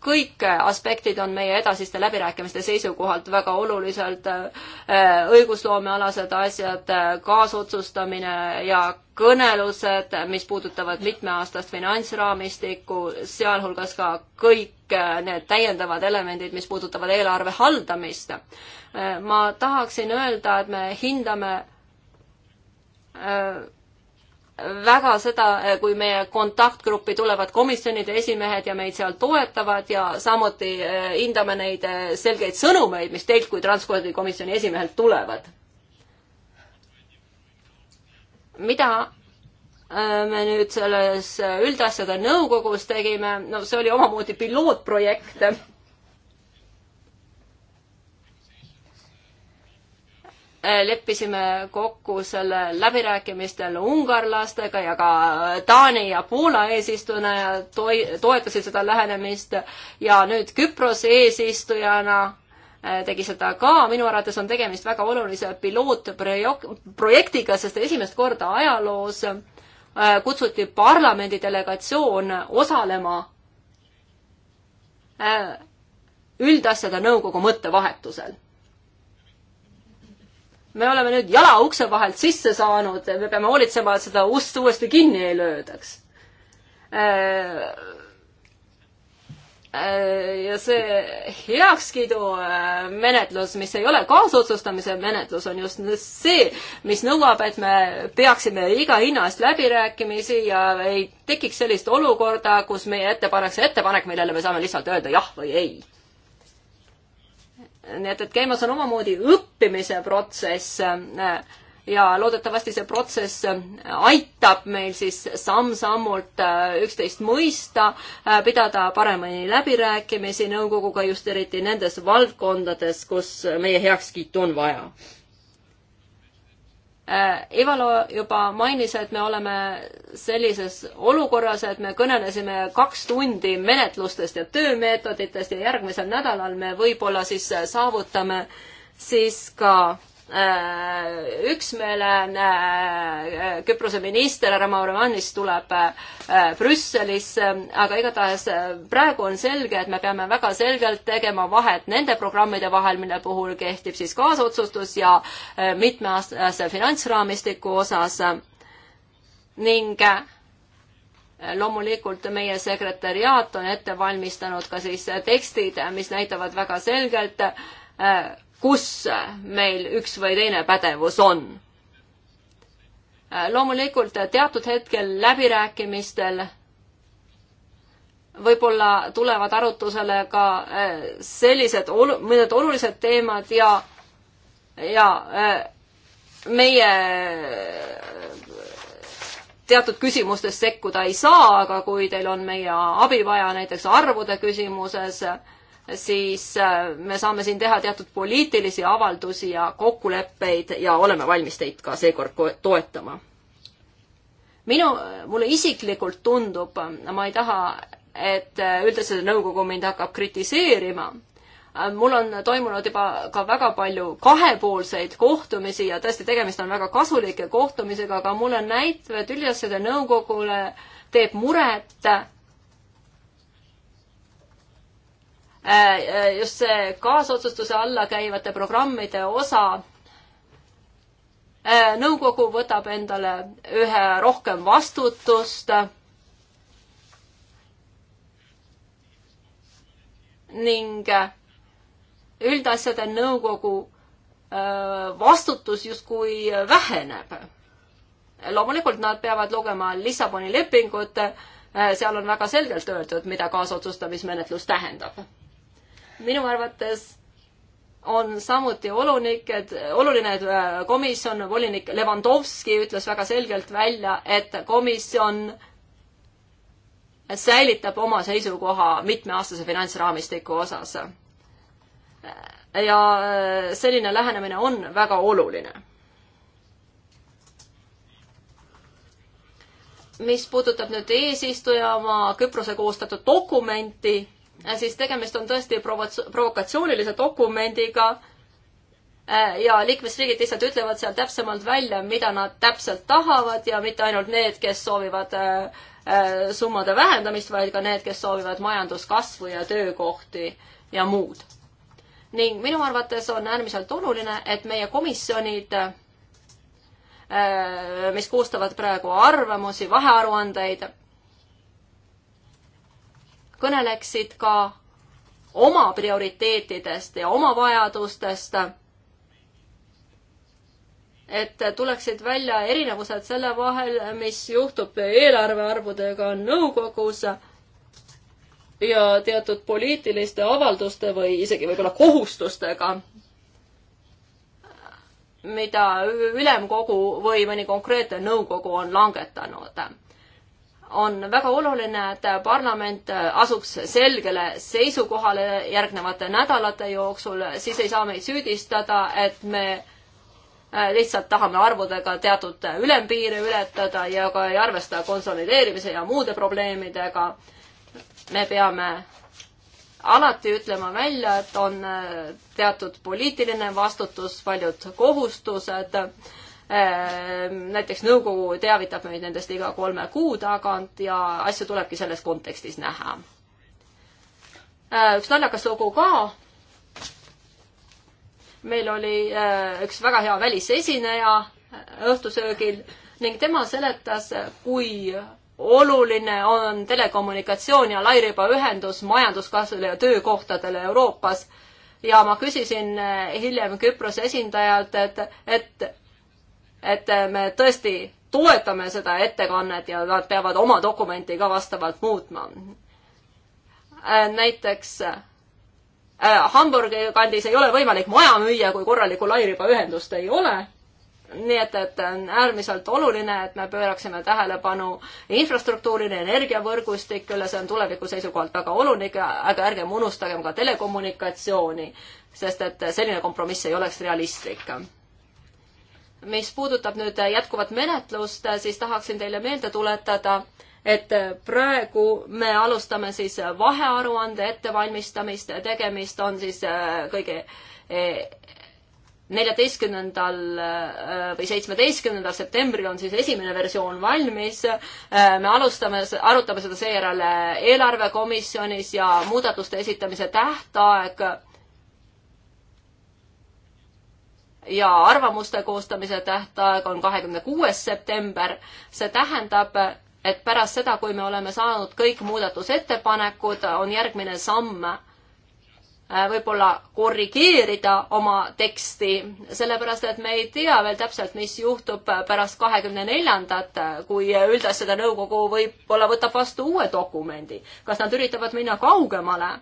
kõik aspektid on meie edasiste läbirääkimiste seisukohalt väga oluliselt äh, õigusloomealased asjad, äh, kaasotsustamine ja kõnelused, mis puudutavad mitmeaastast finantsraamistikku, sealhulgas ka kõik äh, need täiendavad elemendid, mis puudutavad eelarve haldamist. ma tahaksin öelda, et me hindame väga seda, eh, kui meie kontaktgruppi tulevad komisjonide esimehed ja meid seal toetavad ja samuti eh, hindame neid eh, selgeid sõnumeid, mis teilt kui transpordikomisjoni esimehelt tulevad. mida me nüüd selles üldasjade nõukogus tegime, no see oli omamoodi pilootprojekt Äh, leppisime kokku selle läbirääkimistel ungarlastega ja ka Taani ja Poola eesistujana toi-, toetasid seda lähenemist ja nüüd Küprose eesistujana äh, tegi seda ka, minu arvates on tegemist väga olulise pilootprojektiga, sest esimest korda ajaloos äh, kutsuti parlamendi delegatsioon osalema üldasjade nõukogu mõttevahetusel me oleme nüüd jala ukse vahelt sisse saanud, me peame hoolitsema, et seda ust uuesti kinni ei löödaks. Äh, äh, ja see heakskiidu äh, menetlus, mis ei ole kaasotsustamise menetlus, on just see, mis nõuab, et me peaksime iga hinna eest läbirääkimisi ja ei tekiks sellist olukorda, kus meie ette pannakse ettepanek, millele me saame lihtsalt öelda jah või ei nii et, et käimas on omamoodi õppimise protsess äh, ja loodetavasti see protsess äh, aitab meil siis samm-sammult äh, üksteist mõista, pidada paremini läbirääkimisi nõukoguga just eriti nendes valdkondades, kus meie heakskiitu on vaja Evalo äh, juba mainis, et me oleme sellises olukorras, et me kõnelesime kaks tundi menetlustest ja töömeetoditest ja järgmisel nädalal me võib-olla siis saavutame siis ka äh, Äh, üksmeelene äh, Küprose minister härra Maurimanis tuleb äh, Brüsselisse, aga igatahes praegu on selge, et me peame väga selgelt tegema vahet nende programmide vahel, mille puhul kehtib siis kaasotsustus ja mitmeaastase finantsraamistiku osas ning loomulikult meie sekretäriaat on ette valmistanud ka siis tekstid, mis näitavad väga selgelt, kus meil üks või teine pädevus on. loomulikult teatud hetkel läbirääkimistel võib-olla tulevad arutusele ka äh, sellised olu-, mõned olulised teemad ja, ja äh, meie äh, teatud küsimustes sekkuda ei saa, aga kui teil on meie abi vaja näiteks arvude küsimuses äh,, siis äh, me saame siin teha teatud poliitilisi avaldusi ja kokkuleppeid ja oleme valmis teid ka seekord toetama. minu, mulle isiklikult tundub, ma ei taha, et äh, üldiselt nõukogu mind hakkab kritiseerima, äh, mul on toimunud juba ka väga palju kahepoolseid kohtumisi ja tõesti, tegemist on väga kasulike kohtumisega, aga mulle näitab, et üldasjade nõukogule teeb muret Äh, äh, just see kaasotsustuse alla käivate programmide osa. Äh, nõukogu võtab endale ühe rohkem vastutust. ning üldasjade nõukogu vastutus justkui väheneb. loomulikult nad peavad lugema Lissaboni lepingut, seal on väga selgelt öeldud, mida kaasotsustamismenetlus tähendab minu arvates on samuti olunik, et oluline, et äh, komisjon, volinik Levandovski ütles väga selgelt välja, et komisjon säilitab oma seisukoha mitmeaastase finantsraamistiku osas. ja äh, selline lähenemine on väga oluline. mis puudutab nüüd eesistujamaa Küprose koostatud dokumenti Äh, siis tegemist on tõesti provokatsioonilise dokumendiga äh, ja liikmesriigid lihtsalt ütlevad seal täpsemalt välja, mida nad täpselt tahavad ja mitte ainult need, kes soovivad äh, summade vähendamist, vaid ka need, kes soovivad majanduskasvu ja töökohti ja muud. ning minu arvates on äärmiselt oluline, et meie komisjonid, mis koostavad praegu arvamusi, vahearuandeid, kõneleksid ka oma prioriteetidest ja oma vajadustest. et tuleksid välja erinevused selle vahel, mis juhtub eelarvearvudega nõukogus ja teatud poliitiliste avalduste või isegi võib-olla kohustustega, mida ülemkogu või mõni konkreetne nõukogu on langetanud on väga oluline, et parlament asuks selgele seisukohale järgnevate nädalate jooksul, siis ei saa meid süüdistada, et me äh, lihtsalt tahame arvudega teatud ülempiire ületada ja ka ei arvesta konsolideerimise ja muude probleemidega. me peame alati ütlema välja, et on äh, teatud poliitiline vastutus, paljud kohustused Ehm, näiteks nõukogu teavitab meid nendest iga kolme kuu tagant ja asju tulebki selles kontekstis näha. Ehm, üks naljakas lugu ka. meil oli ehm, üks väga hea välisesineja eh, õhtusöögil ning tema seletas, kui oluline on telekommunikatsioon ja lairibaühendus majanduskasvule ja töökohtadele Euroopas. ja ma küsisin eh, hiljem Küprose esindajalt, et, et et äh, me tõesti toetame seda ettekannet ja nad peavad oma dokumenti ka vastavalt muutma. Äh, näiteks äh, Hamburgi kandis ei ole võimalik maja müüa, kui korralikku lairibaühendust ei ole. nii et, et on äärmiselt oluline, et me pööraksime tähelepanu infrastruktuurile, energiavõrgustikule, see on tuleviku seisukohalt väga oluline, aga ärgem unustagem ka telekommunikatsiooni, sest et selline kompromiss ei oleks realistlik mis puudutab nüüd jätkuvat menetlust, siis tahaksin teile meelde tuletada, et praegu me alustame siis vahearuande ettevalmistamist, tegemist on siis äh, kõige e, neljateistkümnendal äh, või seitsmeteistkümnendal septembril on siis esimene versioon valmis. Äh, me alustame, arutame seda seejärel eelarvekomisjonis ja muudatuste esitamise tähtaeg ja arvamuste koostamise tähtaeg on kahekümne kuues september. see tähendab, et pärast seda, kui me oleme saanud kõik muudatusettepanekud, on järgmine samm äh, võib-olla korrigeerida oma teksti, sellepärast et me ei tea veel täpselt, mis juhtub pärast kahekümne neljandat, kui üldasjade nõukogu võib-olla võtab vastu uue dokumendi. kas nad üritavad minna kaugemale?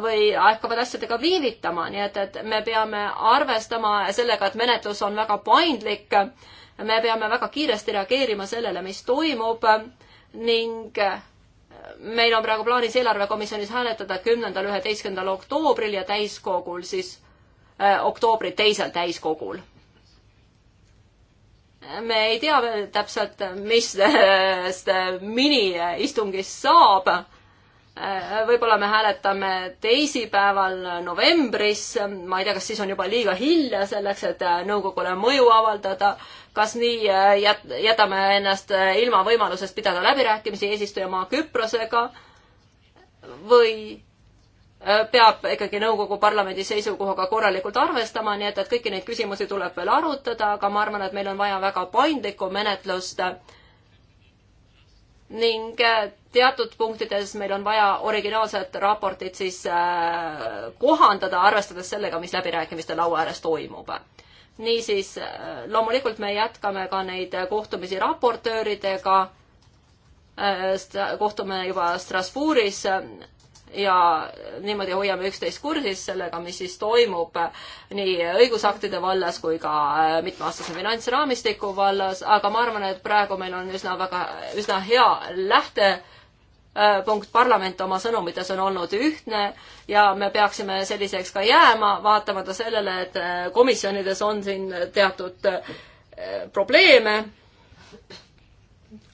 või hakkavad asjadega viivitama, nii et, et me peame arvestama sellega, et menetlus on väga paindlik. me peame väga kiiresti reageerima sellele, mis toimub ning meil on praegu plaanis eelarvekomisjonis hääletada kümnendal, üheteistkümnendal oktoobril ja täiskogul siis eh, oktoobri teisel täiskogul. me ei tea veel täpselt, mis sellest eh, miniistungist saab Äh, võib-olla me hääletame teisipäeval novembris, ma ei tea, kas siis on juba liiga hilja selleks, et äh, nõukogule mõju avaldada, kas nii äh, jät-, jätame ennast ilma võimalusest pidada läbirääkimisi eesistujamaa Küprosega või peab ikkagi nõukogu parlamendi seisukohaga korralikult arvestama, nii et, et kõiki neid küsimusi tuleb veel arutada, aga ma arvan, et meil on vaja väga paindlikku menetlust äh, ning äh, teatud punktides meil on vaja originaalset raportit siis äh, kohandada, arvestades sellega, mis läbirääkimiste laua ääres toimub. niisiis, äh, loomulikult me jätkame ka neid kohtumisi raportööridega, kohtume juba Strasbourgis ja niimoodi hoiame üksteist kursis sellega, mis siis toimub nii õigusaktide vallas kui ka äh, mitmeaastase finantsraamistiku vallas, aga ma arvan, et praegu meil on üsna väga, üsna hea lähtepunkt, äh, parlament oma sõnumites on olnud ühtne ja me peaksime selliseks ka jääma, vaatamata sellele, et äh, komisjonides on siin teatud probleeme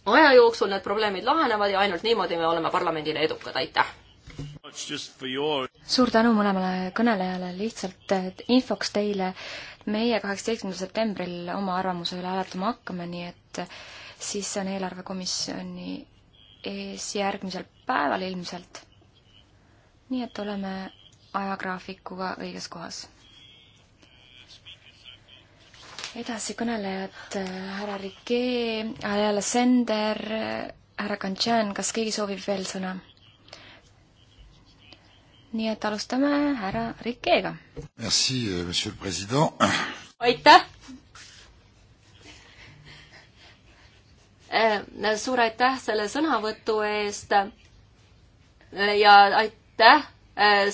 aja jooksul need probleemid lahenevad ja ainult niimoodi me oleme parlamendile edukad, aitäh! suur tänu mõlemale kõnelejale, lihtsalt infoks teile, meie kaheksateistkümnendal septembril oma arvamuse üle hääletama hakkame, nii et siis see on eelarvekomisjoni ees järgmisel päeval ilmselt. nii et oleme ajagraafikuga õiges kohas. edasi kõnelejad härra Rikee, härra Sender, härra Kantšan, kas keegi soovib veel sõna? nii et alustame härra Rikeega. Euh, aitäh! Äh, suur aitäh selle sõnavõtu eest ja aitäh äh,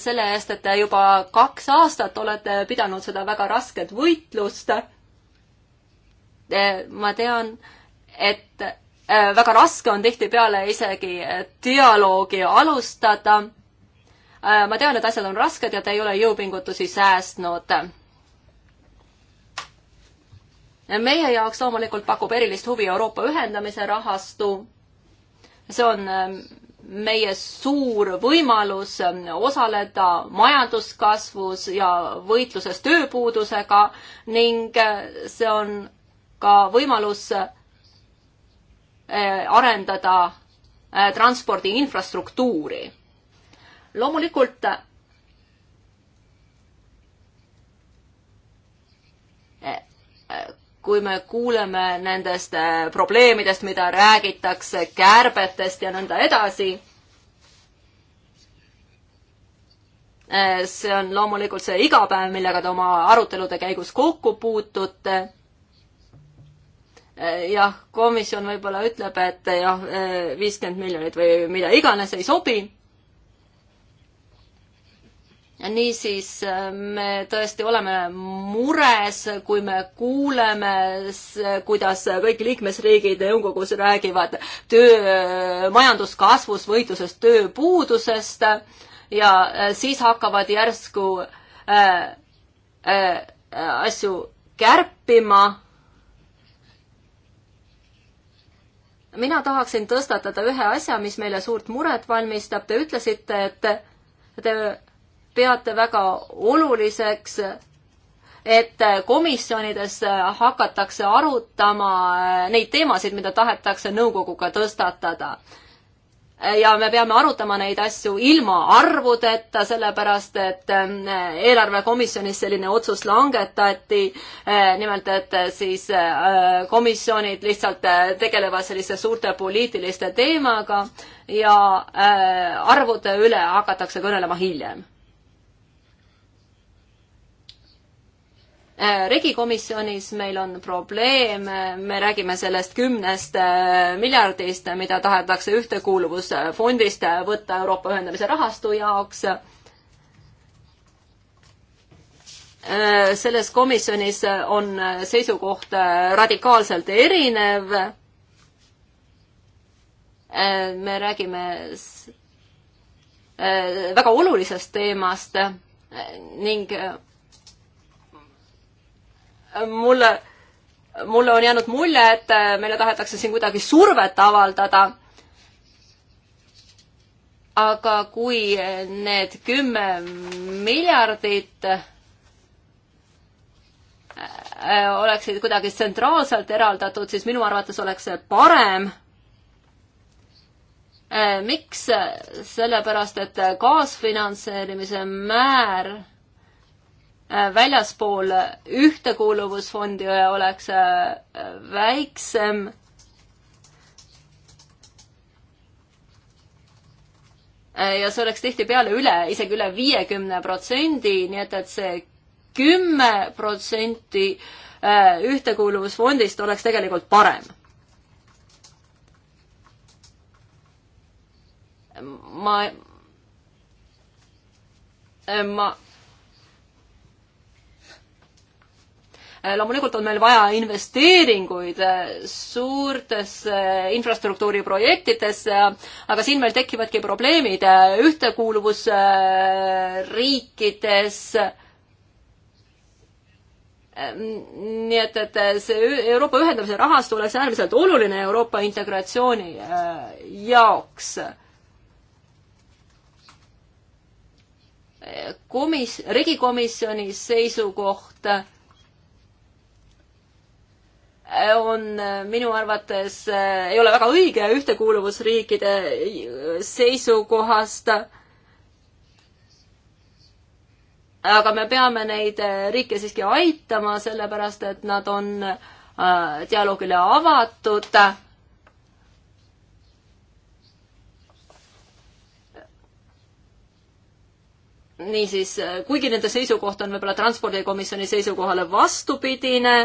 selle eest, et te juba kaks aastat olete pidanud seda väga rasket võitlust. Äh, ma tean, et väga raske on tihtipeale isegi dialoogi alustada Äh, ma tean, et asjad on rasked ja te ei ole jõupingutusi säästnud. meie jaoks loomulikult pakub erilist huvi Euroopa ühendamise rahastu. see on ähm, meie suur võimalus ähm, osaleda majanduskasvus ja võitluses tööpuudusega ning äh, see on ka võimalus äh, arendada transpordi infrastruktuuri loomulikult kui me kuuleme nendest probleemidest, mida räägitakse, kärbetest ja nõnda edasi, see on loomulikult see igapäev, millega te oma arutelude käigus kokku puutute. jah, komisjon võib-olla ütleb, et jah, viiskümmend miljonit või mida iganes ei sobi niisiis äh, me tõesti oleme mures, kui me kuuleme, kuidas kõik liikmesriigid nõukogus räägivad töö, majanduskasvust, võitlusest tööpuudusest ja äh, siis hakkavad järsku äh, äh, asju kärpima. mina tahaksin tõstatada ühe asja, mis meile suurt muret valmistab. Te ütlesite, et te peate väga oluliseks, et komisjonides hakatakse arutama neid teemasid, mida tahetakse nõukoguga tõstatada. ja me peame arutama neid asju ilma arvudeta, sellepärast et eh, eelarvekomisjonis selline otsus langetati. Eh, nimelt, et siis eh, komisjonid lihtsalt tegelevad selliste suurte poliitiliste teemaga ja arvude üle hakatakse kõnelema hiljem Äh, regikomisjonis meil on probleem, me räägime sellest kümnest äh, miljardist, mida tahetakse ühtekuuluvusfondist äh, võtta Euroopa ühendamise rahastu jaoks. selles komisjonis on seisukoht radikaalselt erinev. me räägime väga olulisest teemast ning mulle, mulle on jäänud mulje, et äh, meile tahetakse siin kuidagi survet avaldada. aga kui need kümme miljardit äh, oleksid kuidagi tsentraalselt eraldatud, siis minu arvates oleks see parem. Äh, miks? sellepärast, et kaasfinantseerimise määr Äh, väljaspool ühtekuuluvusfondi oleks äh, väiksem. Äh, ja see oleks tihtipeale üle, isegi üle viiekümne protsendi, nii et, et see kümme protsenti ühtekuuluvusfondist oleks tegelikult parem ma, ma loomulikult on meil vaja investeeringuid äh, suurtesse äh, infrastruktuuriprojektidesse, aga siin meil tekivadki probleemid äh, ühtekuuluvusriikides nii et, et see Euroopa ühendamise rahastu oleks äärmiselt oluline Euroopa integratsiooni jaoks. komis-, riigikomisjoni seisukoht on äh, minu arvates, äh, ei ole väga õige ühtekuuluvusriikide äh, seisukohast. aga me peame neid riike siiski aitama, sellepärast et nad on dialoogile avatud. niisiis, kuigi nende seisukoht on võib-olla transpordikomisjoni seisukohale vastupidine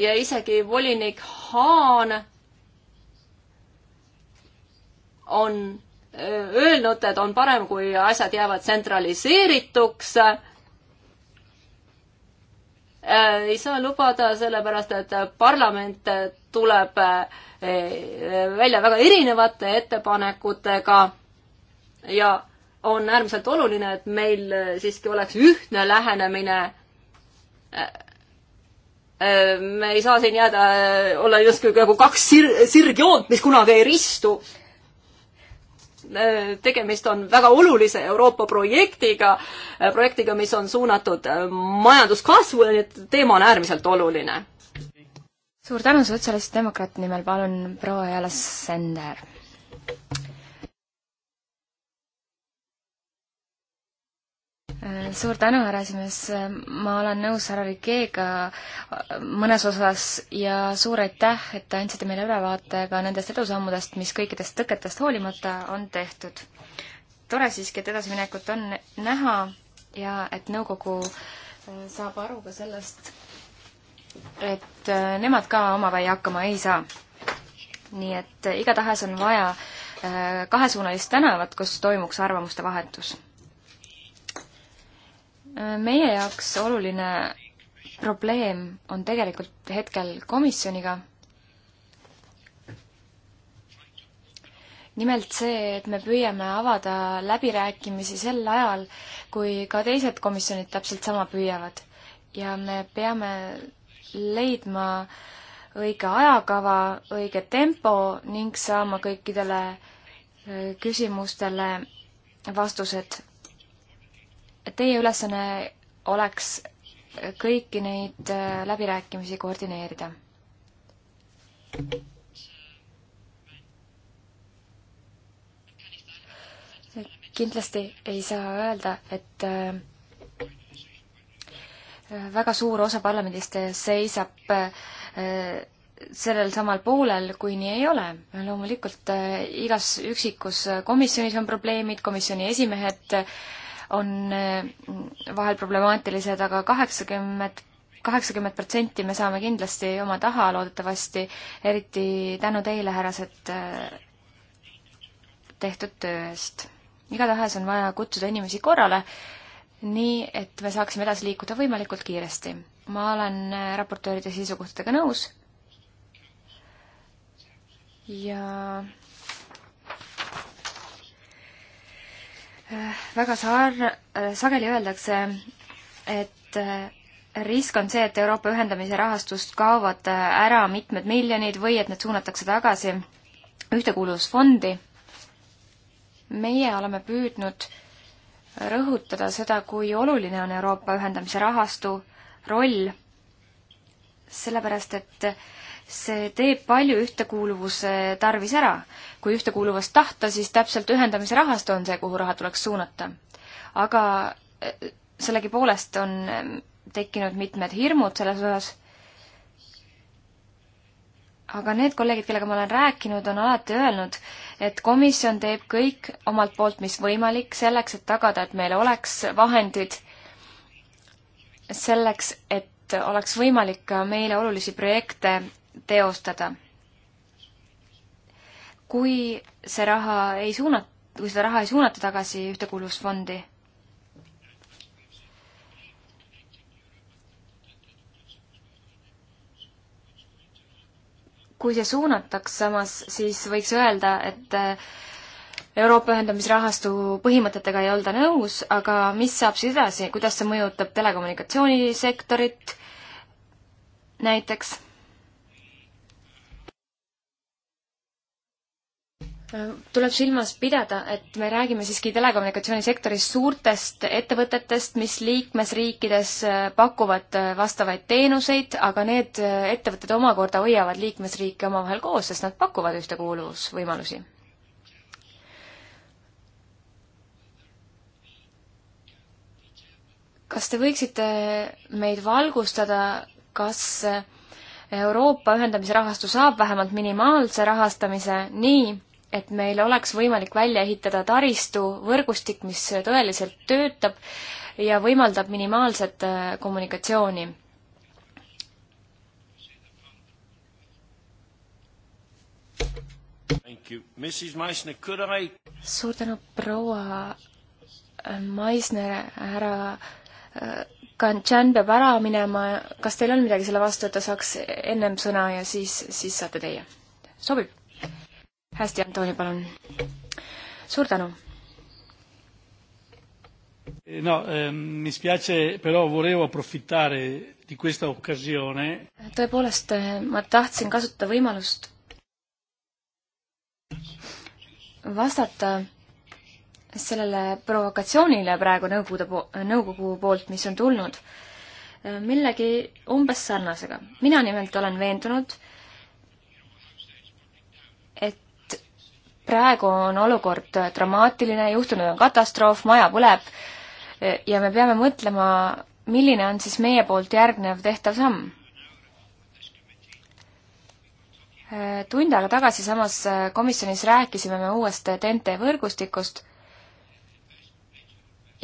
ja isegi volinik Haan on äh, öelnud, et on parem, kui asjad jäävad tsentraliseerituks äh, ei saa lubada, sellepärast et parlament tuleb äh, välja väga erinevate ettepanekutega ja on äärmiselt oluline, et meil siiski oleks ühtne lähenemine Äh, me ei saa siin jääda, äh, olla justkui nagu-, nagu kaks sir-, sirgjoont, mis kunagi ei ristu. Äh, tegemist on väga olulise Euroopa projektiga, projektiga, mis on suunatud majanduskasvule, nii et teema on äärmiselt oluline. suur tänu sotsialistdemokraatide nimel, palun proua Jalas Sender. Äh, suur tänu, härra esimees, ma olen nõus härra Rikeega äh, mõnes osas ja suur aitäh, et te andsite meile ülevaate ka nendest edusammudest, mis kõikidest tõketest hoolimata on tehtud. tore siiski, et edasiminekut on näha ja et nõukogu äh, saab aru ka sellest, et nemad ka omavahel hakkama ei saa. nii et igatahes on vaja kahesuunalist tänavat, kus toimuks arvamuste vahetus meie jaoks oluline probleem on tegelikult hetkel komisjoniga. nimelt see, et me püüame avada läbirääkimisi sel ajal, kui ka teised komisjonid täpselt sama püüavad. ja me peame leidma õige ajakava, õige tempo ning saama kõikidele äh, küsimustele vastused teie ülesanne oleks kõiki neid äh, läbirääkimisi koordineerida. kindlasti ei saa öelda, et äh, väga suur osa parlamendist seisab äh, sellel samal poolel, kui nii ei ole. loomulikult igas üksikus komisjonis on probleemid, komisjoni esimehed äh, on eh, vahel problemaatilised aga, aga kaheksakümmend kaheksakümmend protsenti me saame kindlasti oma taha loodetavasti, eriti tänu teile, härrased, eh, tehtud töö eest. igatahes on vaja kutsuda inimesi korrale, nii et me saaksime edasi liikuda võimalikult kiiresti. ma olen eh, raportööride seisukohtadega nõus ja Äh, väga saar-, äh, sageli öeldakse, et äh, risk on see, et Euroopa ühendamise rahastust kaovad ära mitmed miljonid või et need suunatakse tagasi ühtekuuluvusfondi. meie oleme püüdnud rõhutada seda, kui oluline on Euroopa ühendamise rahastu roll, sellepärast et see teeb palju ühtekuuluvuse tarvis ära. kui ühtekuuluvust tahta, siis täpselt ühendamise rahastu on see, kuhu raha tuleks suunata. aga eh, sellegipoolest on eh, tekkinud mitmed hirmud selles osas. aga need kolleegid, kellega ma olen rääkinud, on alati öelnud, et komisjon teeb kõik omalt poolt, mis võimalik, selleks, et tagada, et meil oleks vahendid selleks, et oleks võimalik ka meile olulisi projekte teostada. kui see raha ei suuna-, kui seda raha ei suunata tagasi Ühtekuuluvusfondi, kui see suunataks samas, siis võiks öelda, et äh, Euroopa ühendamisrahastu põhimõtetega ei olda nõus, aga mis saab siis edasi, kuidas see mõjutab telekommunikatsioonisektorit näiteks? tuleb silmas pidada, et me räägime siiski telekommunikatsioonisektoris suurtest ettevõtetest, mis liikmesriikides äh, pakuvad äh, vastavaid teenuseid, aga need äh, ettevõtted omakorda hoiavad liikmesriike omavahel koos, sest nad pakuvad ühtekuuluvusvõimalusi. kas te võiksite meid valgustada, kas Euroopa ühendamise rahastu saab vähemalt minimaalse rahastamise nii, et meil oleks võimalik välja ehitada taristu, võrgustik, mis tõeliselt töötab ja võimaldab minimaalset äh, kommunikatsiooni. I... suur tänu, proua äh, Maisner, härra äh, Kantšan peab ära minema, kas teil on midagi selle vastu, et ta saaks ennem sõna ja siis, siis saate teie? sobib? hästi, Antoni, palun. suur tänu. Eh, no ehm, mi spiace, però volevo approfittare di questa occasione. tõepoolest, eh, ma tahtsin kasutada võimalust vastata sellele provokatsioonile praegu nõukogude po-, nõukogu poolt, mis on tulnud, eh, millegi umbes sarnasega. mina nimelt olen veendunud, praegu on olukord dramaatiline, juhtunud on katastroof, maja põleb ja me peame mõtlema, milline on siis meie poolt järgnev tehtav samm. tund aega tagasi samas komisjonis rääkisime me uuest TNT võrgustikust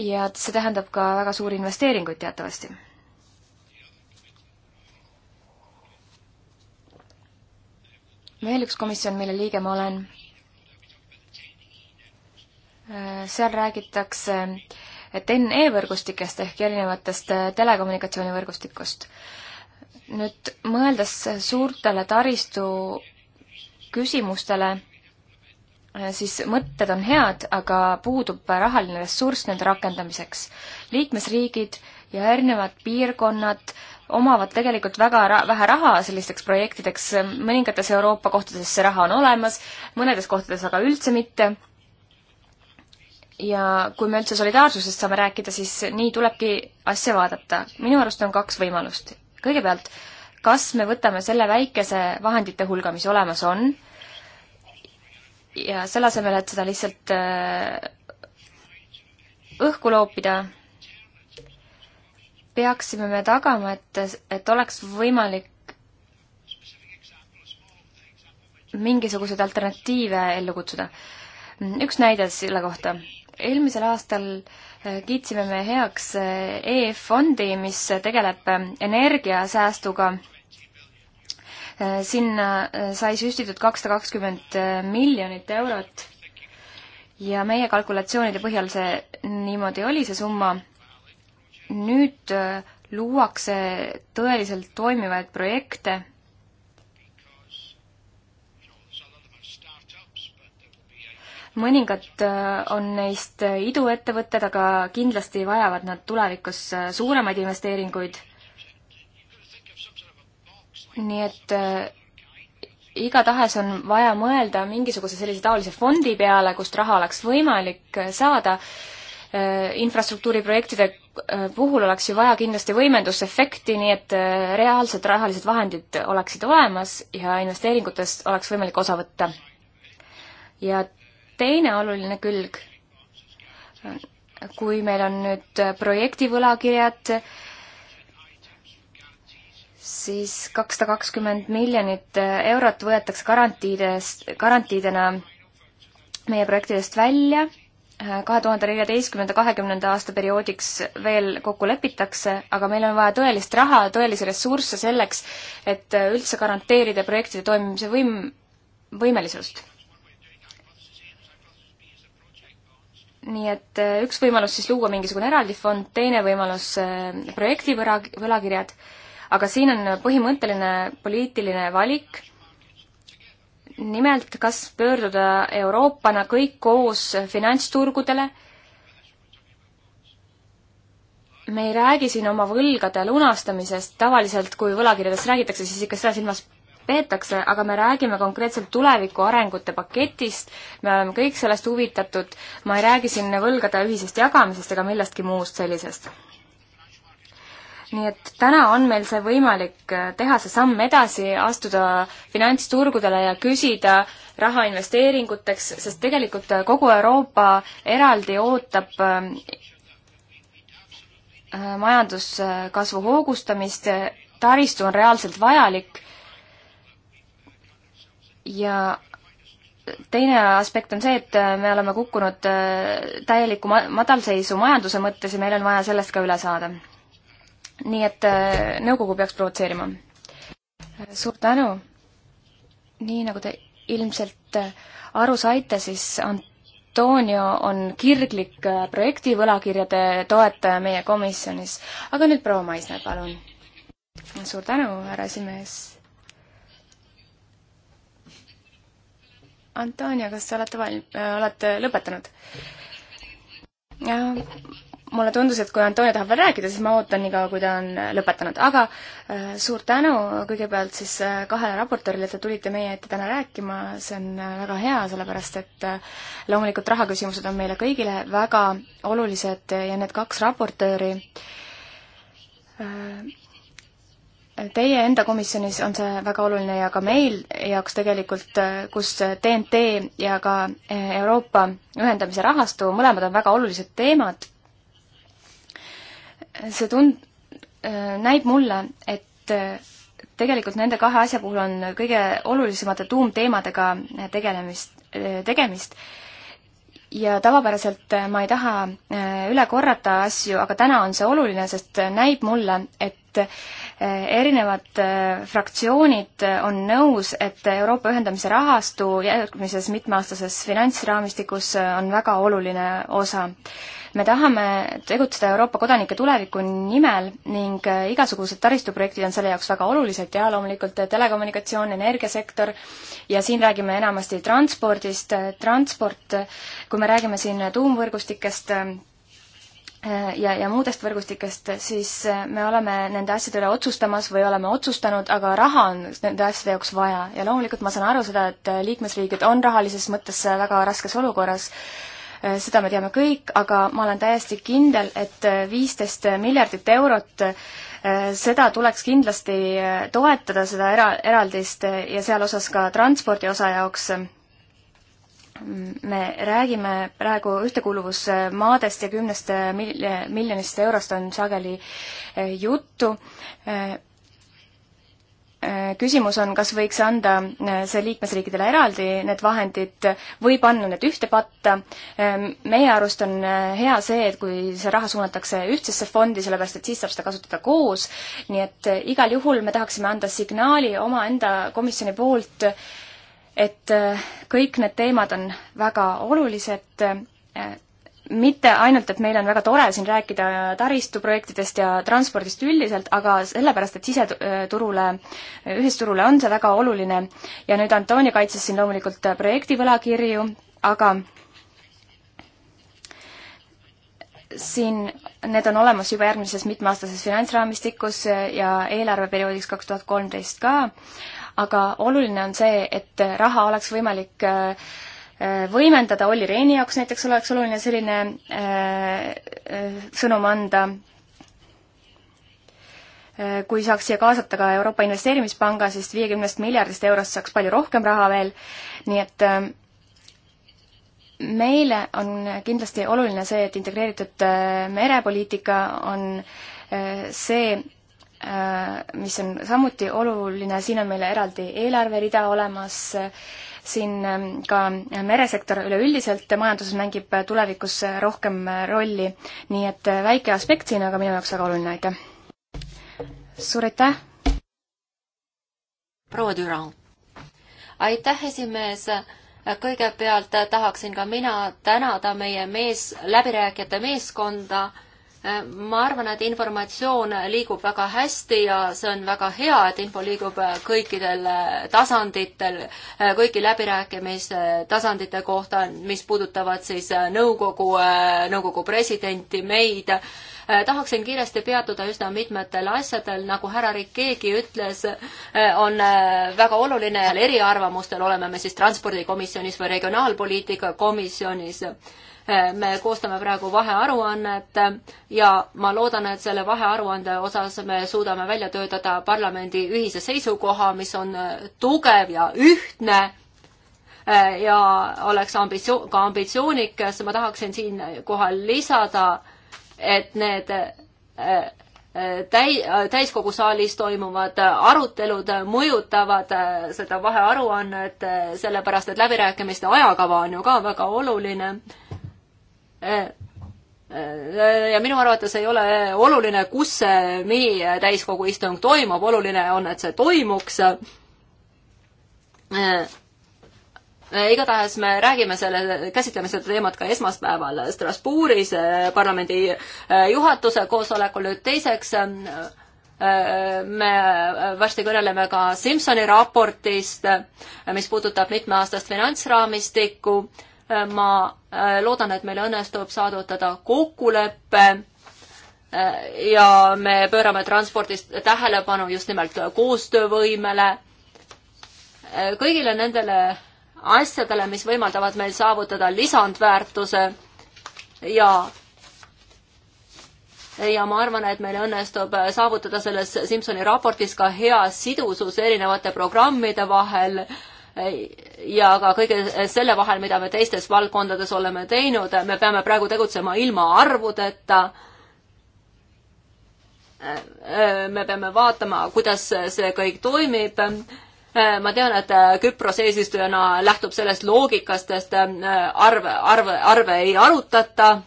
ja see tähendab ka väga suuri investeeringuid teatavasti veel üks komisjon, mille liige ma olen, seal räägitakse TEN-E võrgustikest ehk erinevatest äh, telekommunikatsioonivõrgustikust. nüüd mõeldes suurtele taristu küsimustele, äh, siis mõtted on head, aga puudub rahaline ressurss nende rakendamiseks. liikmesriigid ja erinevad piirkonnad omavad tegelikult väga ra vähe raha sellisteks projektideks, mõningates Euroopa kohtades see raha on olemas, mõnedes kohtades aga üldse mitte ja kui me üldse solidaarsusest saame rääkida, siis nii tulebki asja vaadata. minu arust on kaks võimalust. kõigepealt, kas me võtame selle väikese vahendite hulga, mis olemas on, ja selle asemel, et seda lihtsalt äh, õhku loopida, peaksime me tagama, et, et oleks võimalik mingisuguseid alternatiive ellu kutsuda. üks näide selle kohta eelmisel aastal äh, kiitsime me heaks äh, EF-fondi, mis tegeleb äh, energiasäästuga. sinna sai süstitud kakssada kakskümmend miljonit eurot ja meie kalkulatsioonide põhjal see niimoodi oli, see summa. nüüd luuakse tõeliselt toimivaid projekte mõningad äh, on neist äh, iduettevõtted, aga kindlasti vajavad nad tulevikus äh, suuremaid investeeringuid. nii et igatahes on vaja mõelda mingisuguse sellise taolise fondi peale, kust raha oleks võimalik saada. infrastruktuuriprojektide puhul oleks ju vaja kindlasti võimendusefekti, nii et reaalsed rahalised vahendid oleksid olemas ja investeeringutest oleks võimalik osa võtta. ja teine oluline külg, kui meil on nüüd projektivõlakirjad, siis kakssada kakskümmend miljonit eurot võetakse garantiidest, garantiidena meie projektidest välja kahe tuhande neljateistkümnenda, kahekümnenda aasta perioodiks veel kokku lepitakse, aga meil on vaja tõelist raha, tõelisi ressursse selleks, et üldse garanteerida projektide toimimise võim-, võimelisust. nii et äh, üks võimalus siis luua mingisugune eraldi fond, teine võimalus äh, projekti võla, võlakirjad, aga siin on põhimõtteline poliitiline valik, nimelt kas pöörduda Euroopana kõik koos finantsturgudele, me ei räägi siin oma võlgade lunastamisest, tavaliselt kui võlakirjadest räägitakse, siis ikka seda silmas peetakse, aga me räägime konkreetselt tuleviku arengute paketist, me oleme kõik sellest huvitatud, ma ei räägi siin võlgade ühisest jagamisest ega millestki muust sellisest. nii et täna on meil see võimalik teha see samm edasi, astuda finantsturgudele ja küsida raha investeeringuteks, sest tegelikult kogu Euroopa eraldi ootab äh, majanduskasvu hoogustamist, taristu on reaalselt vajalik ja teine aspekt on see, et me oleme kukkunud äh, täieliku ma-, madalseisu majanduse mõttes ja meil on vaja sellest ka üle saada. nii et äh, nõukogu peaks provotseerima. suur tänu! nii nagu te ilmselt äh, aru saite, siis Antonio on kirglik projekti võlakirjade toetaja meie komisjonis. aga nüüd proua Maisner, palun! suur tänu, härra esimees Antonia, kas te olete val-, äh, olete lõpetanud? mulle tundus, et kui Antonia tahab veel rääkida, siis ma ootan nii kaua, kui ta on lõpetanud, aga äh, suur tänu kõigepealt siis äh, kahele raportöörile, et te tulite meie ette täna rääkima, see on väga hea, sellepärast et loomulikult rahaküsimused on meile kõigile väga olulised ja need kaks raportööri Teie enda komisjonis on see väga oluline ja ka meil jaoks tegelikult, kus TNT ja ka eh, Euroopa ühendamise rahastu, mõlemad on väga olulised teemad. see tund-, eh, näib mulle, et eh, tegelikult nende kahe asja puhul on kõige olulisemate tuumteemadega tegelemist, tegemist ja tavapäraselt ma ei taha üle korrata asju, aga täna on see oluline, sest näib mulle, et erinevad äh, fraktsioonid äh, on nõus, et Euroopa ühendamise rahastu järgmises mitmeaastases finantsraamistikus äh, on väga oluline osa. me tahame tegutseda Euroopa kodanike tuleviku nimel ning igasugused taristuprojektid on selle jaoks väga olulised ja loomulikult telekommunikatsioon, energiasektor ja siin räägime enamasti transpordist, transport, kui me räägime siin tuumvõrgustikest, Äh, ja, ja muudest võrgustikest, siis äh, me oleme nende asjade üle otsustamas või oleme otsustanud, aga raha on nende asjade jaoks vaja ja loomulikult ma saan aru seda, et äh, liikmesriigid on rahalises mõttes väga raskes olukorras, seda me teame kõik, aga ma olen täiesti kindel, et viisteist miljardit eurot seda tuleks kindlasti toetada, seda era-, eraldist ja seal osas ka transpordi osa jaoks me räägime praegu ühtekuuluvusmaadest ja kümnest mil-, miljonist eurost on sageli eh, juttu. Eh, eh, küsimus on, kas võiks anda see liikmesriikidele eraldi, need vahendid, või panna need ühte patta. meie arust on hea see, et kui see raha suunatakse ühtsesse fondi, sellepärast et siis saab seda kasutada koos, nii et igal juhul me tahaksime anda signaali omaenda komisjoni poolt, et äh, kõik need teemad on väga olulised, äh, mitte ainult, et meil on väga tore siin rääkida taristuprojektidest ja transpordist üldiselt, aga sellepärast, et siseturule, ühisturule on see väga oluline ja nüüd Antonia kaitses siin loomulikult projektivõlakirju, aga siin need on olemas juba järgmises mitmeaastases finantsraamistikus ja eelarveperioodiks kaks tuhat kolmteist ka, aga oluline on see, et raha oleks võimalik äh, äh, võimendada, Olli Rehni jaoks näiteks oleks oluline selline äh, sõnum anda, kui saaks siia kaasata ka Euroopa Investeerimispanga, siis viiekümnest miljardist eurost saaks palju rohkem raha veel, nii et meile on kindlasti oluline see, et integreeritud merepoliitika on see, Äh, mis on samuti oluline, siin on meil eraldi eelarverida olemas, siin ähm, ka meresektor üleüldiselt majanduses mängib tulevikus rohkem rolli, nii et äh, väike aspekt siin, aga minu jaoks väga oluline, aitäh! suur aitäh! proua Düran! aitäh, esimees! kõigepealt tahaksin ka mina tänada meie mees, läbirääkijate meeskonda ma arvan, et informatsioon liigub väga hästi ja see on väga hea, et info liigub kõikidel tasanditel, kõigi läbirääkimise tasandite kohta, mis puudutavad siis nõukogu, nõukogu presidenti, meid. tahaksin kiiresti peatuda üsna mitmetel asjadel, nagu härra Rikkeegi ütles, on väga oluline, eriarvamustel oleme me siis transpordikomisjonis või regionaalpoliitika komisjonis me koostame praegu vahearuannet ja ma loodan, et selle vahearuande osas me suudame välja töötada parlamendi ühise seisukoha, mis on tugev ja ühtne äh, ja oleks ambitsioon, ka ambitsioonikas. ma tahaksin siinkohal lisada, et need äh, äh, täi-, täiskogu saalis toimuvad arutelud mõjutavad seda vahearuannet, sellepärast et läbirääkimiste ajakava on ju ka väga oluline ja minu arvates ei ole oluline, kus see minitäiskogu istung toimub, oluline on, et see toimuks. igatahes me räägime selle, käsitleme seda teemat ka esmaspäeval Strasbourgis parlamendi juhatuse koosolekul, nüüd teiseks me varsti kõneleme ka Simsoni raportist, mis puudutab mitmeaastast finantsraamistikku ma äh, loodan, et meil õnnestub saavutada kokkulepe äh, ja me pöörame transpordis tähelepanu just nimelt koostöövõimele, äh, kõigile nendele asjadele, mis võimaldavad meil saavutada lisandväärtuse ja ja ma arvan, et meil õnnestub saavutada selles Simsoni raportis ka hea sidusus erinevate programmide vahel äh, ja ka kõige selle vahel, mida me teistes valdkondades oleme teinud, me peame praegu tegutsema ilma arvudeta. me peame vaatama, kuidas see kõik toimib ma tean, et Küpros eesistujana lähtub sellest loogikast, sest arve, arve, arve ei arutata.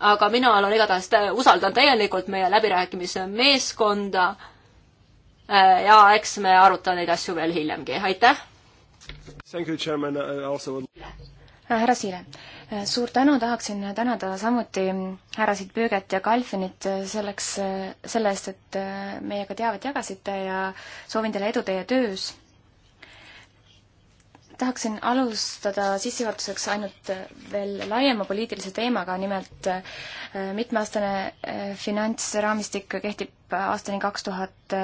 aga mina olen igatahes, usaldan täielikult meie läbirääkimise meeskonda Äh, ja eks me aruta neid asju veel hiljemgi, aitäh! Äh, härra Siile, äh, suur tänu, tahaksin tänada samuti härrasid Pööget ja Kalfinit selleks, selle eest, et meiega teavet jagasite ja soovin teile edu teie töös. tahaksin alustada sissejuhatuseks ainult veel laiema poliitilise teemaga, nimelt mitmeaastane finantsraamistik kehtib aastani kaks tuhat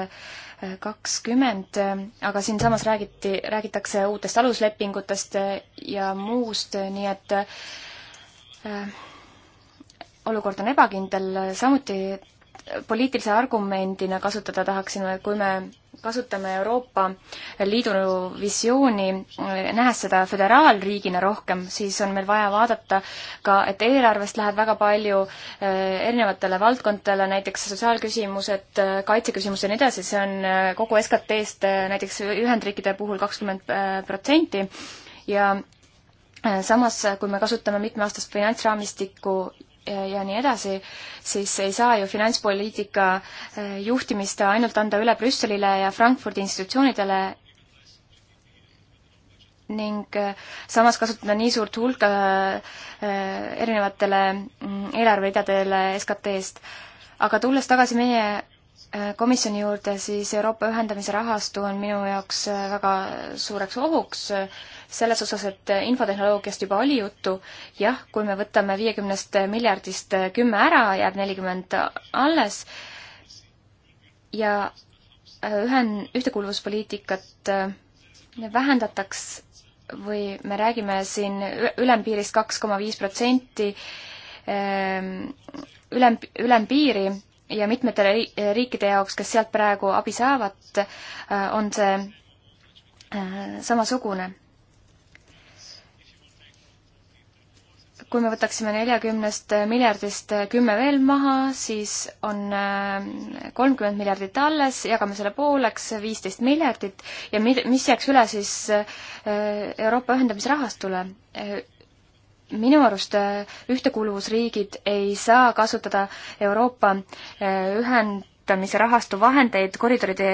kakskümmend, aga siinsamas räägiti, räägitakse uutest aluslepingutest ja muust, nii et äh, olukord on ebakindel, samuti poliitilise argumendina kasutada tahaksime, kui me kasutame Euroopa Liidu visiooni, nähes seda föderaalriigina rohkem, siis on meil vaja vaadata ka, et eelarvest läheb väga palju eh, erinevatele valdkondadele, näiteks sotsiaalküsimused, eh, kaitseküsimused ja nii edasi, see on eh, kogu SKT-st näiteks Ühendriikide puhul kakskümmend protsenti ja samas, kui me kasutame mitmeaastast finantsraamistikku ja nii edasi, siis ei saa ju finantspoliitika eh, juhtimist ainult anda üle Brüsselile ja Frankfurdi institutsioonidele ning eh, samas kasutada nii suurt hulka eh, erinevatele mm, eelarveridadele SKT-st. aga tulles tagasi meie Äh, komisjoni juurde, siis Euroopa ühendamise rahastu on minu jaoks äh, väga suureks ohuks äh, selles osas, et infotehnoloogiast juba oli juttu. jah, kui me võtame viiekümnest miljardist kümme ära, jääb nelikümmend alles ja ühen-, ühtekuuluvuspoliitikat vähendataks või me räägime siin ülempiirist kaks koma viis protsenti ähm, ülem, ülempiiri ja mitmetele riikide jaoks, kes sealt praegu abi saavad, äh, on see äh, samasugune. kui me võtaksime neljakümnest miljardist kümme veel maha, siis on äh, kolmkümmend miljardit alles, jagame selle pooleks, viisteist miljardit ja mi-, mis jääks üle siis Euroopa ühendamisrahastule? minu arust äh, ühtekuuluvusriigid ei saa kasutada Euroopa äh, ühendamise rahastu vahendeid koridoride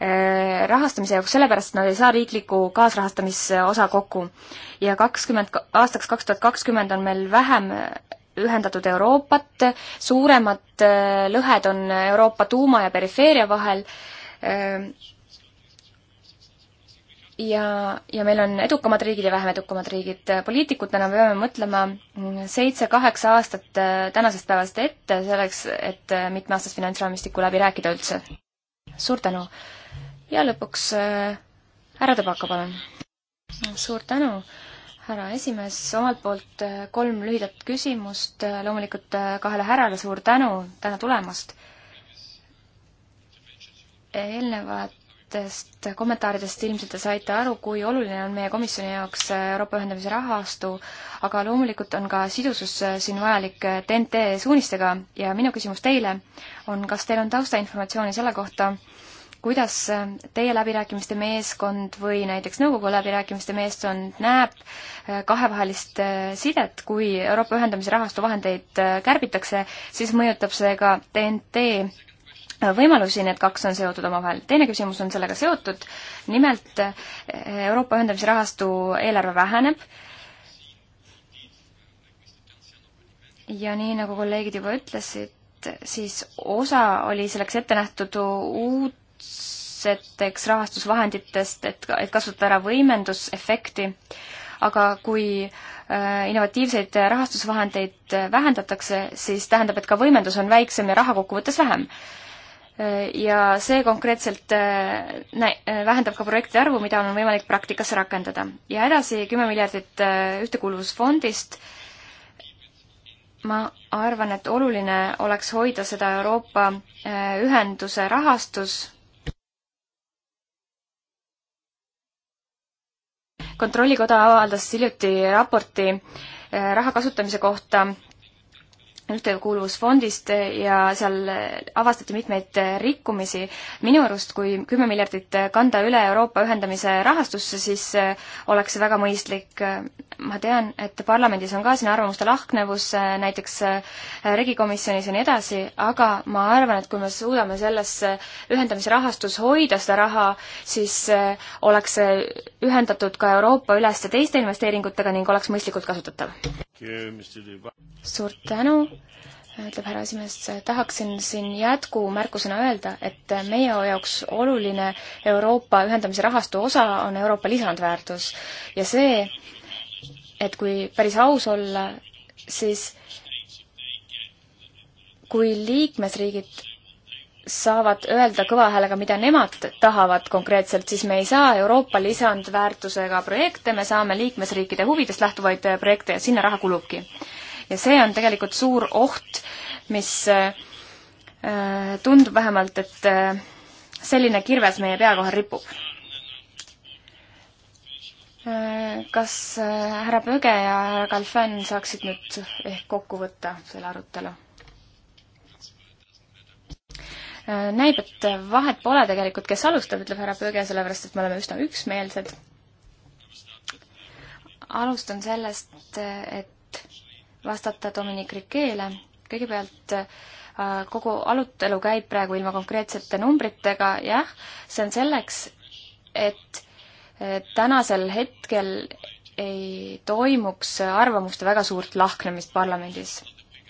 äh, rahastamise jaoks, sellepärast nad ei saa riikliku kaasrahastamisosa kokku. ja kakskümmend, aastaks kaks tuhat kakskümmend on meil vähem ühendatud Euroopat, suuremad lõhed on Euroopa tuuma ja perifeeria vahel, ja, ja meil on edukamad riigid ja vähem edukamad riigid. poliitikutena peame mõtlema seitse-kaheksa aastat äh, tänasest päevast ette selleks, et äh, mitmeaastast finantsraamistikku läbi rääkida üldse. suur tänu! ja lõpuks äh, härra Tabaka, palun! suur tänu, härra esimees, omalt poolt kolm lühidat küsimust, loomulikult kahele härrale suur tänu täna tulemast! eelnevad mõningatest kommentaaridest ilmselt te saite aru, kui oluline on meie komisjoni jaoks Euroopa ühendamise rahastu, aga loomulikult on ka sidusus siin vajalik TNT suunistega ja minu küsimus teile on, kas teil on taustainformatsiooni selle kohta, kuidas teie läbirääkimiste meeskond või näiteks nõukogu läbirääkimiste meeskond näeb kahevahelist sidet, kui Euroopa ühendamise rahastu vahendeid kärbitakse, siis mõjutab see ka TNT võimalusi, need kaks on seotud omavahel. teine küsimus on sellega seotud, nimelt Euroopa ühendamise rahastu eelarve väheneb ja nii, nagu kolleegid juba ütlesid, siis osa oli selleks ette nähtud uudseteks rahastusvahenditest, et, et kasutada ära võimendusefekti, aga kui äh, innovatiivseid rahastusvahendeid vähendatakse, siis tähendab, et ka võimendus on väiksem ja raha kokkuvõttes vähem ja see konkreetselt äh, nä-, äh, vähendab ka projektide arvu, mida on võimalik praktikas rakendada. ja edasi kümme miljardit äh, ühtekuuluvusfondist, ma arvan, et oluline oleks hoida seda Euroopa ühenduse rahastus, kontrollikoda avaldas hiljuti raporti raha kasutamise kohta ühtekuuluvusfondist ja seal avastati mitmeid rikkumisi. minu arust, kui kümme miljardit kanda üle Euroopa ühendamise rahastusse, siis oleks see väga mõistlik ma tean, et parlamendis on ka siin arvamuste lahknevus, äh, näiteks äh, regikomisjonis ja nii edasi, aga ma arvan, et kui me suudame selles äh, ühendamise rahastus hoida seda raha, siis oleks see ühendatud ka Euroopa üleste teiste investeeringutega ning oleks mõistlikult kasutatav. suur tänu, ütleb härra esimees, tahaksin siin jätkumärkusena öelda, et meie jaoks oluline Euroopa ühendamise rahastu osa on Euroopa lisandväärtus ja see, et kui päris aus olla, siis kui liikmesriigid saavad öelda kõva häälega, mida nemad tahavad konkreetselt, siis me ei saa Euroopa lisandväärtusega projekte, me saame liikmesriikide huvidest lähtuvaid projekte ja sinna raha kulubki. ja see on tegelikult suur oht, mis äh, tundub vähemalt, et äh, selline kirves meie pea kohal ripub kas äh, härra Pöge ja härra Galfan saaksid nüüd ehk kokku võtta selle arutelu? Äh, näib, et vahet pole tegelikult, kes alustab, ütleb härra Pöge, sellepärast et me oleme üsna üksmeelsed. alustan sellest, et vastata Dominic Riquele. kõigepealt äh, kogu arutelu käib praegu ilma konkreetsete numbritega, jah, see on selleks, et tänasel hetkel ei toimuks arvamuste väga suurt lahknemist parlamendis.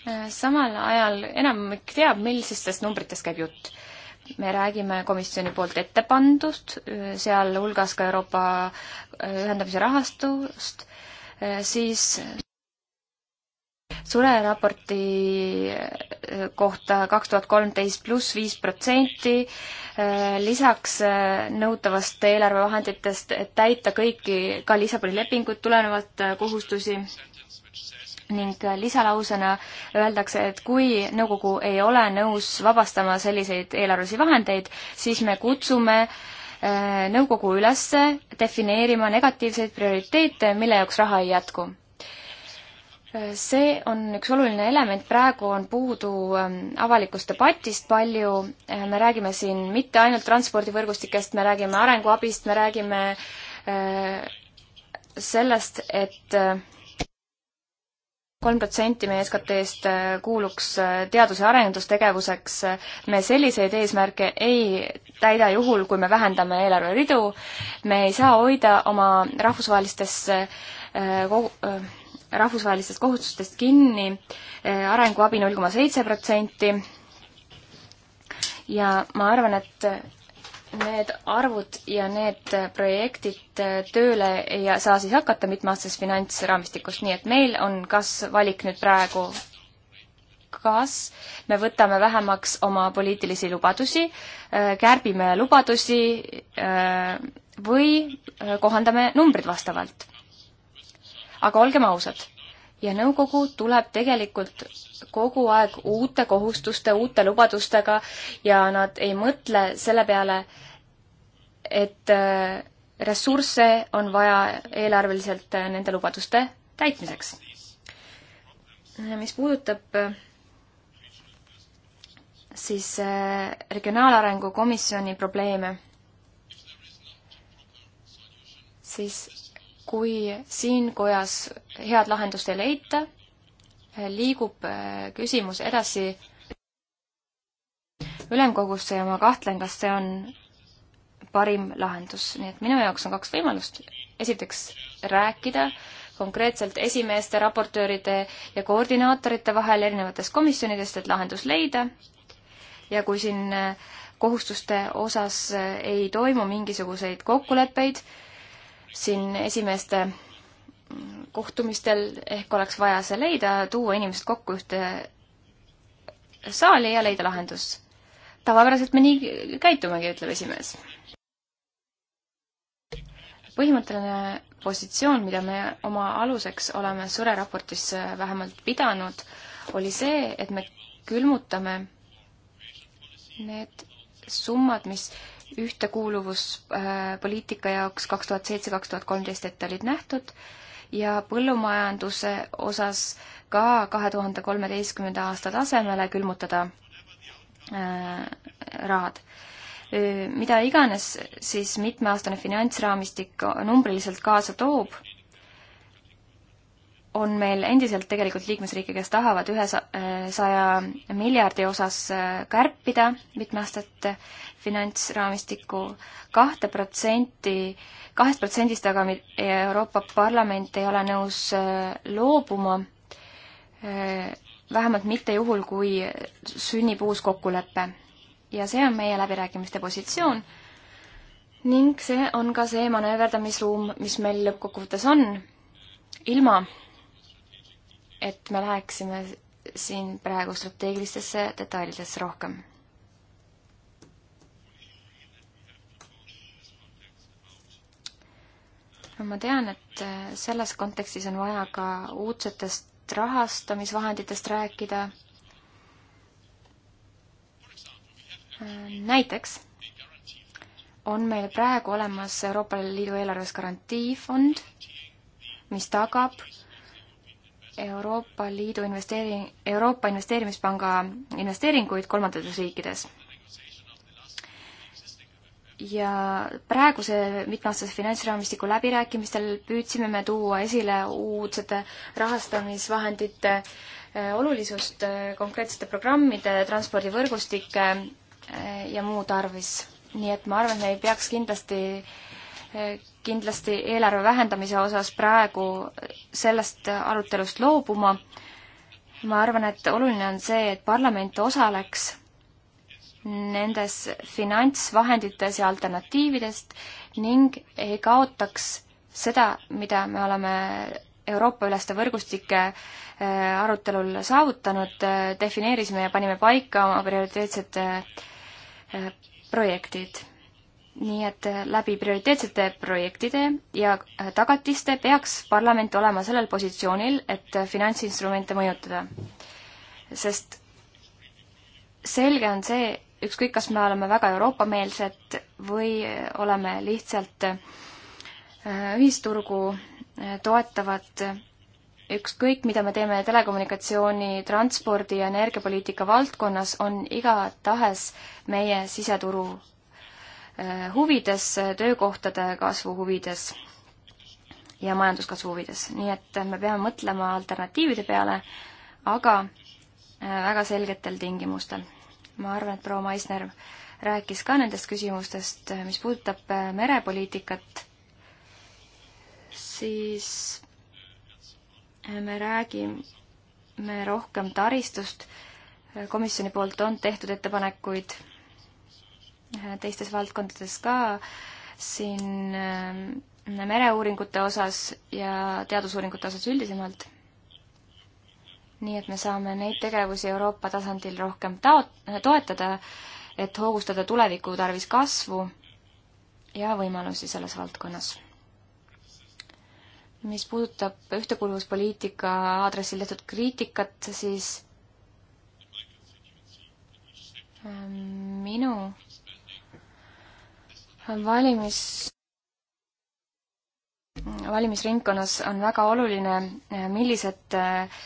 Äh, samal ajal enamik teab, millistest numbritest käib jutt. me räägime komisjoni poolt ette pandust, äh, sealhulgas ka Euroopa äh, ühendamise rahastust, siis Sure raporti eh, kohta kaks tuhat kolmteist pluss viis protsenti, eh, lisaks eh, nõutavast eelarvevahenditest, et täita kõiki ka Lissaboni lepingut tulenevat kohustusi ning lisalausena öeldakse, et kui nõukogu ei ole nõus vabastama selliseid eelarvelisi vahendeid, siis me kutsume nõukogu üles defineerima negatiivseid prioriteete, mille jaoks raha ei jätku see on üks oluline element, praegu on puudu ähm, avalikust debatist palju, äh, me räägime siin mitte ainult transpordivõrgustikest, me räägime arenguabist, me räägime äh, sellest et, et äh, kolm protsenti meie SKT-st kuuluks teadus- ja arendustegevuseks, me selliseid eesmärke ei täida juhul, kui me vähendame eelarveridu, me ei saa hoida oma rahvusvahelistes kogu- äh,, rahvusvahelistest kohustustest kinni eh, arenguabi null koma seitse protsenti ja ma arvan, et need arvud ja need projektid tööle ei saa siis hakata mitmeaastases finantsraamistikus, nii et meil on kas valik nüüd praegu kas me võtame vähemaks oma poliitilisi lubadusi, eh, kärbime lubadusi eh, või kohandame numbrid vastavalt aga olgem ausad, ja nõukogu tuleb tegelikult kogu aeg uute kohustuste, uute lubadustega ja nad ei mõtle selle peale, et äh, ressursse on vaja eelarveliselt äh, nende lubaduste täitmiseks. mis puudutab äh, siis Regionaalarengu Komisjoni probleeme, siis kui siin kojas head lahendust ei leita, liigub äh, küsimus edasi ülemkogusse ja ma kahtlen, kas see on parim lahendus, nii et minu jaoks on kaks võimalust. esiteks rääkida konkreetselt esimeeste, raportööride ja koordinaatorite vahel erinevates komisjonidest, et lahendus leida. ja kui siin äh, kohustuste osas äh, ei toimu mingisuguseid kokkuleppeid, siin esimeeste kohtumistel ehk oleks vaja see leida, tuua inimesed kokku ühte saali ja leida lahendus. tavapäraselt me nii käitumegi, ütleb esimees. põhimõtteline positsioon, mida me oma aluseks oleme Sõre raportis vähemalt pidanud, oli see, et me külmutame need summad, mis ühtekuuluvuspoliitika jaoks kaks tuhat seitse, kaks tuhat kolmteist ette olid nähtud ja põllumajanduse osas ka kahe tuhande kolmeteistkümnenda aasta tasemele külmutada äh, rahad mida iganes siis mitmeaastane finantsraamistik numbriliselt kaasa toob, on meil endiselt tegelikult liikmesriike, kes tahavad ühesaja äh, miljardi osas äh, kärpida mitmeaastat äh, finantsraamistikku kahte protsenti, kahest protsendist aga Euroopa Parlament ei ole nõus loobuma, vähemalt mitte juhul, kui sünnib uus kokkulepe. ja see on meie läbirääkimiste positsioon ning see on ka see manööverdamisruum, mis meil lõppkokkuvõttes on, ilma et me läheksime siin praegu strateegilistesse detailidesse rohkem ma tean, et selles kontekstis on vaja ka uudsetest rahastamisvahenditest rääkida. näiteks on meil praegu olemas Euroopa Liidu eelarves garantiifond, mis tagab, Euroopa Liidu investeering, Euroopa Investeerimispanga investeeringuid kolmandates riikides. ja praeguse mitmeaastase finantsraamistiku läbirääkimistel püüdsime me tuua esile uudsete rahastamisvahendite äh, olulisust äh, konkreetsete programmide, transpordivõrgustike äh, ja muu tarvis. nii et ma arvan, et me ei peaks kindlasti äh, kindlasti eelarve vähendamise osas praegu sellest arutelust loobuma. ma arvan, et oluline on see, et parlament osaleks nendes finantsvahendites ja alternatiividest ning ei kaotaks seda, mida me oleme Euroopa-üleste võrgustike äh, arutelul saavutanud, äh, defineerisime ja panime paika oma prioriteetsed äh, projektid nii et äh, läbi prioriteetsete projektide ja äh, tagatiste peaks parlament olema sellel positsioonil, et äh, finantsinstrumente mõjutada. sest selge on see, ükskõik, kas me oleme väga Euroopa-meelsed või oleme lihtsalt ühisturgu toetavad, ükskõik, mida me teeme telekommunikatsiooni, transpordi ja energiapoliitika valdkonnas, on igatahes meie siseturu Eh, huvides, eh, töökohtade kasvu huvides ja majanduskasvu huvides. nii et eh, me peame mõtlema alternatiivide peale, aga väga selgetel tingimustel. ma arvan, et proua Maisner rääkis ka nendest küsimustest, mis puudutab merepoliitikat, siis me räägime rohkem taristust, komisjoni poolt on tehtud ettepanekuid teistes valdkondades ka, siin ähm, mereuuringute osas ja teadusuuringute osas üldisemalt. nii et me saame neid tegevusi Euroopa tasandil rohkem taot-, toetada, et hoogustada tuleviku tarvis kasvu ja võimalusi selles valdkonnas. mis puudutab ühtekuuluvuspoliitika aadressil tehtud kriitikat, siis ähm, minu valimis valimisringkonnas on väga oluline, millised,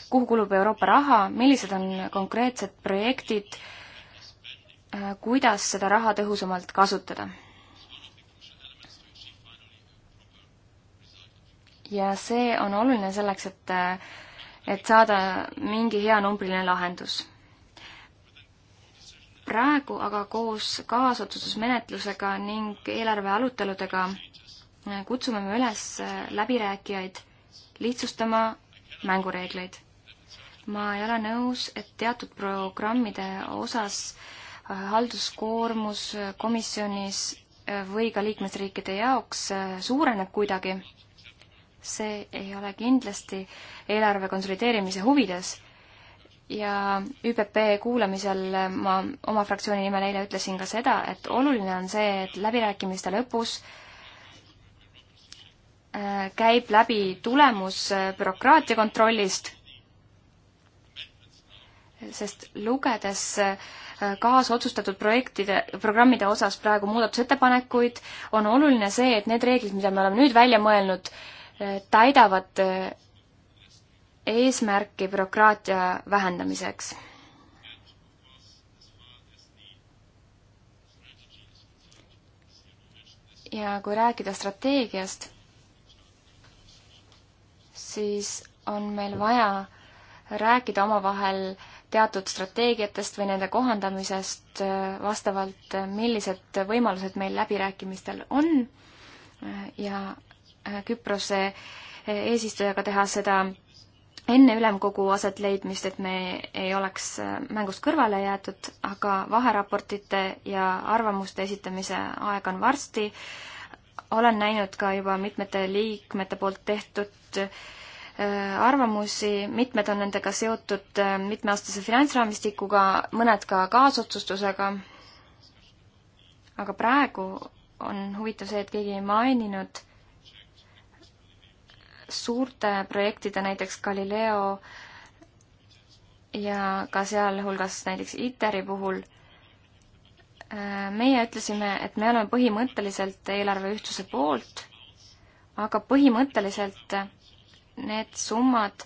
kuhu kulub Euroopa raha, millised on konkreetsed projektid, kuidas seda raha tõhusamalt kasutada. ja see on oluline selleks, et, et saada mingi hea numbriline lahendus praegu aga koos kaasotsustusmenetlusega ning eelarve aruteludega äh, kutsume me üles äh, läbirääkijaid lihtsustama mängureegleid. ma ei ole nõus, et teatud programmide osas äh, halduskoormus komisjonis või ka liikmesriikide jaoks suureneb kuidagi. see ei ole kindlasti eelarve konsolideerimise huvides ja ÜPP kuulamisel ma oma fraktsiooni nimel eile ütlesin ka seda, et oluline on see, et läbirääkimiste lõpus äh, käib läbi tulemus äh, bürokraatia kontrollist, sest lugedes äh, kaasotsustatud projektide, programmide osas praegu muudatusettepanekuid, on oluline see, et need reeglid, mida me oleme nüüd välja mõelnud, täidavad eesmärki bürokraatia vähendamiseks. ja kui rääkida strateegiast, siis on meil vaja rääkida omavahel teatud strateegiatest või nende kohandamisest äh, vastavalt, äh, millised võimalused meil läbirääkimistel on äh, ja Küprose eesistujaga teha seda enne ülemkogu aset leidmist, et me ei oleks äh, mängust kõrvale jäetud, aga vaheraportite ja arvamuste esitamise aeg on varsti. olen näinud ka juba mitmete liikmete poolt tehtud äh, arvamusi, mitmed on nendega seotud äh, mitmeaastase finantsraamistikuga, mõned ka kaasotsustusega. aga praegu on huvitav see, et keegi ei maininud suurte projektide, näiteks Galileo ja ka sealhulgas näiteks ITER-i puhul, meie ütlesime, et me oleme põhimõtteliselt eelarve ühtsuse poolt, aga põhimõtteliselt need summad,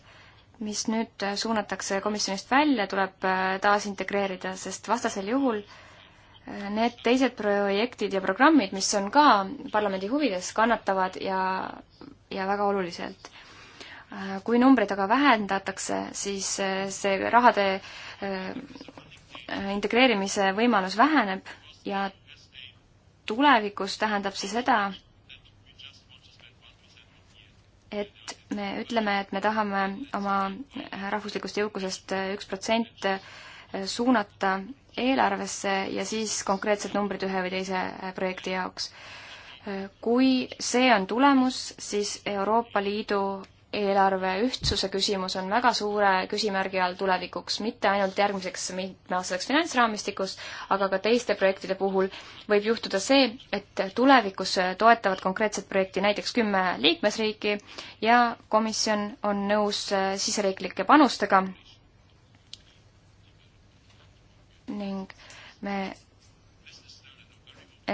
mis nüüd suunatakse komisjonist välja, tuleb taasintegreerida, sest vastasel juhul need teised projektid ja programmid, mis on ka parlamendi huvides, kannatavad ja ja väga oluliselt. Äh, kui numbreid aga vähendatakse, siis äh, see rahade äh, integreerimise võimalus väheneb ja tulevikus tähendab see seda, et me ütleme, et me tahame oma rahvuslikust jõukusest üks protsent suunata eelarvesse ja siis konkreetsed numbrid ühe või teise projekti jaoks kui see on tulemus, siis Euroopa Liidu eelarve ühtsuse küsimus on väga suure küsimärgi all tulevikuks, mitte ainult järgmiseks mitmeaastaseks finantsraamistikus, aga ka teiste projektide puhul võib juhtuda see, et tulevikus toetavad konkreetset projekti näiteks kümme liikmesriiki ja komisjon on nõus siseriiklike panustega ning me,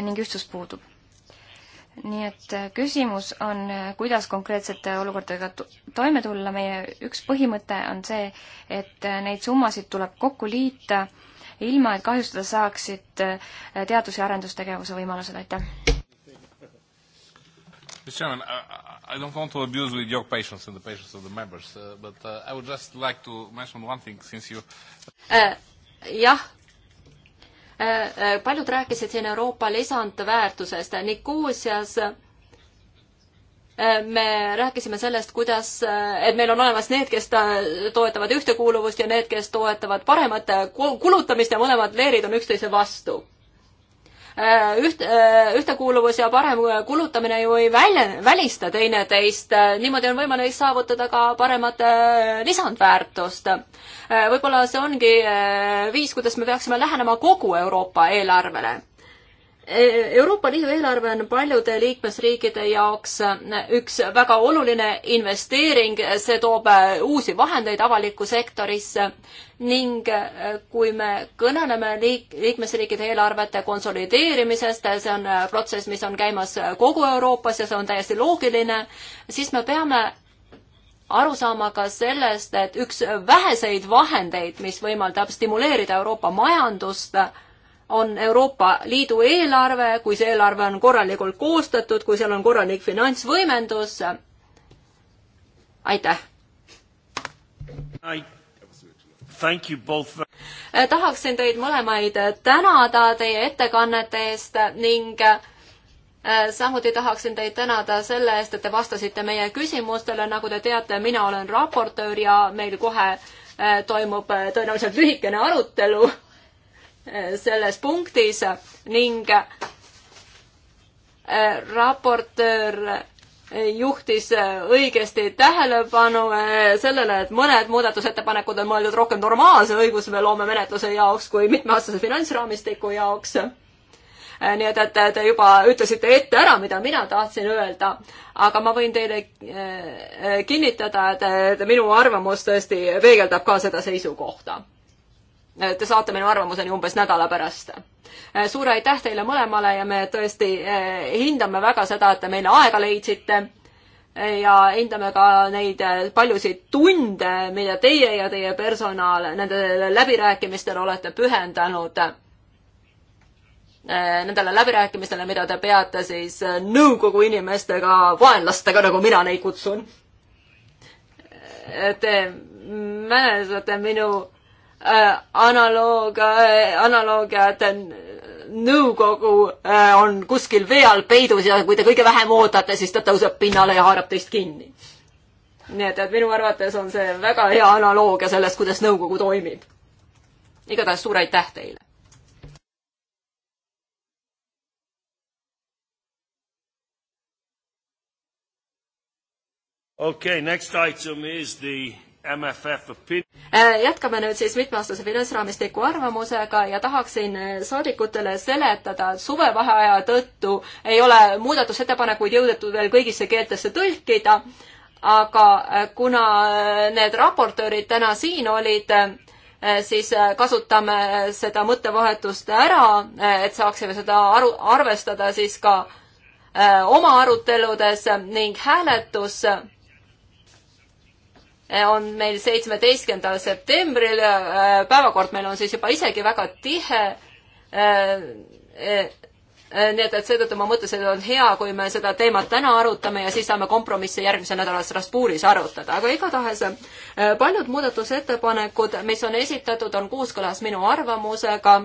ning ühtsus puudub nii et äh, küsimus on, äh, kuidas konkreetsete olukordadega toime tulla, meie üks põhimõte on see, et äh, neid summasid tuleb kokku liita, ilma et kahjustada saaksid teadus- ja arendustegevuse võimalused, aitäh! Mr. Chairman, I, I don't want to abuse with your patience and the patience of the members, uh, but uh, I would just like to mention one thing since you... Uh, jah, Äh, äh, paljud rääkisid siin Euroopa lisandväärtusest. Nikuusias äh, me rääkisime sellest, kuidas, et meil on olemas need, kes toetavad ühtekuuluvust ja need, kes toetavad paremat kulutamist ja mõlemad leerid on üksteise vastu. Äh, üht, äh, ühtekuuluvus ja parem äh, kulutamine ju ei välja, välista teineteist, niimoodi on võimalik saavutada ka paremat lisandväärtust. võib-olla see ongi viis, kuidas me peaksime lähenema kogu Euroopa eelarvele E, Euroopa Liidu eelarve on paljude liikmesriikide jaoks e, üks väga oluline investeering, see toob e, uusi vahendeid avalikku sektorisse ning kui me kõneleme liik-, liikmesriikide eelarvete konsolideerimisest, see on protsess, mis on käimas kogu Euroopas ja see on täiesti loogiline, siis me peame aru saama ka sellest, et üks väheseid vahendeid, mis võimaldab stimuleerida Euroopa majandust, on Euroopa Liidu eelarve, kui see eelarve on korralikult koostatud, kui seal on korralik finantsvõimendus. aitäh! Eh, tahaksin teid mõlemaid tänada teie ettekannete eest ning eh, samuti tahaksin teid tänada selle eest, et te vastasite meie küsimustele, nagu te teate, mina olen raportöör ja meil kohe eh, toimub tõenäoliselt lühikene arutelu selles punktis ning äh, raportöör juhtis äh, õigesti tähelepanu äh, sellele, et mõned muudatusettepanekud on mõeldud rohkem normaalse õigusloome menetluse jaoks kui mitmeaastase finantsraamistiku jaoks. nii et, et te juba ütlesite ette ära, mida mina tahtsin öelda, aga ma võin teile kinnitada, et minu arvamus tõesti peegeldab ka seda seisukohta te saate minu arvamuseni umbes nädala pärast. suur aitäh teile mõlemale ja me tõesti eh, hindame väga seda, et te meile aega leidsite ja hindame ka neid eh, paljusid tunde, mida teie ja teie personal nendele läbirääkimistele olete pühendanud. Eh, nendele läbirääkimistele, mida te peate siis nõukogu inimestega, vaenlastega, nagu mina neid kutsun. Te mäletate minu Äh, analoog, äh, analoogia, et äh, nõukogu on kuskil vee all peidus ja kui te kõige vähem ootate, siis ta tõuseb pinnale ja haarab teist kinni. nii et, et minu arvates on see väga hea analoogia sellest, kuidas nõukogu toimib. igatahes suur aitäh teile! Okay, next item is the Äh, jätkame nüüd siis mitmeaastase finantsraamistiku arvamusega ja tahaksin äh, saadikutele seletada, et suvevaheaja tõttu ei ole muudatusettepanekuid jõudetud veel kõigisse keeltesse tõlkida, aga äh, kuna need raportöörid täna siin olid, siis kasutame seda mõttevahetust ära, et saaksime seda aru, arvestada siis ka oma aruteludes ning hääletus on meil seitsmeteistkümnendal septembril, äh, päevakord meil on siis juba isegi väga tihe. Äh, äh, nii et, et seetõttu ma mõtlesin, et on hea, kui me seda teemat täna arutame ja siis saame kompromisse järgmise nädala Strasbourgis arutada, aga igatahes paljud muudatusettepanekud, mis on esitatud, on kooskõlas minu arvamusega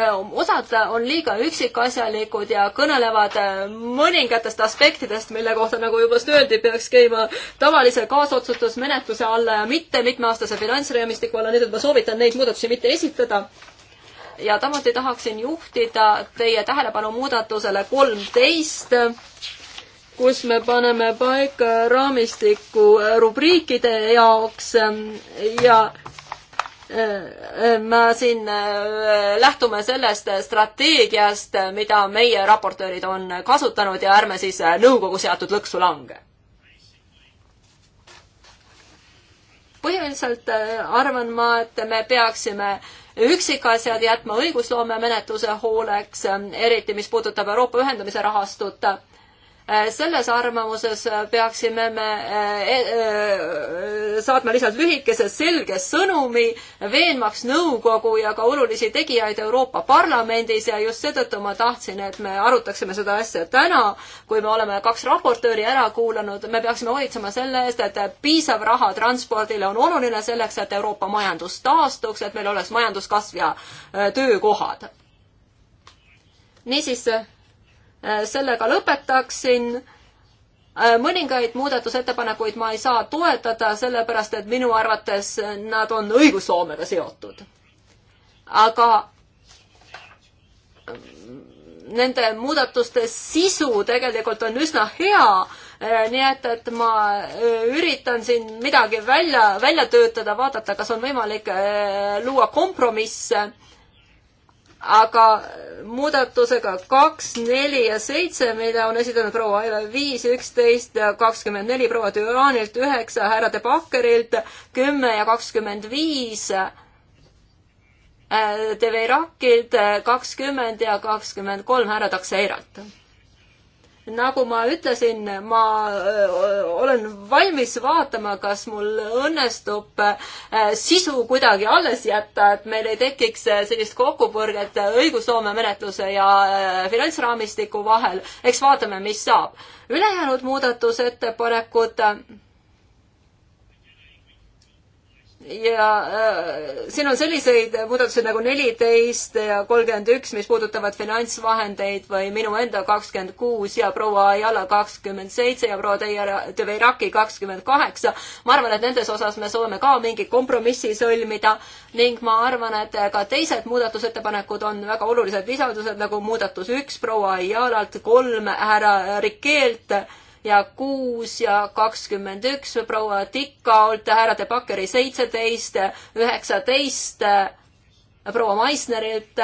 Äh, osad äh, on liiga üksikasjalikud ja kõnelevad äh, mõningatest aspektidest, mille kohta, nagu juba öeldi, peaks käima tavalise kaasotsustusmenetluse alla ja mitte mitmeaastase finantsraamistiku alla, nii et ma soovitan neid muudatusi mitte esitada ja samuti tahaksin juhtida teie tähelepanu muudatusele kolmteist, kus me paneme paika raamistiku rubriikide jaoks ähm, ja ma siin äh, lähtume sellest strateegiast, mida meie raportöörid on kasutanud ja ärme siis äh, nõukogu seatud lõksu lange. põhimõtteliselt äh, arvan ma, et me peaksime üksikasjad jätma õigusloome menetluse hooleks, eriti mis puudutab Euroopa ühendamise rahastut Äh, selles arvamuses peaksime me äh, e-, äh, saatma lihtsalt lühikese selge sõnumi, veenmaks nõukogu ja ka olulisi tegijaid Euroopa Parlamendis ja just seetõttu ma tahtsin, et me arutaksime seda asja täna, kui me oleme kaks raportööri ära kuulanud, me peaksime hoolitsema selle eest, et piisav raha transpordile on oluline selleks, et Euroopa majandus taastuks, et meil oleks majanduskasv ja töökohad. niisiis Äh, sellega lõpetaksin. Äh, mõningaid muudatusettepanekuid ma ei saa toetada, sellepärast et minu arvates nad on õigusloomega seotud. aga äh, nende muudatuste sisu tegelikult on üsna hea, nii et, et ma üritan siin midagi välja, välja töötada, vaadata, kas on võimalik luua kompromisse aga muudatusega kaks, neli ja seitse, mida on esitanud proua Aive viis, üksteist, kakskümmend neli proua Düraanilt, üheksa härra De Bakkerilt, kümme ja kakskümmend viis äh, De Veirakilt, äh, kakskümmend ja kakskümmend kolm härra Takseiralt nagu ma ütlesin, ma olen valmis vaatama, kas mul õnnestub sisu kuidagi alles jätta, et meil ei tekiks sellist kokkupõrget õigusloome menetluse ja finantsraamistiku vahel. eks vaatame, mis saab. ülejäänud muudatusettepanekud et ja äh, siin on selliseid muudatusi nagu neliteist ja kolmkümmend üks, mis puudutavad finantsvahendeid või minu enda kakskümmend kuus ja proua Ayala kakskümmend seitse ja proua Teie Tüveiraki kakskümmend kaheksa. ma arvan, et nendes osas me saame ka mingi kompromissi sõlmida ning ma arvan, et ka teised muudatusettepanekud on väga olulised lisandused, nagu muudatus üks proua Ayalalt, kolm härra Rikeelt äh, ja kuus ja kakskümmend üks, proua Tikkaolt, härra De Bakkeri seitseteist, üheksateist, proua Maisnerilt,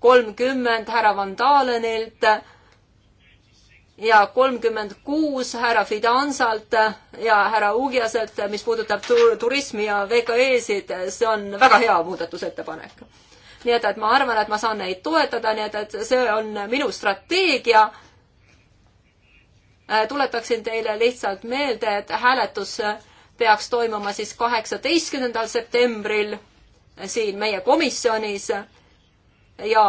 kolmkümmend härra Van Dalenilt ja kolmkümmend kuus härra Fidansalt ja härra Ugiaselt, mis puudutab tur turismi ja VKE-sid, see on väga hea muudatusettepanek nii et, et ma arvan, et ma saan neid toetada, nii et, et see on minu strateegia Äh, tuletaksin teile lihtsalt meelde, et hääletus äh, peaks toimuma siis kaheksateistkümnendal septembril äh, siin meie komisjonis ja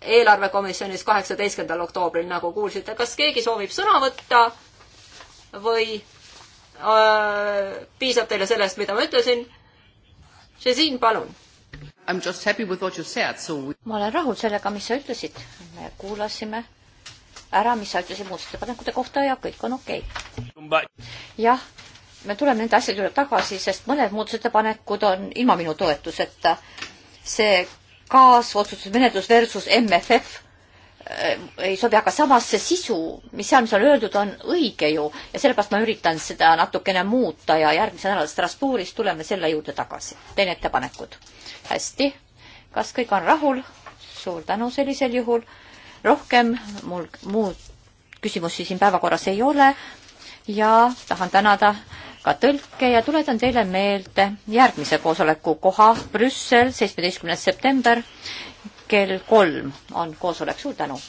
eelarvekomisjonis kaheksateistkümnendal oktoobril, nagu kuulsite. kas keegi soovib sõna võtta või öö, piisab teile sellest, mida ma ütlesin? Žezin, palun. We... ma olen rahul sellega, mis sa ütlesid. me kuulasime ära, mis sa ütlesid muudatusettepanekute kohta ja kõik on okei okay.. jah, me tuleme nende asjade juurde tagasi, sest mõned muudatusettepanekud on ilma minu toetuseta. see kaasotsustusmenetlus versus MFF äh, ei sobi, aga samas see sisu, mis seal, mis on öeldud, on õige ju ja sellepärast ma üritan seda natukene muuta ja järgmise nädala Strasbourgis tuleme selle juurde tagasi. teen ettepanekud. hästi, kas kõik on rahul? suur tänu sellisel juhul rohkem mul muud küsimusi siin päevakorras ei ole ja tahan tänada ka tõlke ja tuletan teile meelde järgmise koosoleku koha Brüssel, seitsmeteistkümnes september kell kolm on koosolek, suur tänu!